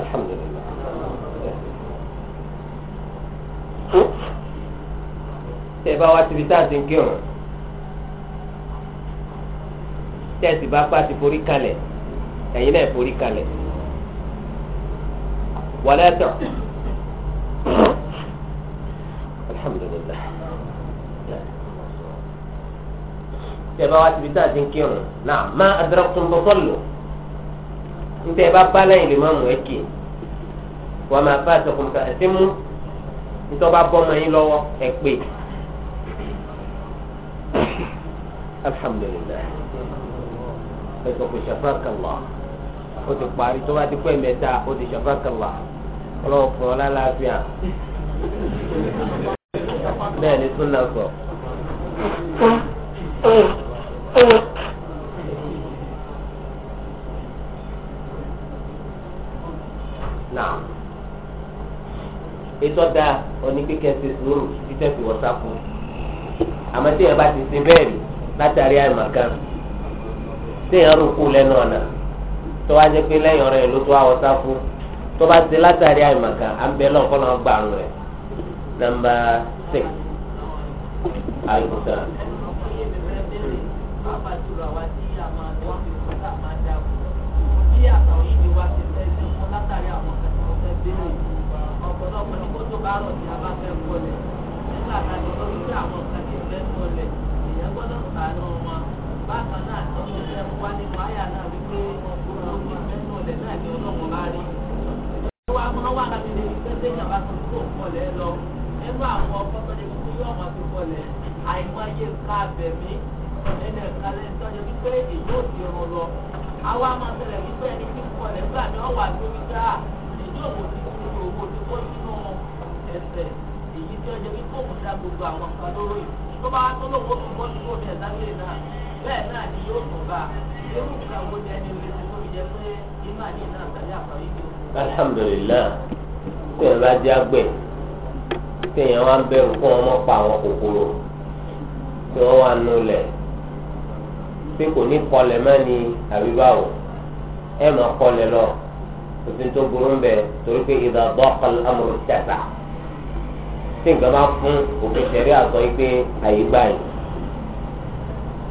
alhamdulillah. tẹ́ ẹ bá wá síbi tá kírun. tẹ́sí bá pa ti forí kalẹ̀ ẹ̀yin náà forí kalẹ̀ wọlé tọ̀ alhamdulilah tẹ́ bá wá síbi tá a ti ń kírun náà má adraktum fasallu ntẹ́ bá bá lẹ́yìn lè má mú ẹ kì í wọ́n bá àtọkùn ká ẹ̀ ti mú ntọ́ bá bọ́ ọmọ yín lọ́wọ́ ẹ pé alhamdulilah ẹ̀sọ́ kò ṣàfàkàlà ó ti parí tó bá ti pẹ́ mẹ́ta ó ti ṣàfàkàlà ọlọ́wọ́ fún ọ lálàáfíà bẹ́ẹ̀ ni súnà sọ. náà ètò ọ̀dà oníkíkẹ́ ti sùúrù títẹ̀ fi wọ́n sáfù àmọ́ tí ẹ bá ti ṣe bẹ́ẹ̀ rí látàrí àìmọ̀kan téèyàn rúkú lẹ́nu ọ̀nà tó wá jẹ́ pé lẹ́yìn ọ̀rọ̀ yẹn ló tó àwọ̀ sáfù tó bá ti látàrí àìmàkà à ń bẹ lọ́n kọ́ lọ́n gbà àrùn rẹ̀ nàmbà six àìkúsà. látàrí wá máa wà láti lè ṣe ṣe ìyàwó àtúntò tó kọlẹ̀ lọ nínú àwọn ọkọ̀ tó lè fi yọ̀ wọ́n ti kọlẹ̀ àìmọye ká bẹ̀mí ẹnì ìkàlẹ̀ ìtọ́jú wípé èyí ò ti rún lọ. àwa máa ṣẹlẹ̀ wípé ẹni tí ń kọlẹ̀ gbà ní ọ̀wà tó ń dá èyí òwò ti fi owó tó kó sínú ẹsẹ̀ èyí tí ọjọ́ wípé òun dá gbogbo àwọn nǹkan lóró yìí tó bá tó lówó tó bọ́ sí òun ẹ̀dá lè náà bẹ́ẹ̀ náà ni yóò wo jẹ́ ẹni rẹ̀ tó fi jẹ́ pé iná ní iná àtàlẹ́ àpárí tó alhamdulilayi tẹ̀yìn bá jẹ́ àgbẹ̀ tẹ̀yìn wá ń bẹ̀rù fún ọmọ pa àwọn kòkòrò tí wọ́n wá nù lẹ̀ pé kò ní kọlẹ̀ mọ́ ni àbí báwo ẹ̀ mọ́ kọlẹ̀ lọ òfin tó burú bẹ̀ torí pé ìdá dọ́kọ̀lù amúrú tẹ̀sà tí nǹkan bá fún òfin ṣẹ̀rí àtọ́ yìí pé àyè yìí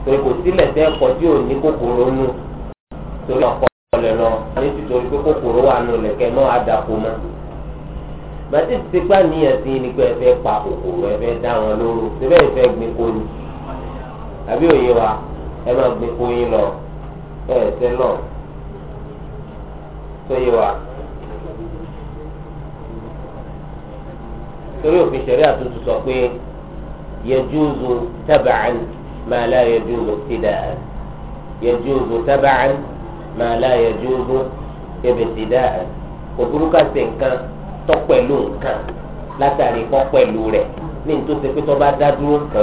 torí kò sílẹ̀ tẹ́ ẹ̀kọ́ tí kòkòrò nù torí ọkọ ọlẹ lọ ní títorí pé kòkòrò wà nù lẹkẹ náà àdàpọ̀ mọ́ bàtí tipa níyàn sí ni pé ẹ pa kòkòrò ẹ dá wọn síbẹ̀ máa láyé jógó ebèsì dáhà òbúrúkà ṣe nǹkan tọ́ pẹ̀lú nǹkan látàrí kọ́ pẹ̀lú rẹ̀ ní ní tó ṣe pé tó dá dúró tó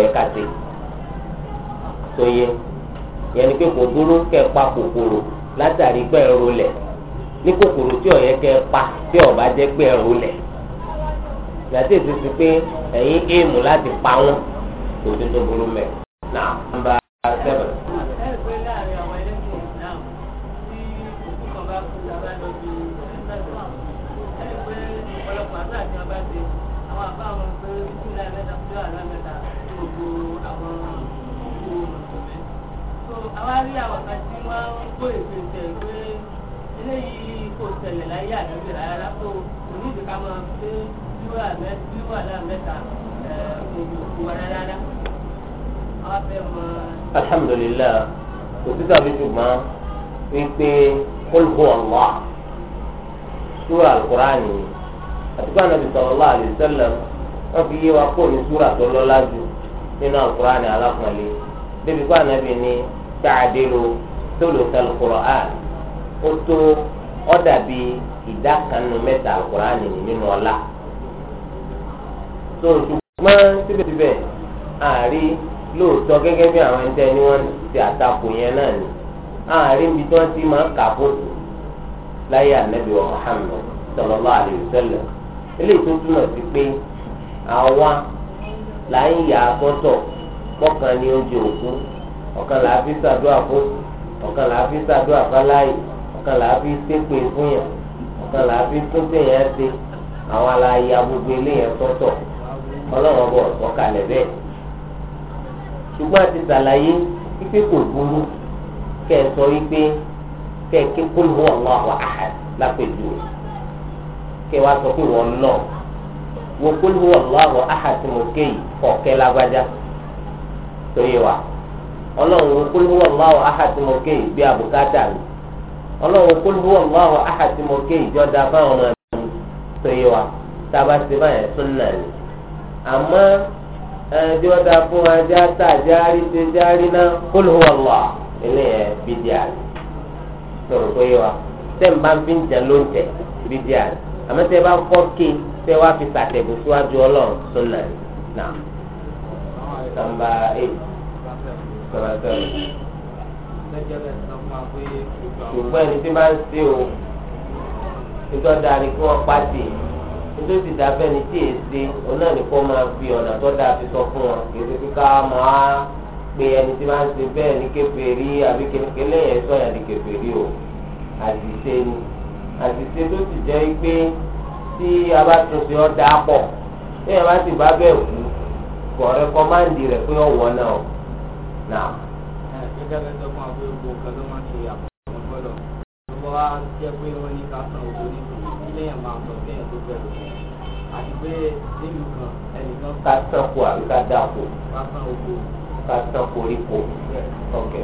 yẹ ni pé kò dúró kẹ́ pa kòkòrò látàrí pé ẹ̀rọ lẹ̀ ní kòkòrò tí ọ̀yẹ́ kẹ́ pa tí ọ̀bá jẹ́ pé ẹ̀rọ lẹ̀ gbàtí èsì sí pé ẹ̀yin éèmù láti pa àwa rí àwọn kan tí wọ́n ń gbọ́ èdè tẹ̀ pé eléyìí kò ṣẹlẹ̀ láyé àdàbí rárá tó onídìí ká máa pé bíwà bíwà náà mẹ́ta òyìnbó kò wá rárá. àwa fẹ́ mọ. alhamdulilayi kò sí tàbí ṣùgbọ́n wípé kólùkù ọ̀la sùúrù alukur'ani àti kó ànábì sallallahu alaihi wasallam. wọ́n fi wa kó ní súrà tó lọ́lá jù nínú àkùránì alákùnrin débi kó ní tàdélo tólótàlù kùránì o tó ó dàbí ìdá kan nínú tó ṣùgbọ́n síbẹ̀síbẹ̀ àárí lóòótọ́ gẹ́gẹ́ bí àwọn ni wọ́n ti àtakò yẹn náà ni wọ́n ti máa ń kà láyé wa eléyìí tó túmọ̀ àwa là ń yà àkọ́tọ̀ pọ́kàn ní oúnjẹ òkú ọ̀kan là á fi ṣàdúrà fún ọ̀kan là á fi ṣàdúrà fáláì ọ̀kan là á fi ṣépè fún yàn ọ̀kan là á fi túnṣe yẹn ṣe àwọn aláya gbogbo eléyẹn sọ́tọ̀ ọlọ́run ọbọ̀ ọ̀kalẹ̀ bẹ́ẹ̀ ṣùgbọ́n àti ṣàlàyé wípé kò burú kẹ́ ẹ sọ wípé kẹ́ ẹ ké kúlù wọ́n lọ́wọ́ àhàd lápẹ̀jù kẹ́ ẹ wá sọ pé wọ́n lọ́ọ̀. wo huwa Allahu ahad wa ọlọ́run wo huwa Allahu ahad tí bí abùkátà mi ọlọ́run wo huwa Allahu ahad tí mo fáwọn ọmọ mi tó wa tába ṣe báyẹn súnà ni àmọ́ ẹjọ́ da fún ajá tá járí ṣe járí náà kul huwa Allahu wa tẹ wá fi sàtẹ̀gù síwájú ọlọ́run tó nà nà. nàmbà eight nàmbà seven. ṣùgbọ́n ẹni tí máa ń ṣe o ìjọ dáa ni kí wọ́n pàṣẹ nítorí ti dá bẹ́ẹ̀ ni tí èé ṣe òun náà ní kó máa fi ọ̀nà tó dáa fi sọ fún wọn kì í ṣe kíkà máa pé ẹni tí máa ń ṣe bẹ́ẹ̀ ní kèfèrí àbí kékeré yẹn sọ̀yàn ní kèfèrí o àṣìṣe ni àṣìṣe tó sì jẹ́ pé tí a bá tún sí ọ́ dáa pọ̀ tí a bá sì bá bẹ̀ wù ú kọ̀ rẹ kọ́máǹdì rẹ̀ pé ọ̀wọ́ náà ọ̀ nà. gẹ́gẹ́ bẹ́ẹ̀ sọ fún wa pé gbogbo kan ló máa ń ṣe àpòmọ́ gbọ́dọ̀ gbogbo wa jẹ́ pé wọ́n ní ká san owó nítorí ilé yẹn máa sọ bí èèyàn tó bẹ̀rù àti pé nílùú kan ẹnìkan. ká tán kó àbí ká dà kó. ká tán oko. ká tán koríko. ok.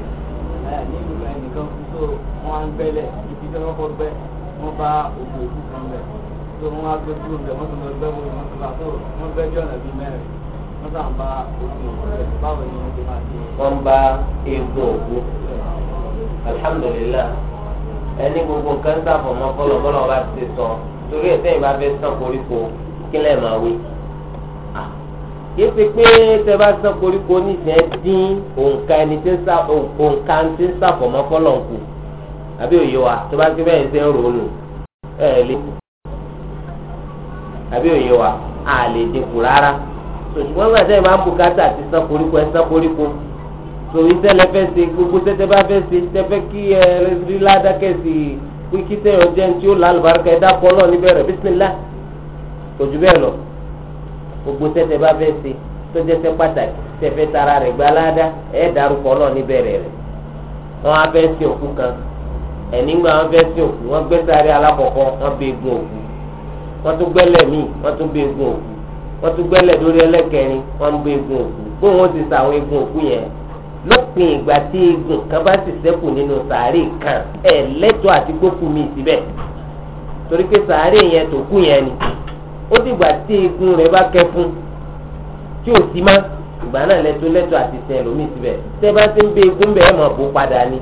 nílùú ẹnìkan kú tó wọ́n á ń bẹ́lẹ̀ ibi tí wọ́n bá òkú òkú kan bẹ̀ tó wọn á gbé dúró bẹ wọn tó lọ gbẹ wo wọn tó bá tó wọn gbẹ bí ọ̀nà bíi mẹ́rin wọn sàn bá òkú rẹ báwo ni wọn ti máa ṣe. wọn bá eegun òkú alhamdulilayi ẹni gbogbo kẹńtà fọmọ kọlọkọlọ bá ti sọ torí ẹ sẹ́yìn ah. bá sàn koríko kílẹ̀ máa wí yìí ti pé tẹ bá sàn koríko nísìnyẹ dín òǹkà ẹni tí ń sá òǹkà tí ń sàfọmọ kọlọǹkù àbí òye wa tó bá ti bẹ́ẹ̀ ṣe ń ròónù ẹ lè àbí òye wa a lè dínkù rárá ṣùgbọ́n nígbà tẹ́ ẹ máa ń bùkátà àti san koríko ẹ san koríko sòrí tẹ́lẹ̀ fẹ́ ṣe gbogbo tẹ́tẹ́ bá fẹ́ ṣe tẹ́fẹ́ kí ẹ rí ládàkẹ́ sí i pé kí tẹ̀yàn jẹ́ ní tí ó lálùbáríkà ẹ dákọ́ náà níbẹ̀ rẹ̀ bísímìlá kò jù bẹ́ẹ̀ lọ gbogbo tẹ́tẹ́ bá fẹ́ ṣe tọ́jẹ́sẹ́ pàtàkì tẹ́fẹ́ tara rẹ̀ gba ládá ẹ dárúkọ náà níbẹ̀ rẹ̀ rẹ̀ wọ́n á fẹ́ sin òkú kan ẹ̀ nígbà wọ́n wọ́n tún gbẹ́lẹ̀ míì wọ́n tún bẹ́ egun òkú wọ́n tún gbẹ́lẹ̀ lórí ẹlẹ́kẹrin wọ́n ń bẹ́ egun òkú bóun ó ti sa àwọn egun òkú yẹn lópin ìgbà tí egun kan bá sì ṣẹ́kù nínú sàárè kan ẹ̀ lẹ́tọ̀ọ́ àti gbókù mi síbẹ̀ torí pé sàárè yẹn tó kú yẹn ni ó dìgbà tí egun rẹ̀ bá kẹ́ fún tí ò sí má ìgbà náà lẹ́tọ̀ọ́ lẹ́tọ̀ọ́ àti sẹ́ lómi síbẹ̀ tẹ́ bá ti ń bẹ́ egun bẹ́ẹ̀ mọ̀ bó padà ni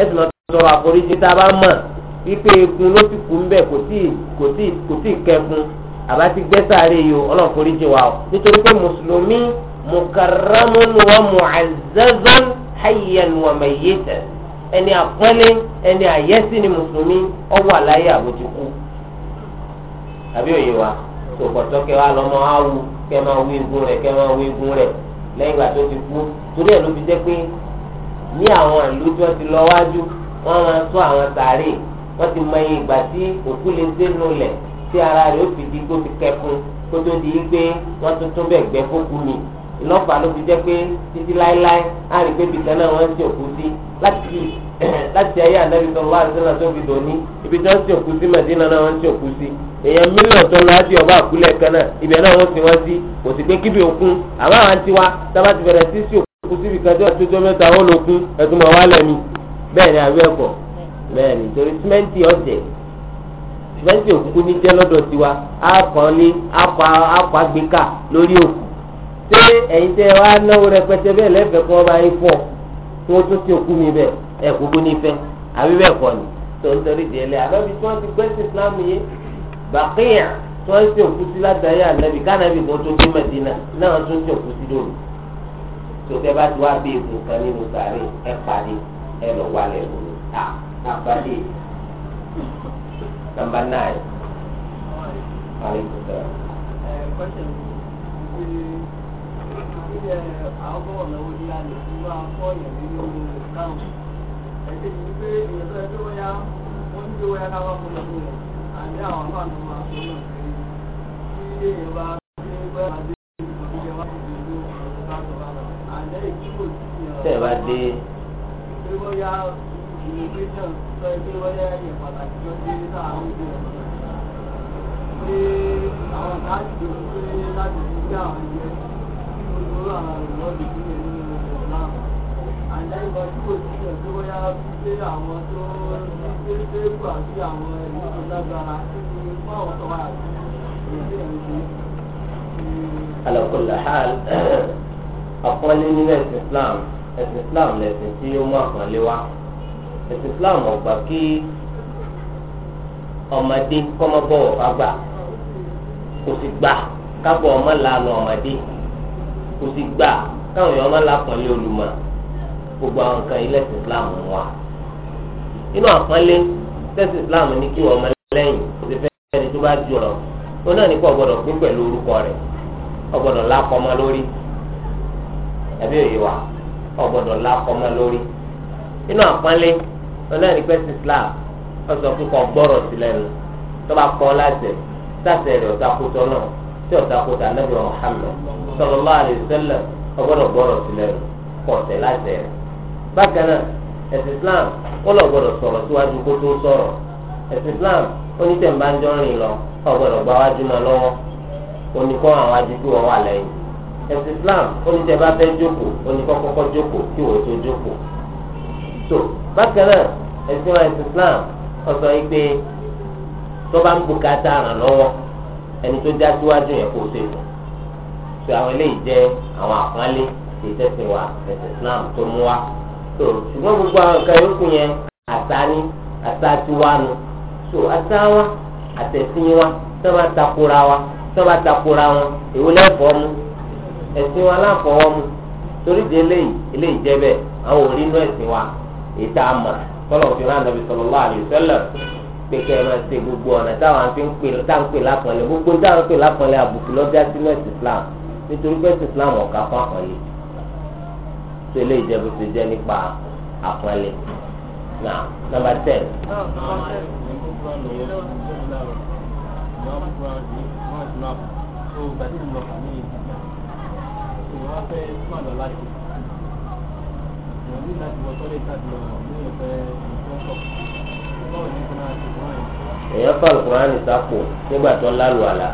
ẹ sì máa tọrọ tá a ipe egun ló ti kú mbẹ kò tí kò tí kò tí kẹkun àbá ti gbẹ sáré yìí o ọlọ́run forí jì wá o nítorí pé mùsùlùmí mukaramun wa mu'azzazan ẹni àpọ́nlé ẹni ni mùsùlùmí ọwọ́ àlàyé àbójúkú àbí òye wa tòkọ̀tọ́ kẹ wa lọ́mọ awu kẹ máa wí igun kẹ máa igun lẹ́yìn ìgbà ti kú torí ẹ̀ wọ́n ti mọ iye ìgbà tí òkú lè dé nulẹ̀ tí ara rẹ̀ ó fi di kó ti kẹkun kó tó di pé wọ́n tún tún bẹ́ẹ̀ gbẹ́ fókù mi ìlọ́fà ló fi jẹ́ pé títí láéláé á rí pé ibìkan náà wọ́n ń sin òkú sí láti ayé ànábi tó wá àdúrà tó fi dòní ibi tó ń sin òkú sí mẹ̀dínà náà wọ́n ń sin òkú sí èèyàn mílíọ̀nù tó lọ ájú ọba àkúlẹ̀ kan náà ibẹ̀ náà wọ́n sin wọ́n sí kò sì pé kíbi òkun àmọ́ àwọn tiwa tábà ti bẹ̀rẹ̀ sí sí òkú síbi kan tó mẹ́ta ó lókun ẹ̀túnmọ̀ wálẹ̀ mi bẹ́ẹ̀ ni àbí ẹ̀kọ́ bẹ́ẹ̀ ni torí símẹ́ǹtì ọ̀tẹ̀ símẹ́ǹtì òkú ní jẹ́ lọ́dọ̀ tiwa akọ ní akọ akọ agbèká lórí òkú ṣé ẹ̀yin tẹ́ wá náwó rẹpẹtẹ bẹ́ẹ̀ lẹ́fẹ̀ẹ́ kọ́ bá yín pọ̀ kí wọ́n tún ti òkú mi bẹ́ẹ̀ ẹ̀ kúkú nífẹ̀ àbí bẹ́ẹ̀ kọ́ ni tó ń torí di ẹlẹ́ àbẹ́bí tí wọ́n ti gbé sí Islam yé bàkíyà tí wọ́n ti òkú sí látàrí ànábì kánábì kan tó dé Mẹ́dínà náà tún ti òkú sí lónìí tó tẹ́ bá ti wá bí èkó nínú sàárè ẹ̀ pàdé ẹ̀ lọ́ wálẹ̀ lónìí Apa sih? Number nine. Waalaikumsalam. Question. Ilé àwọn ọ̀nà wo ni a lè fi wá fọ́ọ̀yàn nínú káwọn? Ẹ̀sìn yìí pé ìyẹn tó yẹ kí wọ́n yá wọ́n ń gbé wọ́n yá ká wá fún ọdún rẹ̀. Àní àwọn àbá àti ọmọ àti ọmọ ìgbé. Tí èèyàn bá gbé bá dé ìgbàlódé wá sí ìlú ọ̀sán bá sọ̀rọ̀ àná. Àná èkó tí ìyẹn. Tẹ́ ẹ bá dé. Ìgbé wọ́n yá alakola hal àpọ́nlé nínú ẹ̀sìn islam ẹ̀sìn islam lẹ̀sìn tí ó mú àpọ́nlé wá ẹ̀sìn Islam ọ̀gbà kí ọmọdé kọ́mọ bọ̀wọ̀ fagbà kò sì gbà kábọ̀ ọmọ làánà ọmọdé kò sì gbà káwọn èèyàn ọmọ làpọ̀lé olùmọ̀ gbogbo àwọn nǹkan ilé ẹ̀sìn Islam wà inú àpọ́nlé tẹ́sí Islam ní kí wọ́n ọmọ lẹ́yìn kò sì fẹ́ ẹni tó bá jù ọ́ náà ní kó ọgbọ́dọ̀ pín pẹ̀lú orúkọ rẹ̀ ọgbọ́dọ̀ lákọmọ lórí ẹbí òye wa ọgbọ́dọ̀ lákọmọ lórí inú àpọ́nlé ọlọ́run ní pẹ́sì Islam ọ̀sọ̀ kíkọ gbọ́rọ̀ sí lẹ́nu tọ́ba kọ́ láti sàṣẹ rẹ̀ ọ̀tá kótó náà tí ọ̀tá kótó anábì Muhammad sallallahu alaihi wasallam ọgbọ́dọ̀ gbọ́rọ̀ sí lẹ́nu kọ̀ọ̀tẹ̀ láti rẹ̀. bákan náà ẹ̀sìn Islam ó lọ gbọ́dọ̀ sọ̀rọ̀ síwájú kó tó sọ̀rọ̀ ẹ̀sìn Islam onítẹ̀mbájọ́ rìn lọ ọgbọ́dọ̀ gbá wájú mọ́ lọ́wọ́ oníkọ́ àwọn adigun wọn wà lẹ́yìn ẹ̀sìn Islam onítẹ̀bá fẹ́ jókòó oníkọ́ kọ́kọ́ jókòó kí wọ́n tó jókòó. so bákan náà ẹ̀sìn wa ẹ̀sìn Islam ọ̀sọ̀ yìí pé tó bá ń bùkátà ràn lọ́wọ́ ẹni tó dá síwájú yẹn so àwọn eléyìí jẹ́ àwọn àpọ́nlé ti tẹ̀sìn wa ẹ̀sìn Islam tó mú wa so ṣùgbọ́n gbogbo àwọn nǹkan yòókù yẹn àṣà ni àṣà nu so àṣà wa àtẹ̀sìn wa wa takora wọn èwo lẹ́fọ̀ọ́ mu ẹ̀sìn wa mu torí di eléyìí eléyìí bẹ́ẹ̀ àwọn ò rí inú ẹ̀sìn a tọ́lọ̀ fi rán Ànábì sallallahu alaihi wasallam pé ẹ máa ṣe gbogbo ọ̀nà táwọn fi ń pè táwọn pè lápọ̀nlé gbogbo táwọn pè lápọ̀nlé àbùkù lọ́jà sínú ẹ̀sìn Islam nítorí pé Islam ọ̀ka fún àpọ̀nlé tó ilé ìjẹ́bù ti jẹ́ nípa àpọ̀nlé náà nọ́mbà ten. Thank you èèyàn fa alukurani sápò nígbà tó lálù àlà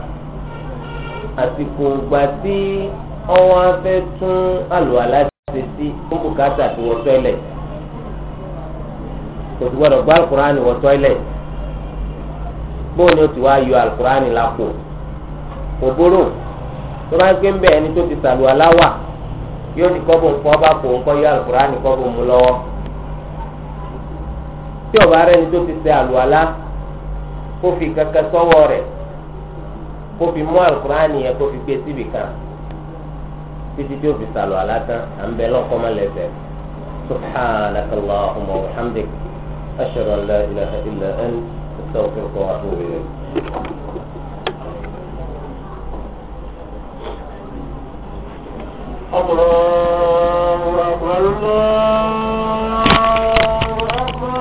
àsìkò ìgbà tí ọwọ́ afẹ́ tún àlù àlà ṣe sí kókò káàtà tó wọ tọ́ilẹ̀ kò sì gbọdọ̀ gbọ́ alukurani wọ tọ́ilẹ̀ bóun ni ó ti wá yọ alukurani lápò òbúrò tó bá ń gbé ń bẹ ẹni tó ti sàlù àlá wà yóò ní kọ́bù nǹkan ọba kò ń kọ́ yí alukurani kọ́bù mu lọ́wọ́ tí ọba rẹ ni tó fi ṣe àlùwàlá kó fi kankan sọ́wọ́ rẹ̀ kó fi mú alukurani yẹn kó fi gbé síbi kan títí tí ó fi ṣàlùwàlá tán à ń bẹ lọ́kọ́ mọ́lẹ́sẹ̀ subhanaka allahumma wa hamdik ashhadu an la ilaha illa anta astaghfiruka wa atubu ilayk. الله أكبر الله